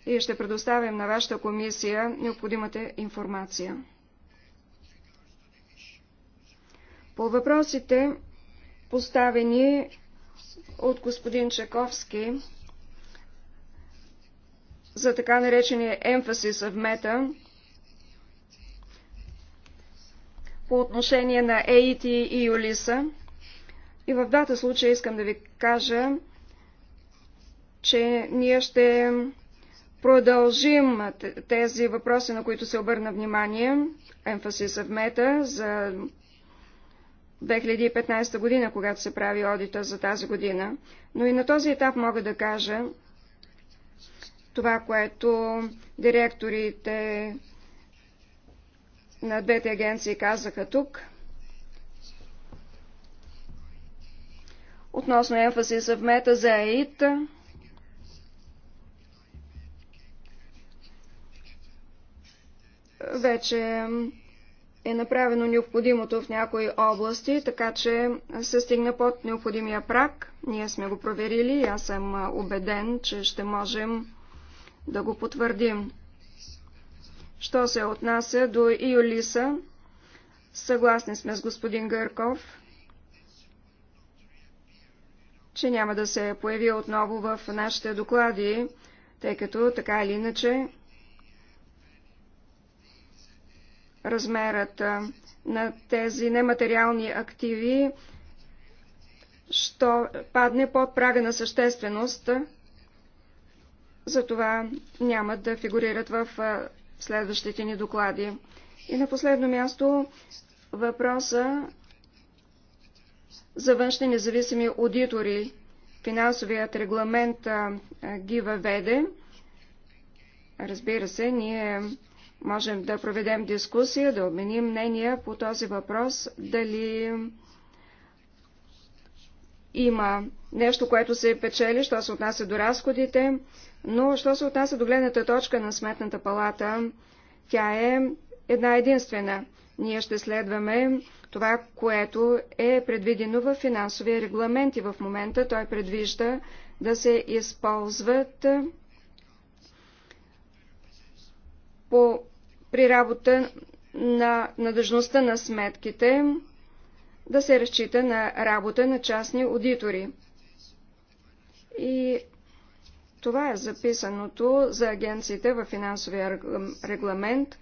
и ще предоставим на вашата комисия необходимата информация. По въпросите, поставени от господин Чаковски за така наречения емфасис в мета, по отношение на ЕИТ и Юлиса. И в двата случая искам да ви кажа, че ние ще продължим тези въпроси, на които се обърна внимание, емфасиса в мета за 2015 година, когато се прави одита за тази година. Но и на този етап мога да кажа това, което директорите на двете агенции казаха тук. Относно емфасиса в мета за АИТ, Вече е направено необходимото в някои области, така че се стигна под необходимия прак. Ние сме го проверили и аз съм убеден, че ще можем да го потвърдим. Що се отнася до Иолиса, съгласни сме с господин Гърков, че няма да се появи отново в нашите доклади, тъй като така или иначе размерът на тези нематериални активи що падне под прага на същественост, затова няма да фигурират в следващите ни доклади. И на последно място въпроса за външни независими аудитори. Финансовият регламент ги въведе. Разбира се, ние можем да проведем дискусия, да обменим мнения по този въпрос, дали има нещо, което се печели, що се отнася до разходите, но що се отнася до гледната точка на Сметната палата, тя е една единствена. Ние ще следваме това, което е предвидено в финансовия регламент и в момента той предвижда да се използват по при работа на надъжността на сметките да се разчита на работа на частни аудитори. И това е записаното за агенциите в финансовия регламент.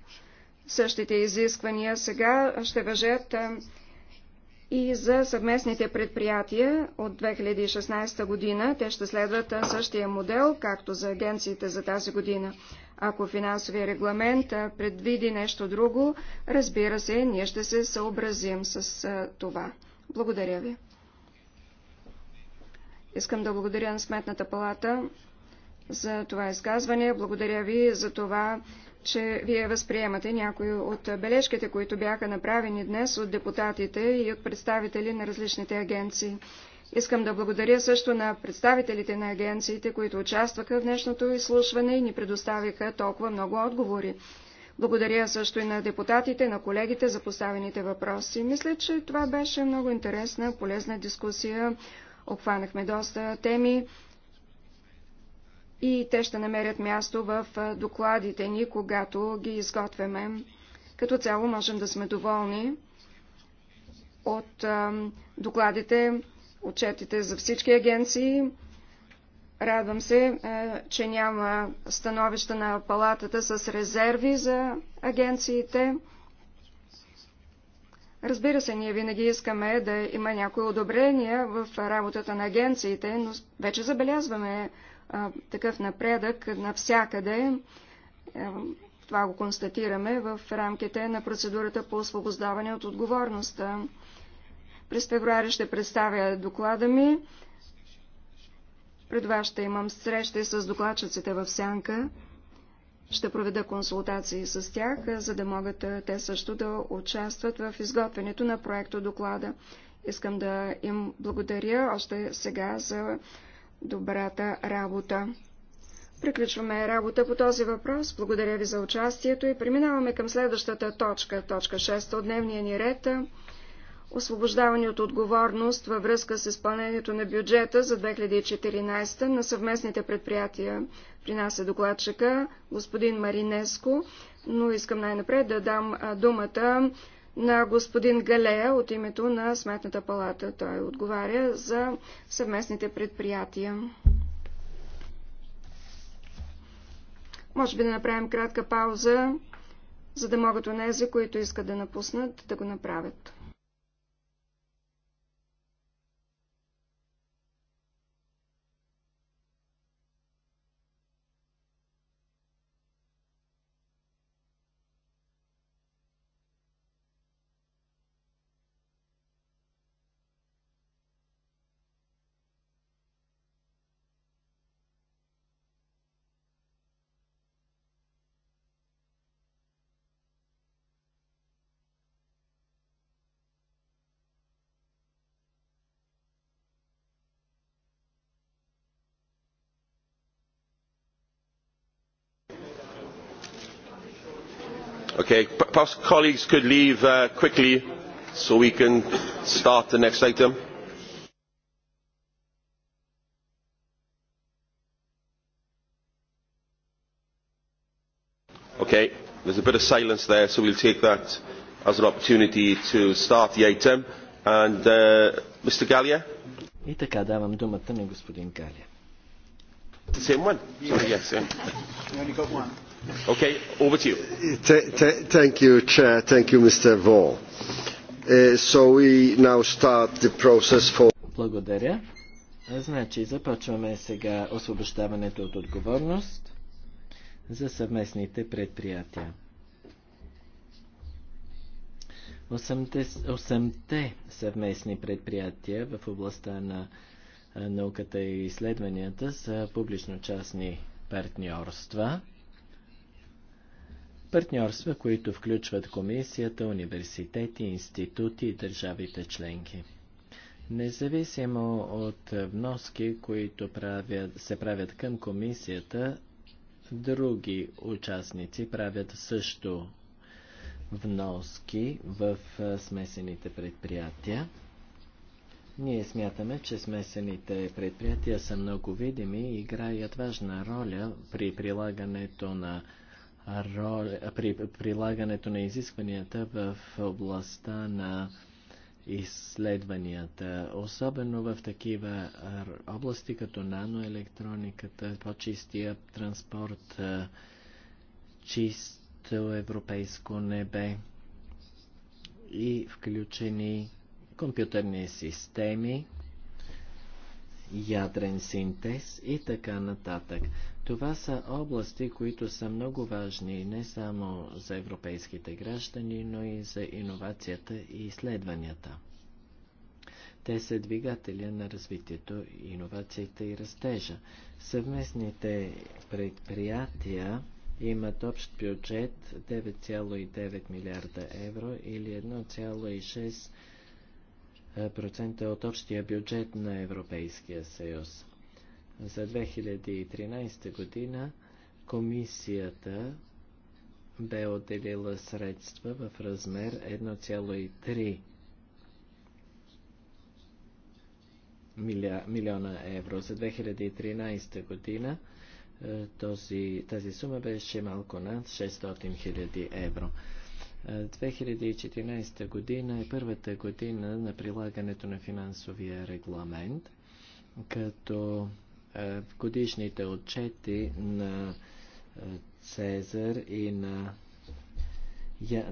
Същите изисквания сега ще въжат и за съвместните предприятия от 2016 година. Те ще следват същия модел, както за агенциите за тази година. Ако финансовия регламент предвиди нещо друго, разбира се, ние ще се съобразим с това. Благодаря ви. Искам да благодаря на Сметната палата за това изказване. Благодаря ви за това, че вие възприемате някои от бележките, които бяха направени днес от депутатите и от представители на различните агенции. Искам да благодаря също на представителите на агенциите, които участваха в днешното изслушване и ни предоставиха толкова много отговори. Благодаря също и на депутатите, на колегите за поставените въпроси. Мисля, че това беше много интересна, полезна дискусия. Обхванахме доста теми и те ще намерят място в докладите ни, когато ги изготвяме. Като цяло можем да сме доволни от докладите, отчетите за всички агенции. Радвам се, че няма становища на палатата с резерви за агенциите. Разбира се, ние винаги искаме да има някои одобрения в работата на агенциите, но вече забелязваме такъв напредък навсякъде. Е, това го констатираме в рамките на процедурата по освобождаване от отговорността. През февруари ще представя доклада ми. Пред вас ще имам срещи с докладчиците в Сянка. Ще проведа консултации с тях, за да могат те също да участват в изготвянето на проекта доклада. Искам да им благодаря още сега за добрата работа. Приключваме работа по този въпрос. Благодаря ви за участието и преминаваме към следващата точка, точка 6 от дневния ни ред. Освобождаване от отговорност във връзка с изпълнението на бюджета за 2014 на съвместните предприятия. При нас е докладчика господин Маринеско, но искам най-напред да дам думата на господин Галея от името на Сметната палата. Той отговаря за съвместните предприятия. Може би да направим кратка пауза, за да могат онези, които искат да напуснат, да го направят. Okay, perhaps colleagues could leave uh, quickly so we can start the next item. Okay, there's a bit of silence there, so we'll take that as an opportunity to start the item. And uh, Mr. Gallia? И така давам думата на господин Галия. same one? yes. Yeah. You only got one. Okay, over to you. Thank you, Chair. Thank you, Mr. Vaughan. Uh, so we now start the process for... Благодаря. Значи, започваме сега освобождаването от отговорност за съвместните предприятия. 8 съвместни предприятия в областта на науката и изследванията са публично-частни партньорства – партньорства, които включват комисията, университети, институти и държавите членки. Независимо от вноски, които правят, се правят към комисията, други участници правят също вноски в смесените предприятия. Ние смятаме, че смесените предприятия са много видими и играят важна роля при прилагането на прилагането на изискванията в областта на изследванията, особено в такива области като наноелектрониката, по-чистия транспорт, е, чисто европейско небе и включени компютърни системи, ядрен синтез и така нататък. Това са области, които са много важни не само за европейските граждани, но и за иновацията и изследванията. Те са двигателя на развитието, иновацията и растежа. Съвместните предприятия имат общ бюджет 9,9 милиарда евро или 1,6% от общия бюджет на Европейския съюз за 2013 година комисията бе отделила средства в размер 1,3 милиона евро. За 2013 година е, този, тази сума беше малко над 600 хиляди евро. 2014 е, година е първата година на прилагането на финансовия регламент, като в е, годишните отчети на е, Цезар и на,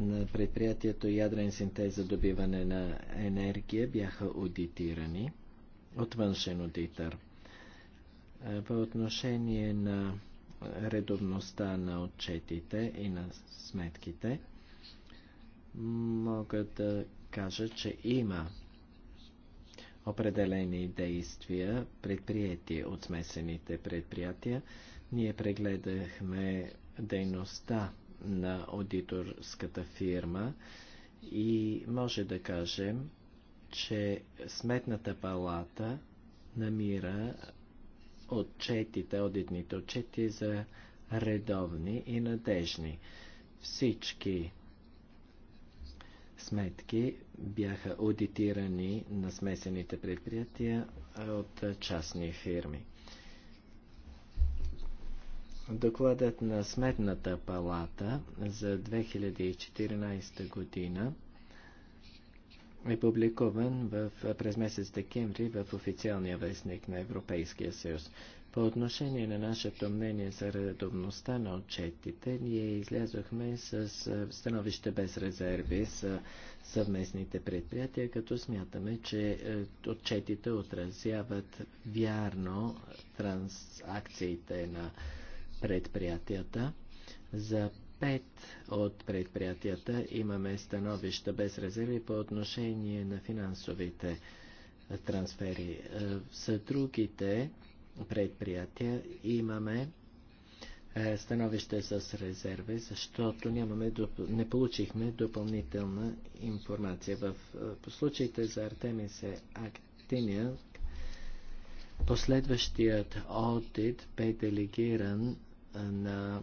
на предприятието Ядрен синтез за добиване на енергия бяха аудитирани от външен аудитор. По е, отношение на редовността на отчетите и на сметките, мога да кажа, че има определени действия, предприяти от смесените предприятия. Ние прегледахме дейността на аудиторската фирма и може да кажем, че Сметната палата намира отчетите, аудитните отчети за редовни и надежни. Всички сметки бяха аудитирани на смесените предприятия от частни фирми. Докладът на Сметната палата за 2014 година е публикуван в, през месец декември в официалния вестник на Европейския съюз. По отношение на нашето мнение за редовността на отчетите, ние излязохме с становище без резерви с съвместните предприятия, като смятаме, че е, отчетите отразяват вярно трансакциите на предприятията. За пет от предприятията имаме становища без резерви по отношение на финансовите трансфери. За е, другите предприятия имаме е, становище с резерви, защото нямаме, не получихме допълнителна информация. В е, случаите за Артемис е Актиния, последващият одит бе делегиран е, на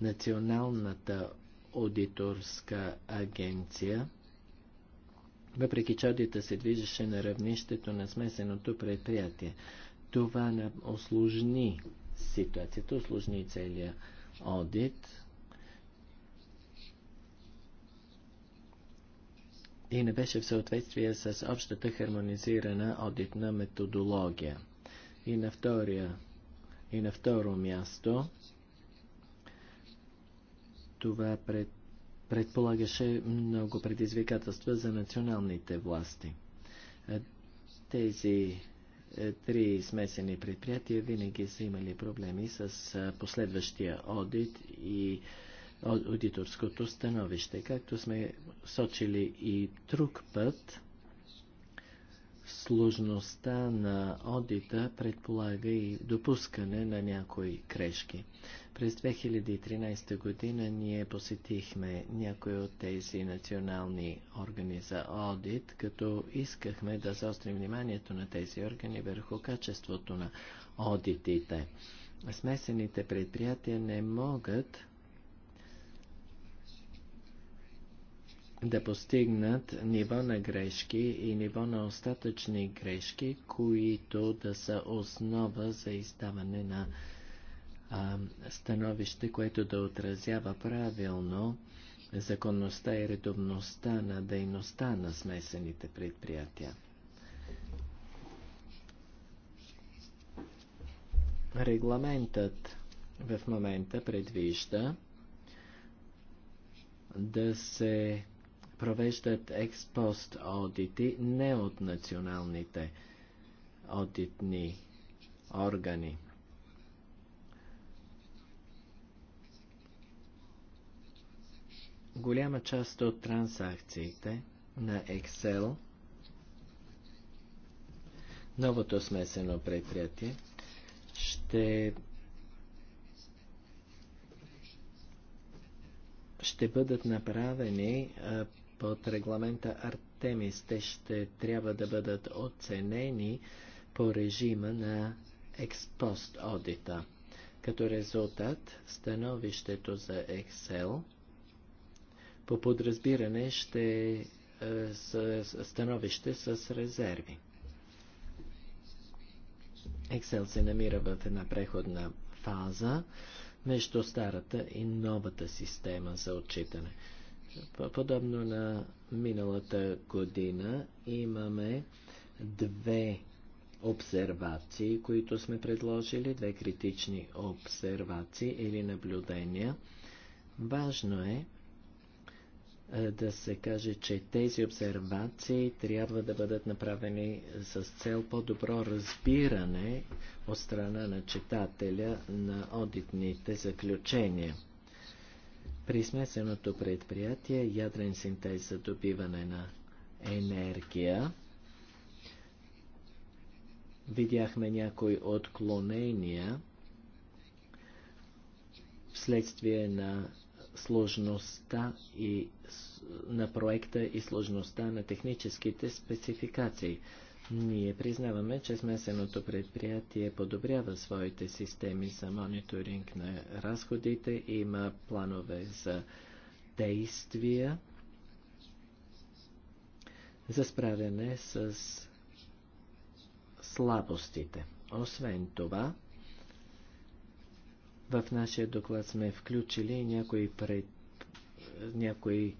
Националната аудиторска агенция, въпреки че одита се движеше на равнището на смесеното предприятие. Това не осложни ситуацията, осложни целия одит. И не беше в съответствие с общата хармонизирана одитна методология. И на, втория, и на второ място това пред, предполагаше много предизвикателства за националните власти. Тези е, три смесени предприятия винаги са имали проблеми с последващия одит и аудиторското становище. Както сме сочили и друг път, сложността на одита предполага и допускане на някои крешки. През 2013 година ние посетихме някои от тези национални органи за аудит, като искахме да заострим вниманието на тези органи върху качеството на аудитите. Смесените предприятия не могат да постигнат ниво на грешки и ниво на остатъчни грешки, които да са основа за издаване на а, становище, което да отразява правилно законността и редовността на дейността на смесените предприятия. Регламентът в момента предвижда да се провеждат експост одити не от националните одитни органи. Голяма част от транзакциите на Excel, новото смесено предприятие, ще ще бъдат направени а, под регламента Артемис. Те ще трябва да бъдат оценени по режима на експост одита. Като резултат, становището за Excel по подразбиране ще е, с, становище с резерви. Excel се намира в една преходна фаза между старата и новата система за отчитане. Подобно на миналата година имаме две обсервации, които сме предложили, две критични обсервации или наблюдения. Важно е е, да се каже, че тези обсервации трябва да бъдат направени с цел по-добро разбиране от страна на читателя на одитните заключения. При смесеното предприятие ядрен синтез за добиване на енергия видяхме някои отклонения вследствие на сложността и на проекта и сложността на техническите спецификации. Ние признаваме, че смесеното предприятие подобрява своите системи за мониторинг на разходите, има планове за действия за справяне с слабостите. Освен това, в нашия доклад сме включили някои, пред... някои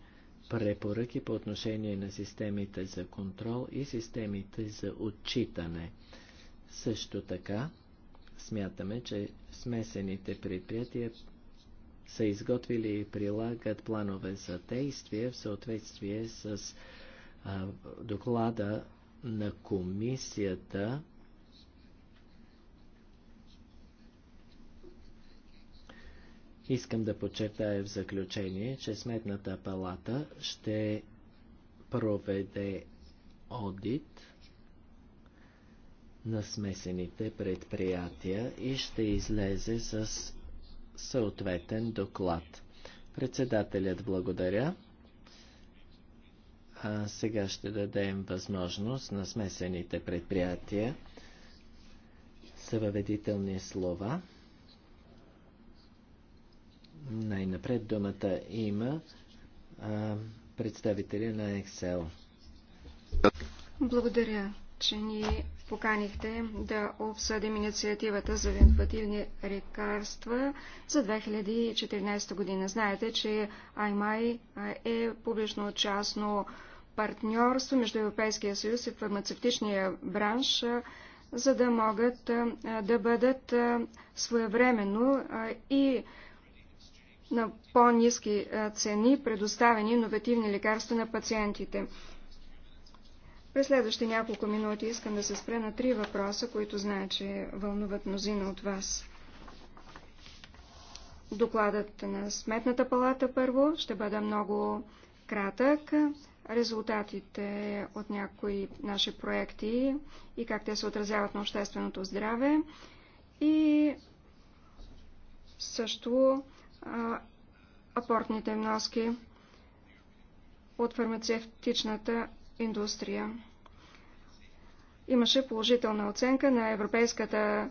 препоръки по отношение на системите за контрол и системите за отчитане. Също така смятаме, че смесените предприятия са изготвили и прилагат планове за действие в съответствие с а, доклада на комисията Искам да подчертая в заключение, че Сметната палата ще проведе одит на смесените предприятия и ще излезе с съответен доклад. Председателят благодаря. А сега ще дадем възможност на смесените предприятия за слова. Най-напред думата има а, представителя на Excel. Благодаря, че ни поканихте да обсъдим инициативата за вентилативни лекарства за 2014 година. Знаете, че IMAI е публично-частно партньорство между Европейския съюз и фармацевтичния бранш, за да могат да бъдат своевременно и на по-низки е, цени, предоставени иновативни лекарства на пациентите. През следващите няколко минути искам да се спре на три въпроса, които знае, че вълнуват мнозина от вас. Докладът на Сметната палата първо ще бъде много кратък. Резултатите от някои наши проекти и как те се отразяват на общественото здраве. И също апортните вноски от фармацевтичната индустрия. Имаше положителна оценка на Европейската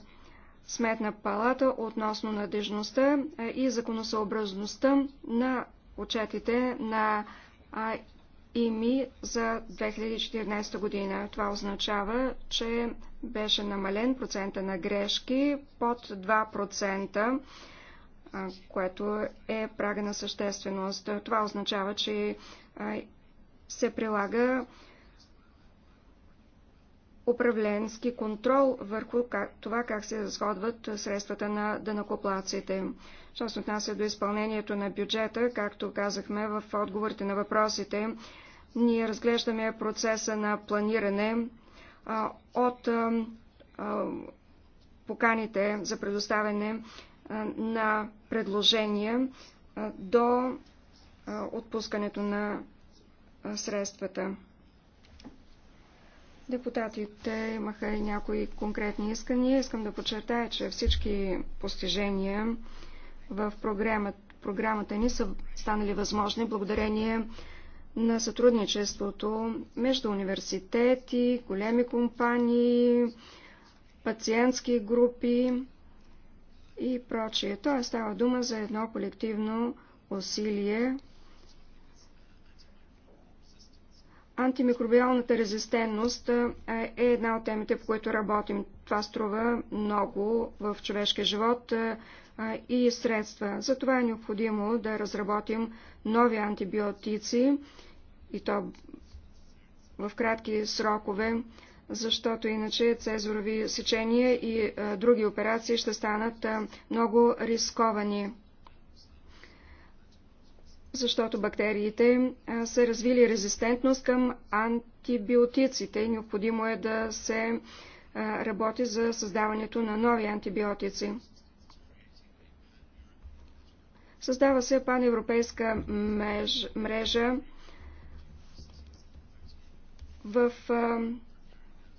сметна палата относно надежността и законосъобразността на отчетите на ИМИ за 2014 година. Това означава, че беше намален процента на грешки под 2% което е прага на същественост. Това означава, че се прилага управленски контрол върху това как се разходват средствата на дънакоплаците. Що се отнася до изпълнението на бюджета, както казахме в отговорите на въпросите, ние разглеждаме процеса на планиране от поканите за предоставяне на предложения до отпускането на средствата. Депутатите имаха и някои конкретни искания. Искам да подчертая, че всички постижения в програмата, програмата ни са станали възможни благодарение на сътрудничеството между университети, големи компании, пациентски групи, и прочие. Тоест става дума за едно колективно усилие. Антимикробиалната резистентност е една от темите, по които работим. Това струва много в човешкия живот и средства. Затова е необходимо да разработим нови антибиотици и то в кратки срокове защото иначе цезорови сечения и а, е, други операции ще станат а, е, много рисковани, защото бактериите а, е, са развили резистентност към антибиотиците и необходимо е да се а, работи за създаването на нови антибиотици. Създава се паневропейска меж, мрежа в а,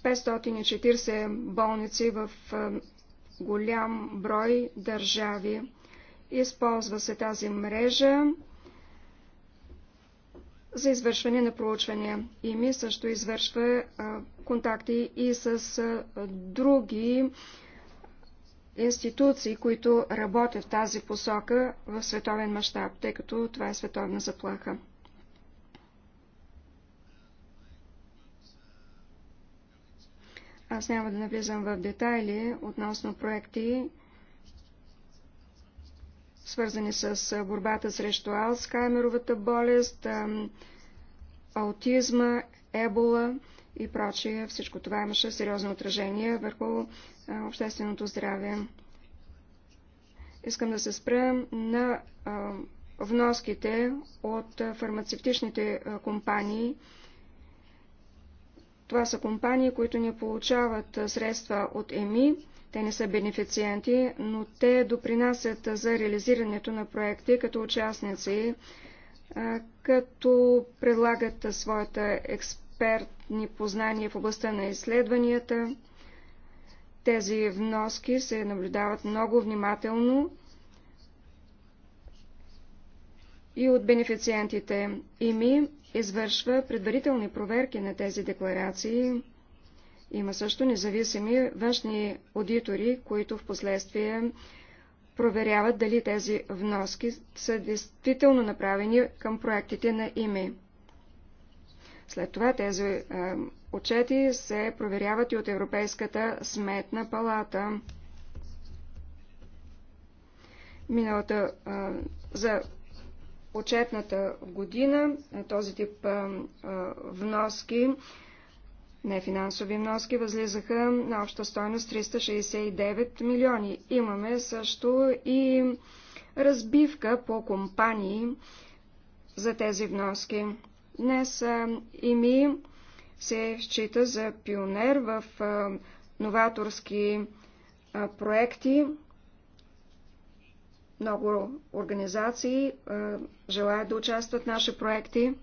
540 болници в голям брой държави. Използва се тази мрежа за извършване на проучвания. ИМИ също извършва контакти и с други институции, които работят в тази посока в световен мащаб, тъй като това е световна заплаха. Аз няма да навлизам в детайли относно проекти, свързани с борбата срещу Алцхаймеровата болест, аутизма, ебола и прочие. Всичко това имаше сериозно отражение върху общественото здраве. Искам да се спра на вноските от фармацевтичните компании – това са компании, които не получават средства от ЕМИ, те не са бенефициенти, но те допринасят за реализирането на проекти като участници, като предлагат своята експертни познания в областта на изследванията. Тези вноски се наблюдават много внимателно и от бенефициентите ими извършва предварителни проверки на тези декларации. Има също независими външни аудитори, които в последствие проверяват дали тези вноски са действително направени към проектите на ИМИ. След това тези е, отчети се проверяват и от Европейската сметна палата. Миналата, е, за отчетната година този тип вноски, нефинансови вноски, възлизаха на обща стойност 369 милиони. Имаме също и разбивка по компании за тези вноски. Днес ИМИ се счита за пионер в новаторски проекти много организации желаят да участват в наши проекти.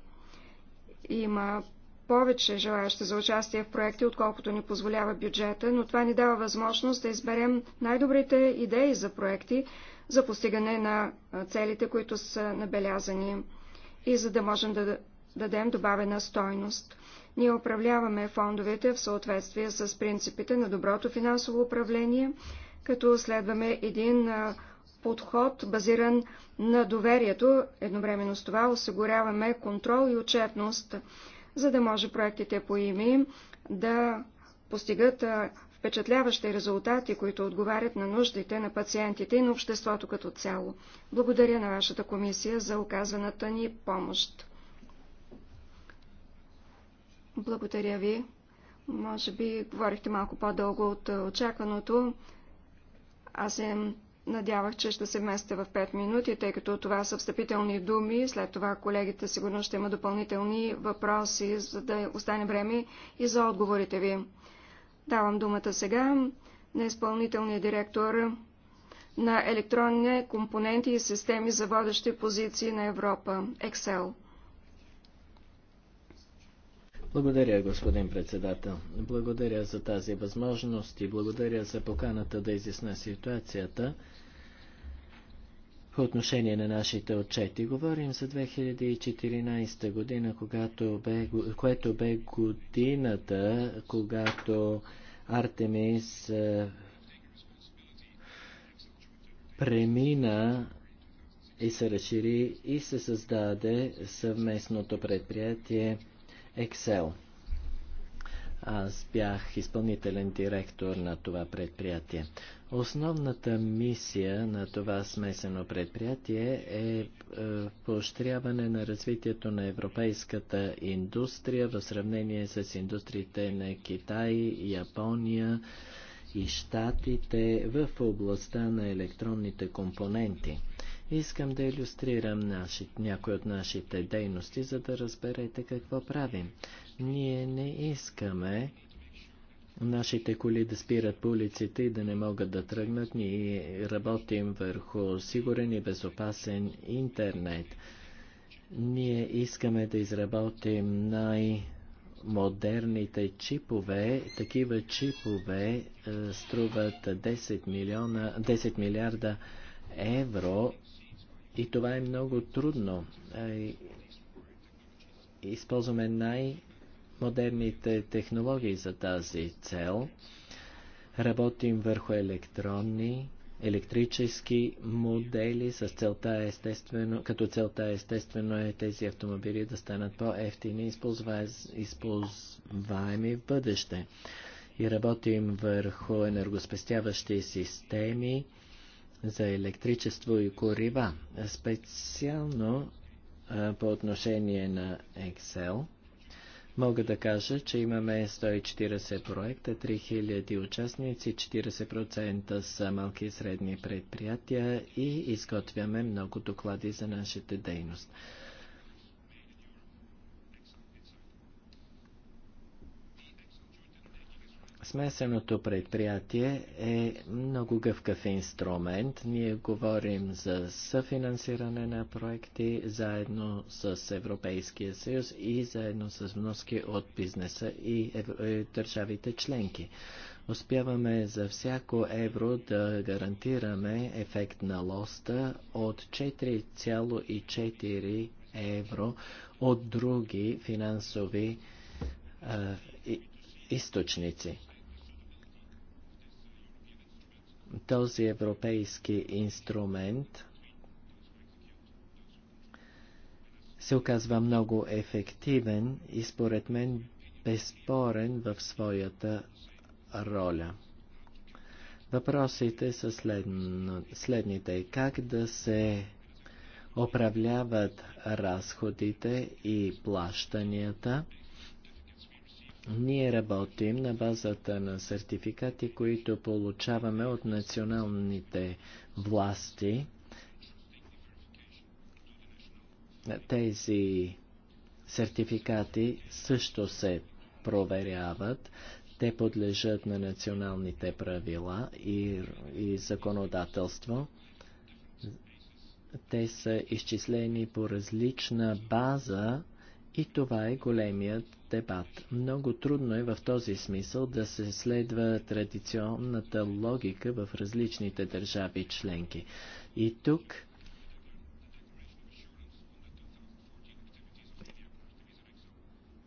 Има повече желаящи за участие в проекти, отколкото ни позволява бюджета, но това ни дава възможност да изберем най-добрите идеи за проекти за постигане на целите, които са набелязани и за да можем да дадем добавена стойност. Ние управляваме фондовете в съответствие с принципите на доброто финансово управление, като следваме един подход, базиран на доверието. Едновременно с това осигуряваме контрол и отчетност, за да може проектите по ИМИ да постигат впечатляващи резултати, които отговарят на нуждите на пациентите и на обществото като цяло. Благодаря на вашата комисия за оказаната ни помощ. Благодаря ви. Може би говорихте малко по-дълго от очакваното. Аз съм Надявах, че ще се вместя в 5 минути, тъй като това са встъпителни думи. След това колегите сигурно ще има допълнителни въпроси, за да остане време и за отговорите ви. Давам думата сега на изпълнителния директор на електронни компоненти и системи за водещи позиции на Европа, Excel. Благодаря, господин председател. Благодаря за тази възможност и благодаря за поканата да изясна ситуацията по отношение на нашите отчети. Говорим за 2014 година, когато бе, което бе годината, когато Артемис е, премина и се разшири и се създаде съвместното предприятие Excel. Аз бях изпълнителен директор на това предприятие. Основната мисия на това смесено предприятие е, е поощряване на развитието на европейската индустрия в сравнение с индустриите на Китай, Япония и Штатите в областта на електронните компоненти. Искам да иллюстрирам наши, някои от нашите дейности, за да разберете какво правим. Ние не искаме нашите коли да спират по улиците и да не могат да тръгнат. Ние работим върху сигурен и безопасен интернет. Ние искаме да изработим най- модерните чипове, такива чипове е, струват 10, милиона, 10 милиарда евро и това е много трудно. Е, използваме най- модерните технологии за тази цел. Работим върху електронни, електрически модели с целта естествено, като целта естествено е тези автомобили да станат по-ефтини и използваеми в бъдеще. И работим върху енергоспестяващи системи за електричество и корива. Специално по отношение на Excel – Мога да кажа, че имаме 140 проекта, 3000 участници, 40% са малки и средни предприятия и изготвяме много доклади за нашата дейност. Смесеното предприятие е много гъвкав инструмент. Ние говорим за съфинансиране на проекти заедно с Европейския съюз и заедно с вноски от бизнеса и държавите членки. Успяваме за всяко евро да гарантираме ефект на лоста от 4,4 евро от други финансови а, източници този европейски инструмент се оказва много ефективен и според мен безспорен в своята роля. Въпросите са следно, следните. Как да се управляват разходите и плащанията? Ние работим на базата на сертификати, които получаваме от националните власти. Тези сертификати също се проверяват. Те подлежат на националните правила и, и законодателство. Те са изчислени по различна база и това е големият дебат. Много трудно е в този смисъл да се следва традиционната логика в различните държави членки. И тук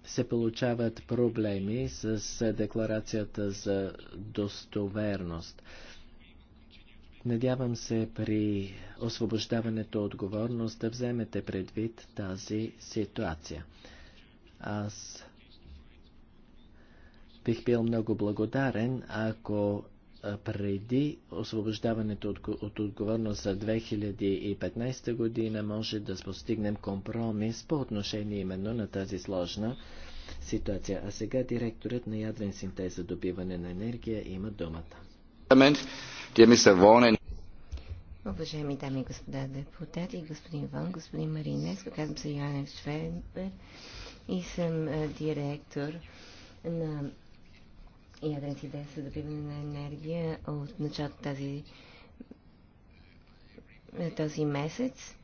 се получават проблеми с декларацията за достоверност. Надявам се при освобождаването отговорност да вземете предвид тази ситуация. Аз бих бил много благодарен, ако преди освобождаването от, от отговорност за 2015 година може да постигнем компромис по отношение именно на тази сложна ситуация. А сега директорът на ядрен синтез за добиване на енергия има думата. Уважаеми дами и господа депутати, господин Вон, господин Маринес, казвам се Йоанев Швебер и съм директор на ядрен си за добиване на енергия от началото тази, този месец.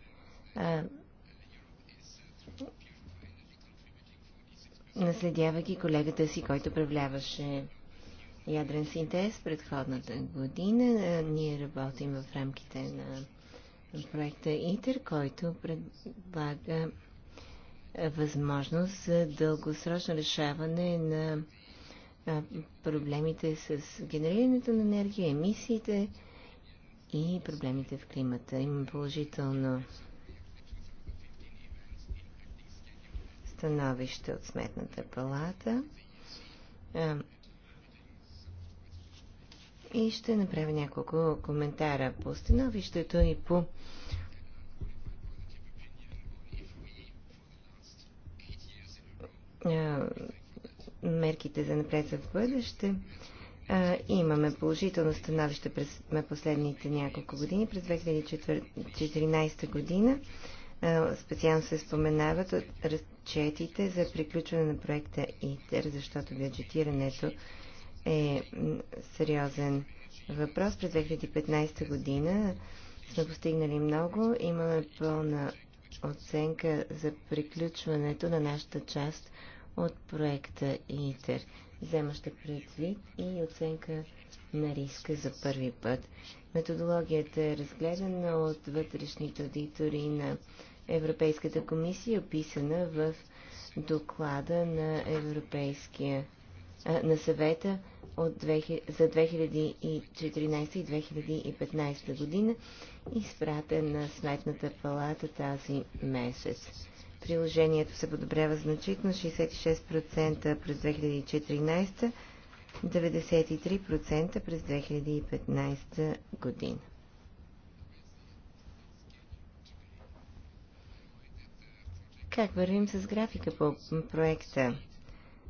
наследявайки колегата си, който управляваше ядрен синтез предходната година. Ние работим в рамките на проекта ИТЕР, който предлага възможност за дългосрочно решаване на проблемите с генерирането на енергия, емисиите и проблемите в климата. Има положително становище от Сметната палата и ще направя няколко коментара по становището и по мерките за напред за в бъдеще. Имаме положително становище през последните няколко години. През 2014 година специално се споменават разчетите за приключване на проекта ИТЕР, защото бюджетирането е сериозен въпрос. През 2015 година сме постигнали много. Имаме пълна оценка за приключването на нашата част от проекта ИТЕР, вземаща предвид и оценка на риска за първи път. Методологията е разгледана от вътрешните аудитори на Европейската комисия, описана в доклада на Европейския на съвета от 2000, за 2014 и 2015 година, изпратен на Сметната палата тази месец. Приложението се подобрява значително 66% през 2014, 93% през 2015 година. Как вървим с графика по проекта?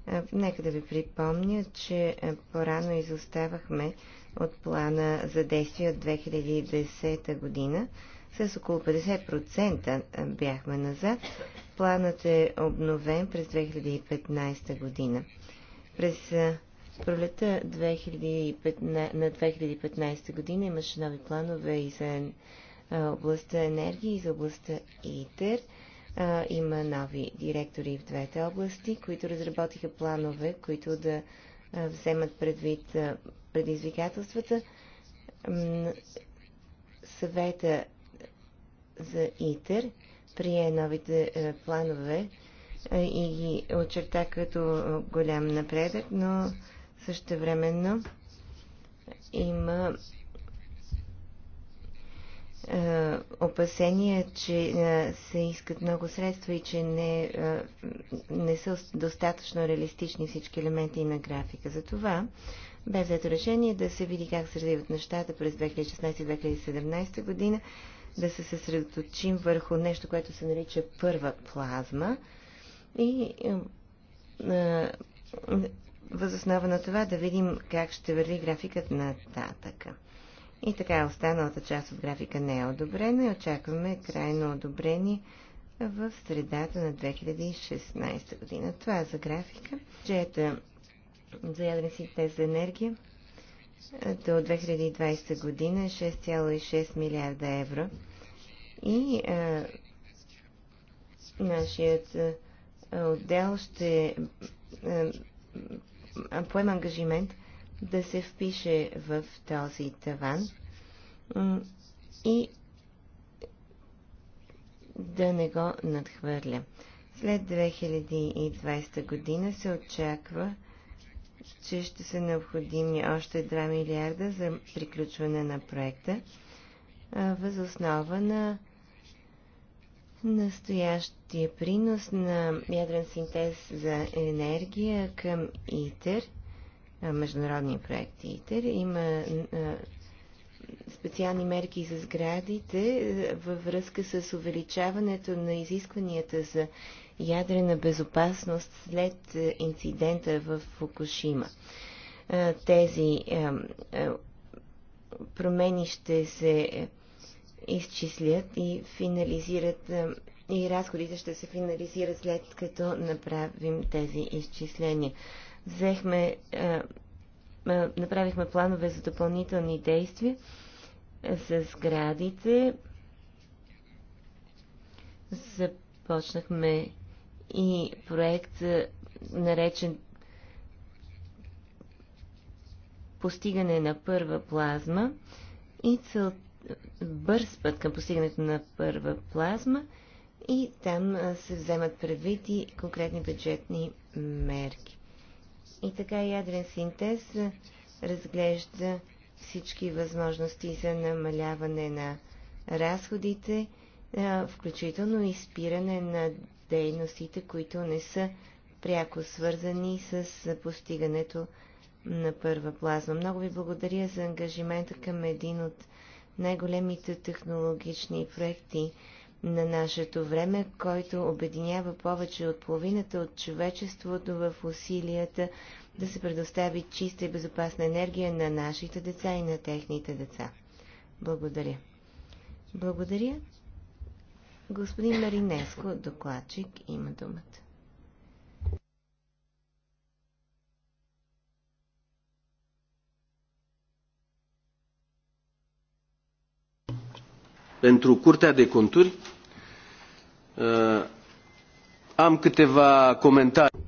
Е, нека да ви припомня, че е, по-рано изоставахме от плана за действие от 2010 година. С около 50% е, бяхме назад. Планът е обновен през 2015 година. През пролета 2015, на 2015 година имаше нови планове и за областта енергия и за областта ИТЕР – а, има нови директори в двете области, които разработиха планове, които да а, вземат предвид а, предизвикателствата. М съвета за ИТЕР прие новите а, планове а, и ги очерта като голям напредък, но също времено има е, опасения, че е, се искат много средства и че не, е, не са достатъчно реалистични всички елементи на графика. Затова бе взето решение да се види как се развиват нещата през 2016-2017 година, да се съсредоточим върху нещо, което се нарича първа плазма и възоснова на това да видим как ще върви графикът нататъка. И така, останалата част от графика не е одобрена и очакваме крайно одобрение в средата на 2016 година. Това е за графика. Чета за ядрените за енергия до 2020 година е 6,6 милиарда евро. И а, нашият а, отдел ще а, поема ангажимент да се впише в този таван и да не го надхвърля. След 2020 година се очаква, че ще са необходими още 2 милиарда за приключване на проекта, възоснова на настоящия принос на ядрен синтез за енергия към ИТЕР – международни проекти. ИТЕР има специални мерки за сградите във връзка с увеличаването на изискванията за ядрена безопасност след инцидента в Фукушима. Тези промени ще се изчислят и финализират и разходите ще се финализират след като направим тези изчисления взехме, е, е, направихме планове за допълнителни действия е, с градите. Започнахме и проект наречен постигане на първа плазма и цел бърз път към постигането на първа плазма и там се вземат предвид и конкретни бюджетни мерки. И така ядрен синтез разглежда всички възможности за намаляване на разходите, включително и спиране на дейностите, които не са пряко свързани с постигането на първа плазма. Много ви благодаря за ангажимента към един от най-големите технологични проекти на нашето време, който обединява повече от половината от човечеството в усилията да се предостави чиста и безопасна енергия на нашите деца и на техните деца. Благодаря. Благодаря. Господин Маринеско, докладчик, има думата. pentru Curtea de Conturi Am câteva comentarii.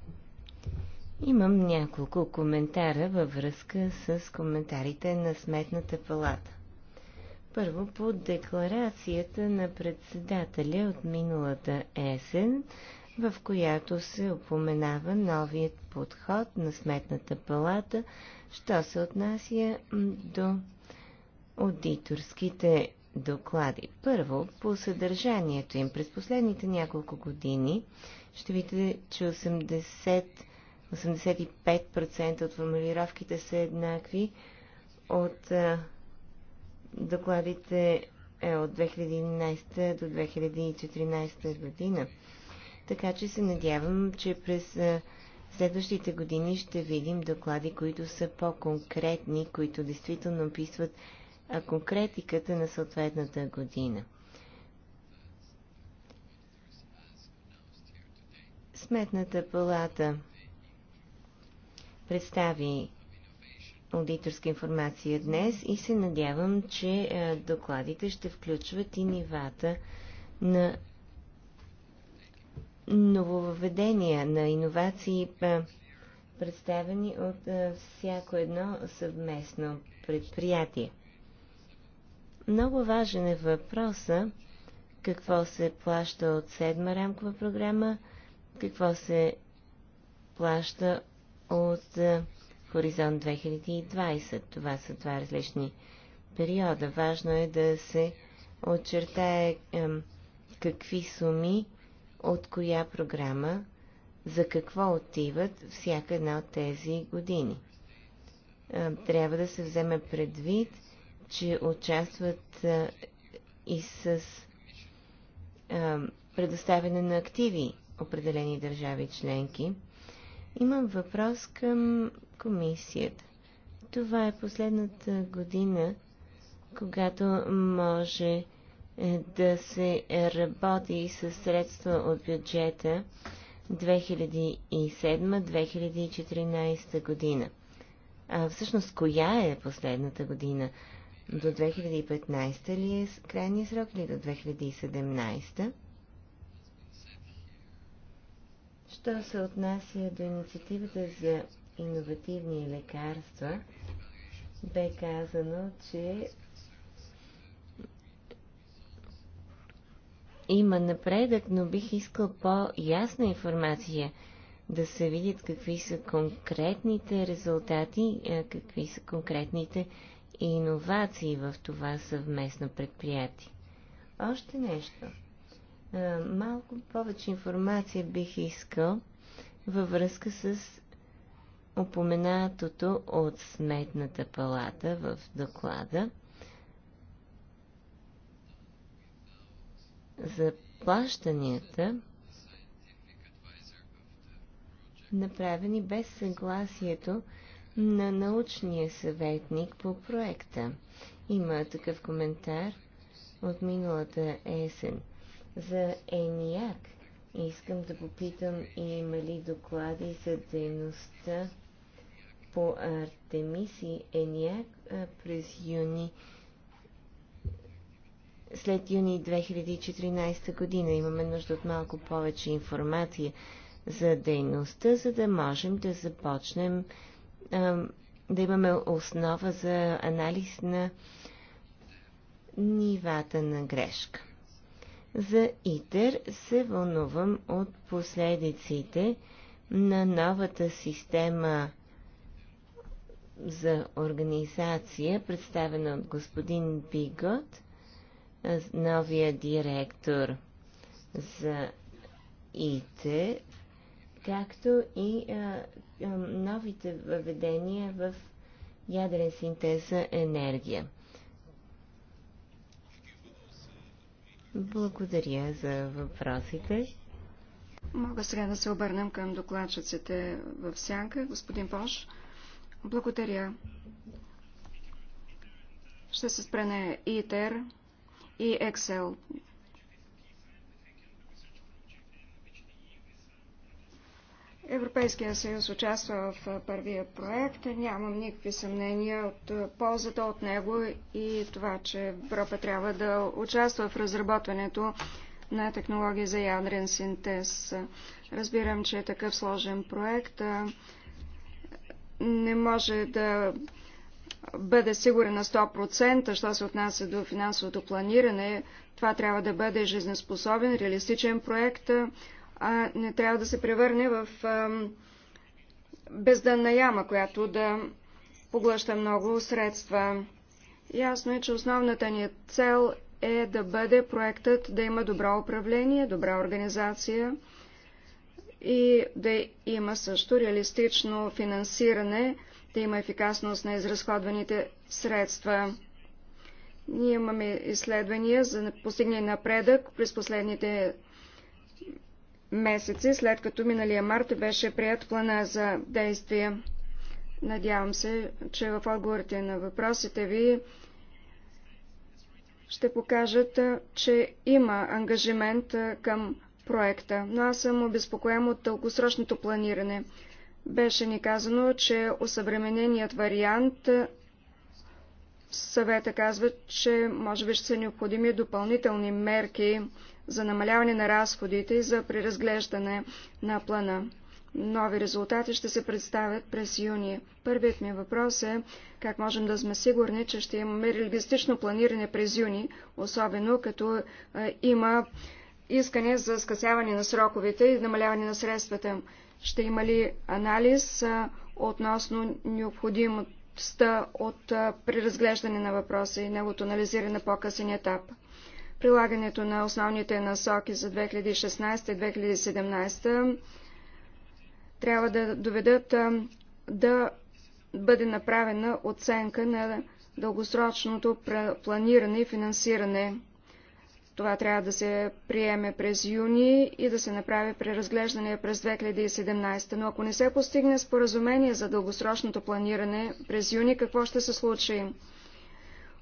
Имам няколко коментара във връзка с коментарите на Сметната палата. Първо по декларацията на председателя от миналата есен, в която се упоменава новият подход на Сметната палата, що се отнася до аудиторските доклади. Първо, по съдържанието им. През последните няколко години ще видите, че 80 85% от формулировките са еднакви от а, докладите е, от 2011 до 2014 година. Така че се надявам, че през а, следващите години ще видим доклади, които са по-конкретни, които действително описват а конкретиката на съответната година. Сметната палата представи аудиторска информация днес и се надявам, че докладите ще включват и нивата на нововведения, на иновации, представени от всяко едно съвместно предприятие. Много важен е въпроса какво се плаща от седма рамкова програма, какво се плаща от е, Хоризонт 2020. Това са два различни периода. Важно е да се очертае какви суми от коя програма за какво отиват всяка една от тези години. трябва да се вземе предвид че участват и с предоставяне на активи определени държави членки. Имам въпрос към комисията. Това е последната година, когато може е, да се работи с средства от бюджета 2007-2014 година. А всъщност, коя е последната година? До 2015 ли е крайния срок или до 2017? Що се отнася до инициативата за иновативни лекарства, бе казано, че има напредък, но бих искал по-ясна информация да се видят какви са конкретните резултати, какви са конкретните и иновации в това съвместно предприятие. Още нещо. Малко повече информация бих искал във връзка с упоменатото от Сметната палата в доклада за плащанията, направени без съгласието на научния съветник по проекта. Има такъв коментар от миналата есен за ЕНИАК. Искам да попитам има ли доклади за дейността по Артемис и ЕНИАК през юни след юни 2014 година. Имаме нужда от малко повече информация за дейността, за да можем да започнем е, да имаме основа за анализ на нивата на грешка. За ИТЕР се вълнувам от последиците на новата система за организация, представена от господин Бигот, новия директор за ИТЕР, както и а, е, новите въведения в ядрен синтез енергия. Благодаря за въпросите. Мога сега да се обърнем към докладчиците в сянка. Господин Пош, благодаря. Ще се спрене ИТЕР и ЕКСЕЛ. Европейския съюз участва в първия проект. Нямам никакви съмнения от ползата от него и това, че Европа трябва да участва в разработването на технологии за ядрен синтез. Разбирам, че е такъв сложен проект не може да бъде сигурен на 100%, що се отнася до финансовото планиране. Това трябва да бъде жизнеспособен, реалистичен проект а не трябва да се превърне в бездънна яма, която да поглъща много средства. Ясно е, че основната ни цел е да бъде проектът да има добро управление, добра организация и да има също реалистично финансиране, да има ефикасност на изразходваните средства. Ние имаме изследвания за постигне напредък през последните месеци, след като миналия март беше прият плана за действие. Надявам се, че в отговорите на въпросите ви ще покажат, че има ангажимент към проекта, но аз съм обезпокоен от дългосрочното планиране. Беше ни казано, че осъвремененият вариант съвета казва, че може би ще са необходими допълнителни мерки за намаляване на разходите и за преразглеждане на плана. Нови резултати ще се представят през юни. Първият ми въпрос е как можем да сме сигурни, че ще имаме реалистично планиране през юни, особено като е, има искане за скъсяване на сроковете и намаляване на средствата. Ще има ли анализ е, относно необходимостта от е, преразглеждане на въпроса и неговото анализиране на по-късен етап? Прилагането на основните насоки за 2016-2017 трябва да доведат да бъде направена оценка на дългосрочното планиране и финансиране. Това трябва да се приеме през юни и да се направи преразглеждане през 2017. Но ако не се постигне споразумение за дългосрочното планиране през юни, какво ще се случи?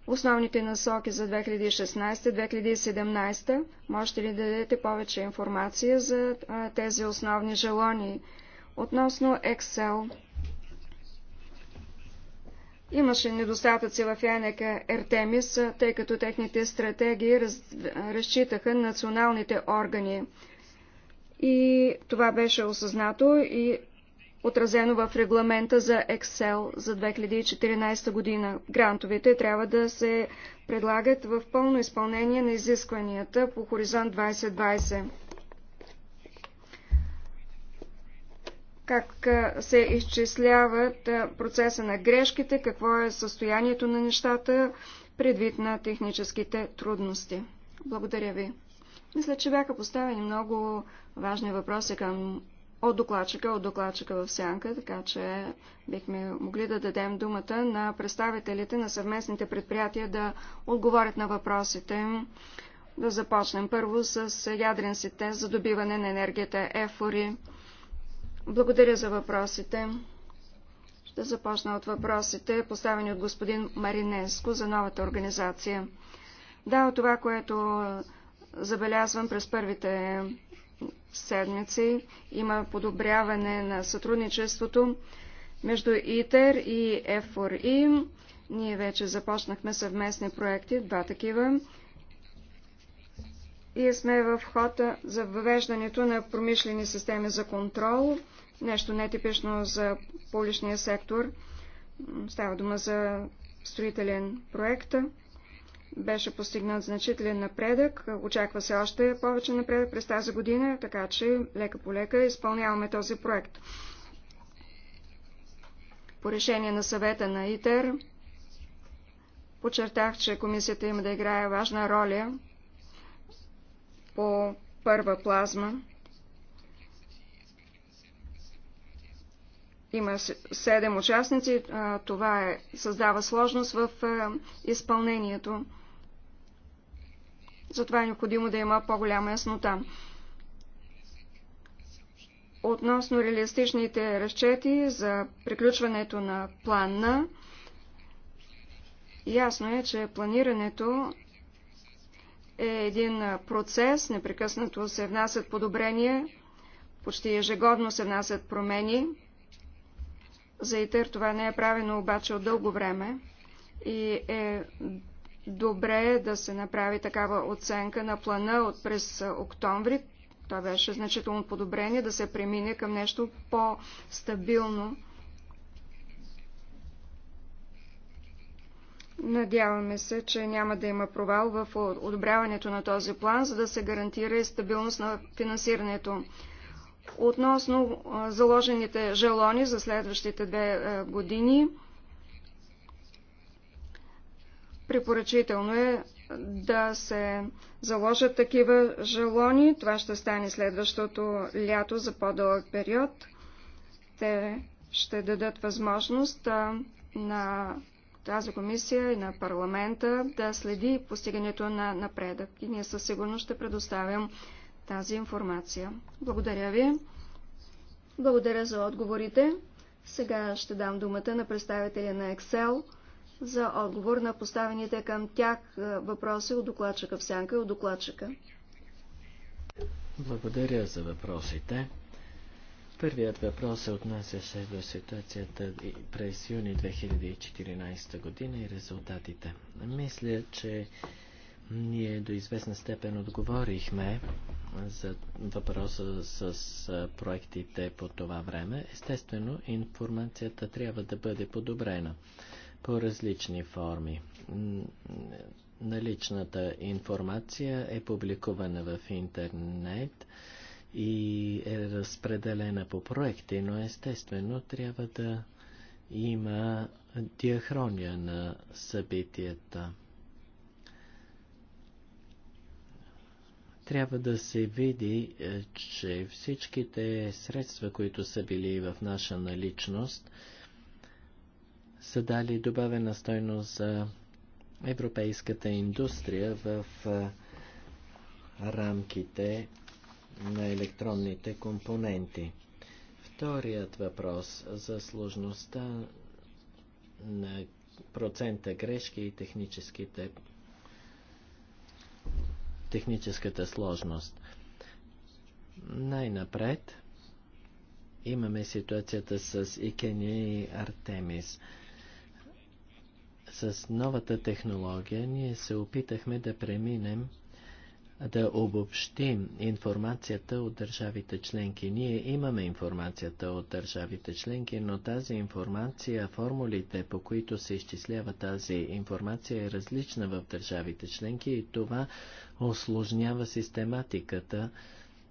основните насоки за 2016-2017. Можете ли да дадете повече информация за тези основни желони? Относно Excel. Имаше недостатъци в Янека Ертемис, тъй като техните стратегии раз... разчитаха националните органи. И това беше осъзнато и отразено в регламента за Excel за 2014 година. Грантовете трябва да се предлагат в пълно изпълнение на изискванията по Хоризонт 2020. Как се изчисляват процеса на грешките, какво е състоянието на нещата предвид на техническите трудности. Благодаря ви. Мисля, че бяха поставени много важни въпроси към от докладчика, от докладчика в сянка, така че бихме могли да дадем думата на представителите на съвместните предприятия да отговорят на въпросите. Да започнем първо с ядрен си тест за добиване на енергията ЕФОРИ. Благодаря за въпросите. Ще започна от въпросите, поставени от господин Маринеско за новата организация. Да, от това, което забелязвам през първите седмици. Има подобряване на сътрудничеството между ИТЕР и F4I. Е Ние вече започнахме съвместни проекти, два такива. И сме в хода за въвеждането на промишлени системи за контрол, нещо нетипично за публичния сектор. Става дума за строителен проект беше постигнат значителен напредък. Очаква се още повече напредък през тази година, така че лека по лека изпълняваме този проект. По решение на съвета на ИТЕР, подчертах, че комисията има да играе важна роля по първа плазма. Има седем участници. Това е, създава сложност в изпълнението. Затова е необходимо да има по-голяма яснота. Относно реалистичните разчети за приключването на плана, ясно е, че планирането е един процес, непрекъснато се внасят подобрения, почти ежегодно се внасят промени. За ИТЕР това не е правено обаче от дълго време и е добре е да се направи такава оценка на плана от през октомври. Това беше значително подобрение, да се премине към нещо по-стабилно. Надяваме се, че няма да има провал в одобряването на този план, за да се гарантира и стабилност на финансирането. Относно заложените жалони за следващите две години, Препоръчително е да се заложат такива жалони. Това ще стане следващото лято за по-дълъг период. Те ще дадат възможност на тази комисия и на парламента да следи постигането на напредък. И ние със сигурност ще предоставям тази информация. Благодаря ви. Благодаря за отговорите. Сега ще дам думата на представителя на Excel за отговор на поставените към тях е, въпроси от докладчика в сянка и от докладчика. Благодаря за въпросите. Първият въпрос се отнасяше до ситуацията през юни 2014 година и резултатите. Мисля, че ние до известна степен отговорихме за въпроса с проектите по това време. Естествено, информацията трябва да бъде подобрена по различни форми. Наличната информация е публикувана в интернет и е разпределена по проекти, но естествено трябва да има диахрония на събитията. трябва да се види, е, че всичките средства, които са били в наша наличност, са дали добавена стойност за европейската индустрия в рамките на електронните компоненти. Вторият въпрос за сложността на процента грешки и техническите, техническата сложност. Най-напред имаме ситуацията с Икения и Артемис – с новата технология ние се опитахме да преминем да обобщим информацията от държавите членки. Ние имаме информацията от държавите членки, но тази информация, формулите по които се изчислява тази информация е различна в държавите членки и това осложнява систематиката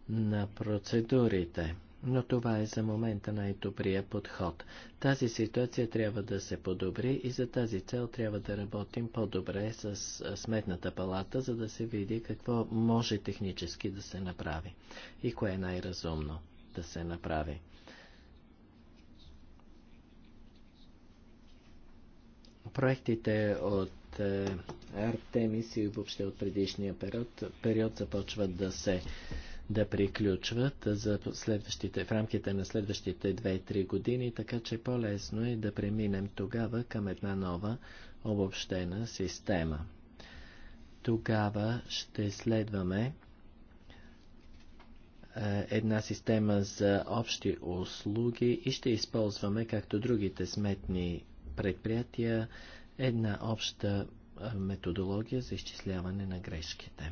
на процедурите но това е за момента най-добрия подход. Тази ситуация трябва да се подобри и за тази цел трябва да работим по-добре с Сметната палата, за да се види какво може технически да се направи и кое е най-разумно да се направи. Проектите от Артемис и въобще от предишния период, период започват да се да приключват за следващите, в рамките на следващите 2-3 години, така че по-лесно е да преминем тогава към една нова обобщена система. Тогава ще следваме е, една система за общи услуги и ще използваме, както другите сметни предприятия, една обща е, методология за изчисляване на грешките.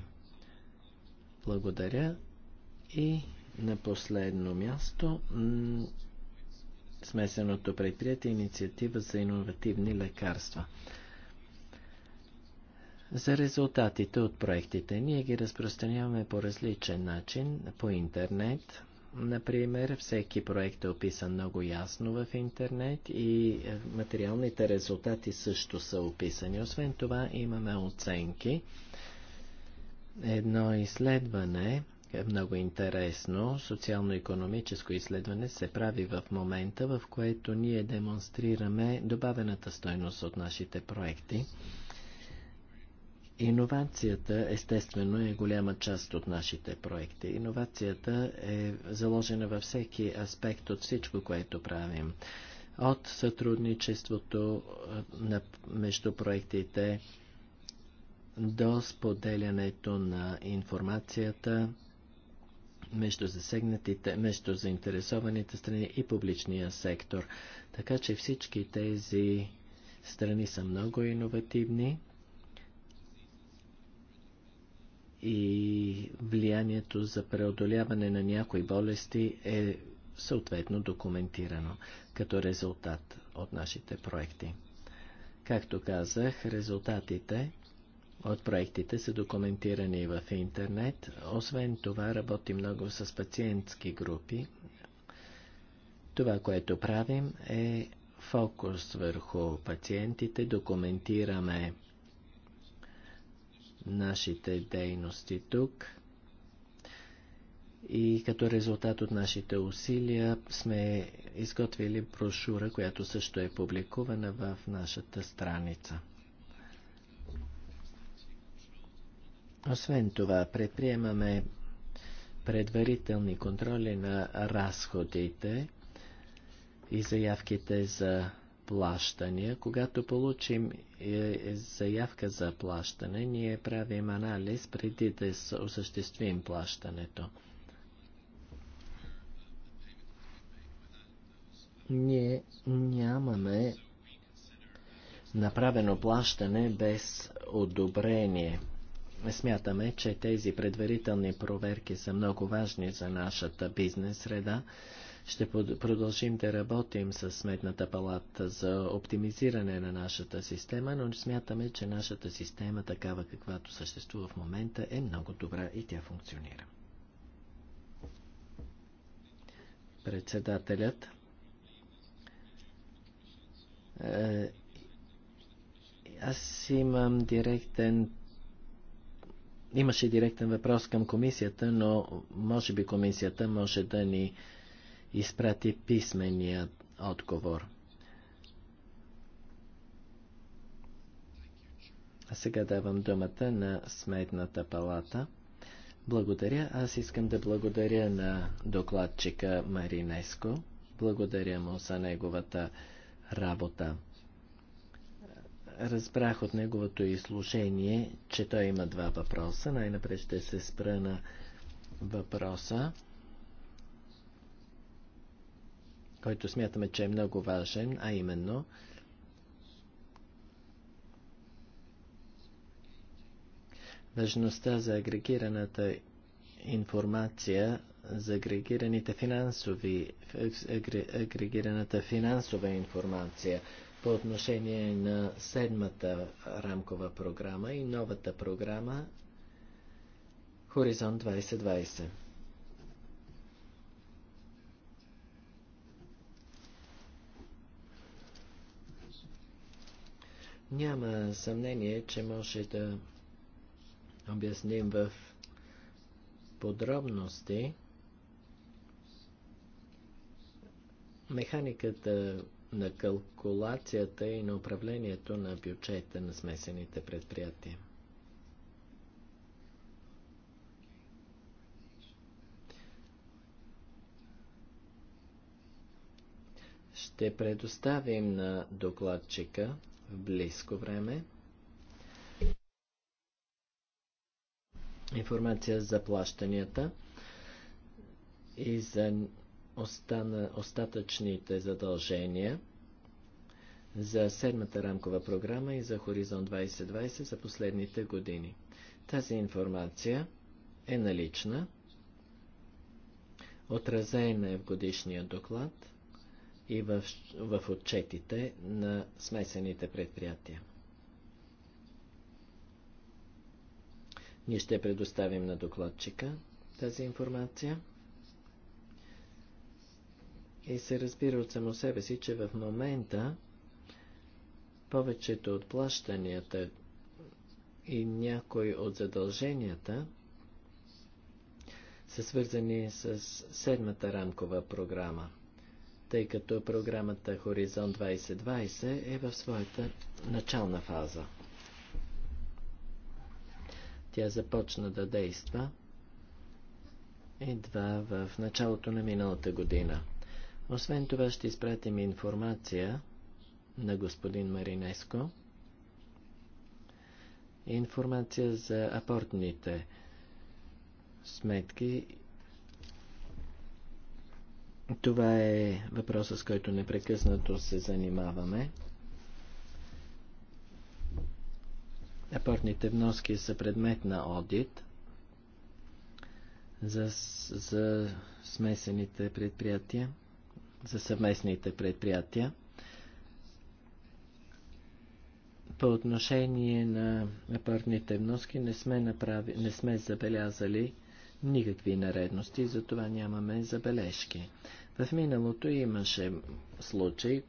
Благодаря. И на последно място смесеното предприятие инициатива за иновативни лекарства. За резултатите от проектите ние ги разпространяваме по различен начин, по интернет. Например, всеки проект е описан много ясно в интернет и е, материалните резултати също са описани. Освен това имаме оценки. Едно изследване е много интересно социално-економическо изследване се прави в момента, в което ние демонстрираме добавената стойност от нашите проекти. Иновацията, естествено, е голяма част от нашите проекти. Иновацията е заложена във всеки аспект от всичко, което правим. От сътрудничеството между проектите до споделянето на информацията, между засегнатите, между заинтересованите страни и публичния сектор. Така че всички тези страни са много иновативни и влиянието за преодоляване на някои болести е съответно документирано като резултат от нашите проекти. Както казах, резултатите от проектите са документирани в интернет. Освен това, работи много с пациентски групи. Това, което правим е фокус върху пациентите, документираме нашите дейности тук и като резултат от нашите усилия сме изготвили брошура, която също е публикувана в нашата страница. Освен това, предприемаме предварителни контроли на разходите и заявките за плащания. Когато получим заявка за плащане, ние правим анализ преди да осъществим плащането. Ние нямаме направено плащане без одобрение. Смятаме, че тези предварителни проверки са много важни за нашата бизнес среда. Ще продължим да работим с Сметната палата за оптимизиране на нашата система, но смятаме, че нашата система, такава каквато съществува в момента, е много добра и тя функционира. Председателят е, аз имам директен Имаше директен въпрос към комисията, но може би комисията може да ни изпрати писмения отговор. А сега давам думата на Сметната палата. Благодаря. Аз искам да благодаря на докладчика Маринеско. Благодаря му за неговата работа разбрах от неговото изложение, че той има два въпроса. Най-напред ще се спра на въпроса, който смятаме, че е много важен, а именно важността за агрегираната информация, за агрегираните финансови, агрегираната финансова информация – по отношение на седмата рамкова програма и новата програма Хоризонт 2020. Няма съмнение, че може да обясним в подробности механиката, на калкулацията и на управлението на бюджета на смесените предприятия. ще предоставим на докладчика в близко време информация за плащанията и за остана, остатъчните задължения за седмата рамкова програма и за Хоризонт 2020 за последните години. Тази информация е налична, отразена е в годишния доклад и в, в отчетите на смесените предприятия. Ние ще предоставим на докладчика тази информация. И се разбира от само себе си, че в момента повечето от плащанията и някои от задълженията са свързани с седмата рамкова програма, тъй като програмата Хоризонт 2020 е в своята начална фаза. Тя започна да действа едва в началото на миналата година. Освен това ще изпратим информация на господин Маринеско. Информация за апортните сметки. Това е въпроса, с който непрекъснато се занимаваме. Апортните вноски са предмет на одит за, за смесените предприятия за съвместните предприятия. По отношение на апортните вноски не сме, направи, не сме забелязали никакви наредности, затова нямаме забележки. В миналото имаше случай,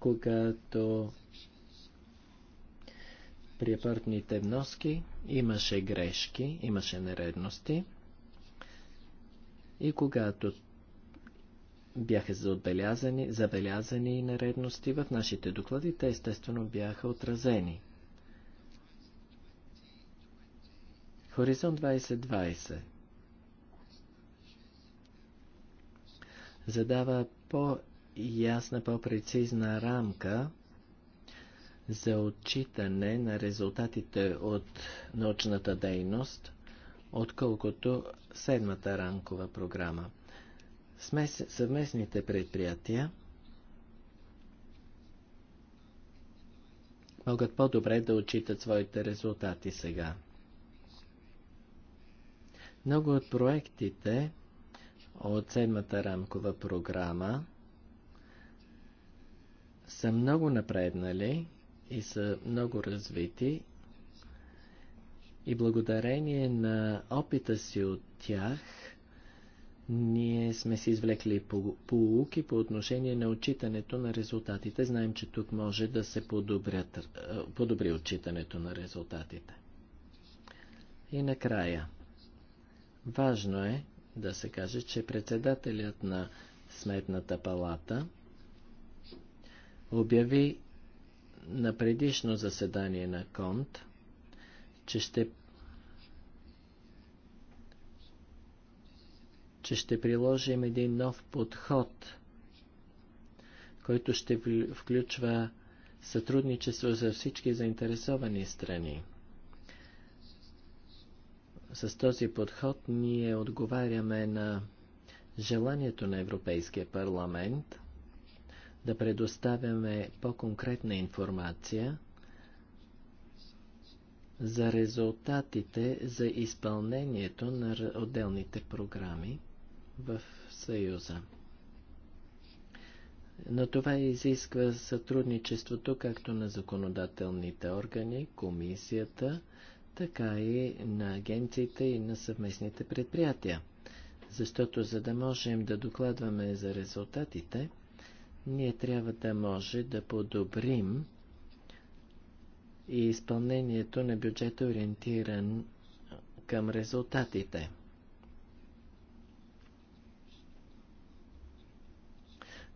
когато при апортните вноски имаше грешки, имаше наредности, и когато бяха забелязани, забелязани нередности в нашите доклади, те естествено бяха отразени. Хоризонт 2020 задава по-ясна, по-прецизна рамка за отчитане на резултатите от научната дейност, отколкото седмата рамкова програма. Смес... Съвместните предприятия могат по-добре да отчитат своите резултати сега. Много от проектите от седмата рамкова програма са много напреднали и са много развити и благодарение на опита си от тях ние сме си извлекли полуки по отношение на отчитането на резултатите. Знаем, че тук може да се подобрят, е, подобри отчитането на резултатите. И накрая. Важно е да се каже, че председателят на Сметната палата обяви на предишно заседание на Конт, че ще че ще приложим един нов подход, който ще включва сътрудничество за всички заинтересовани страни. С този подход ние отговаряме на желанието на Европейския парламент да предоставяме по-конкретна информация за резултатите за изпълнението на отделните програми в Съюза. Но това изисква сътрудничеството както на законодателните органи, комисията, така и на агенциите и на съвместните предприятия. Защото за да можем да докладваме за резултатите, ние трябва да може да подобрим и изпълнението на бюджета ориентиран към резултатите.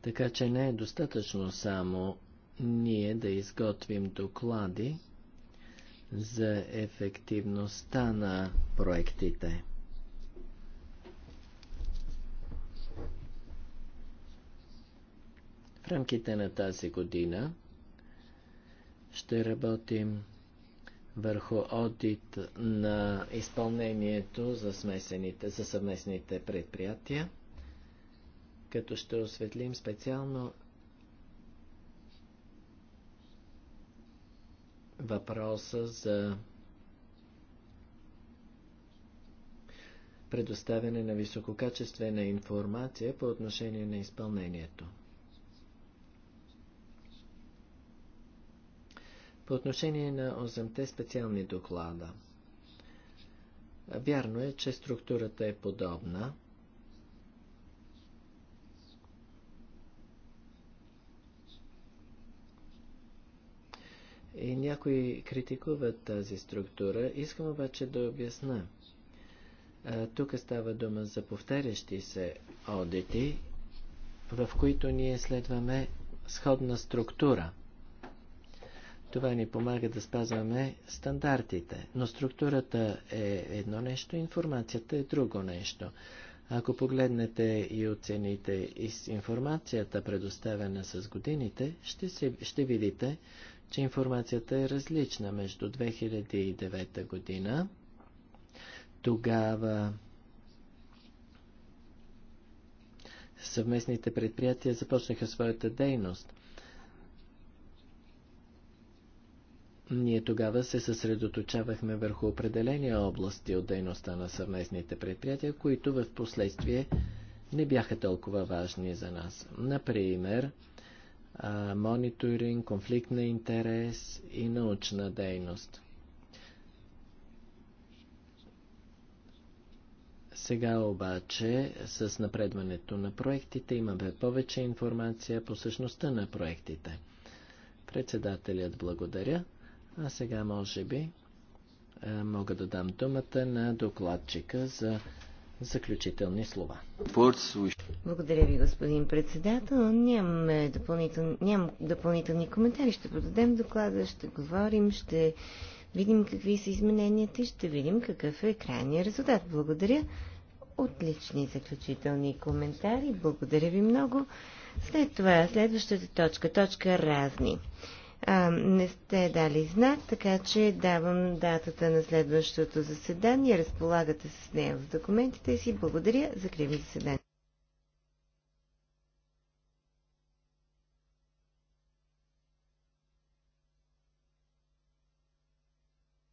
Така че не е достатъчно само ние да изготвим доклади за ефективността на проектите. В рамките на тази година ще работим върху одит на изпълнението за, смесените, за съвместните предприятия като ще осветлим специално въпроса за предоставяне на висококачествена информация по отношение на изпълнението. По отношение на 8-те специални доклада. Вярно е, че структурата е подобна. и някои критикуват тази структура. Искам обаче да обясна. А, тук става дума за повтарящи се одити, в които ние следваме сходна структура. Това ни помага да спазваме стандартите, но структурата е едно нещо, информацията е друго нещо. Ако погледнете и оцените информацията, предоставена с годините, ще, се, ще видите, че информацията е различна между 2009 година. Тогава съвместните предприятия започнаха своята дейност. Ние тогава се съсредоточавахме върху определени области от дейността на съвместните предприятия, които в последствие не бяха толкова важни за нас. Например, мониторинг, конфликт на интерес и научна дейност. Сега обаче, с напредването на проектите, имаме повече информация по същността на проектите. Председателят благодаря, а сега може би мога да дам думата на докладчика за заключителни слова. Благодаря ви, господин председател. Нямам допълнител... Нямам допълнителни коментари. Ще подадем доклада, ще говорим, ще видим какви са измененията и ще видим какъв е крайният резултат. Благодаря. Отлични заключителни коментари. Благодаря ви много. След това, следващата точка, точка разни а, не сте дали знак, така че давам датата на следващото заседание. Разполагате с нея в документите си. Благодаря. Закривам заседание.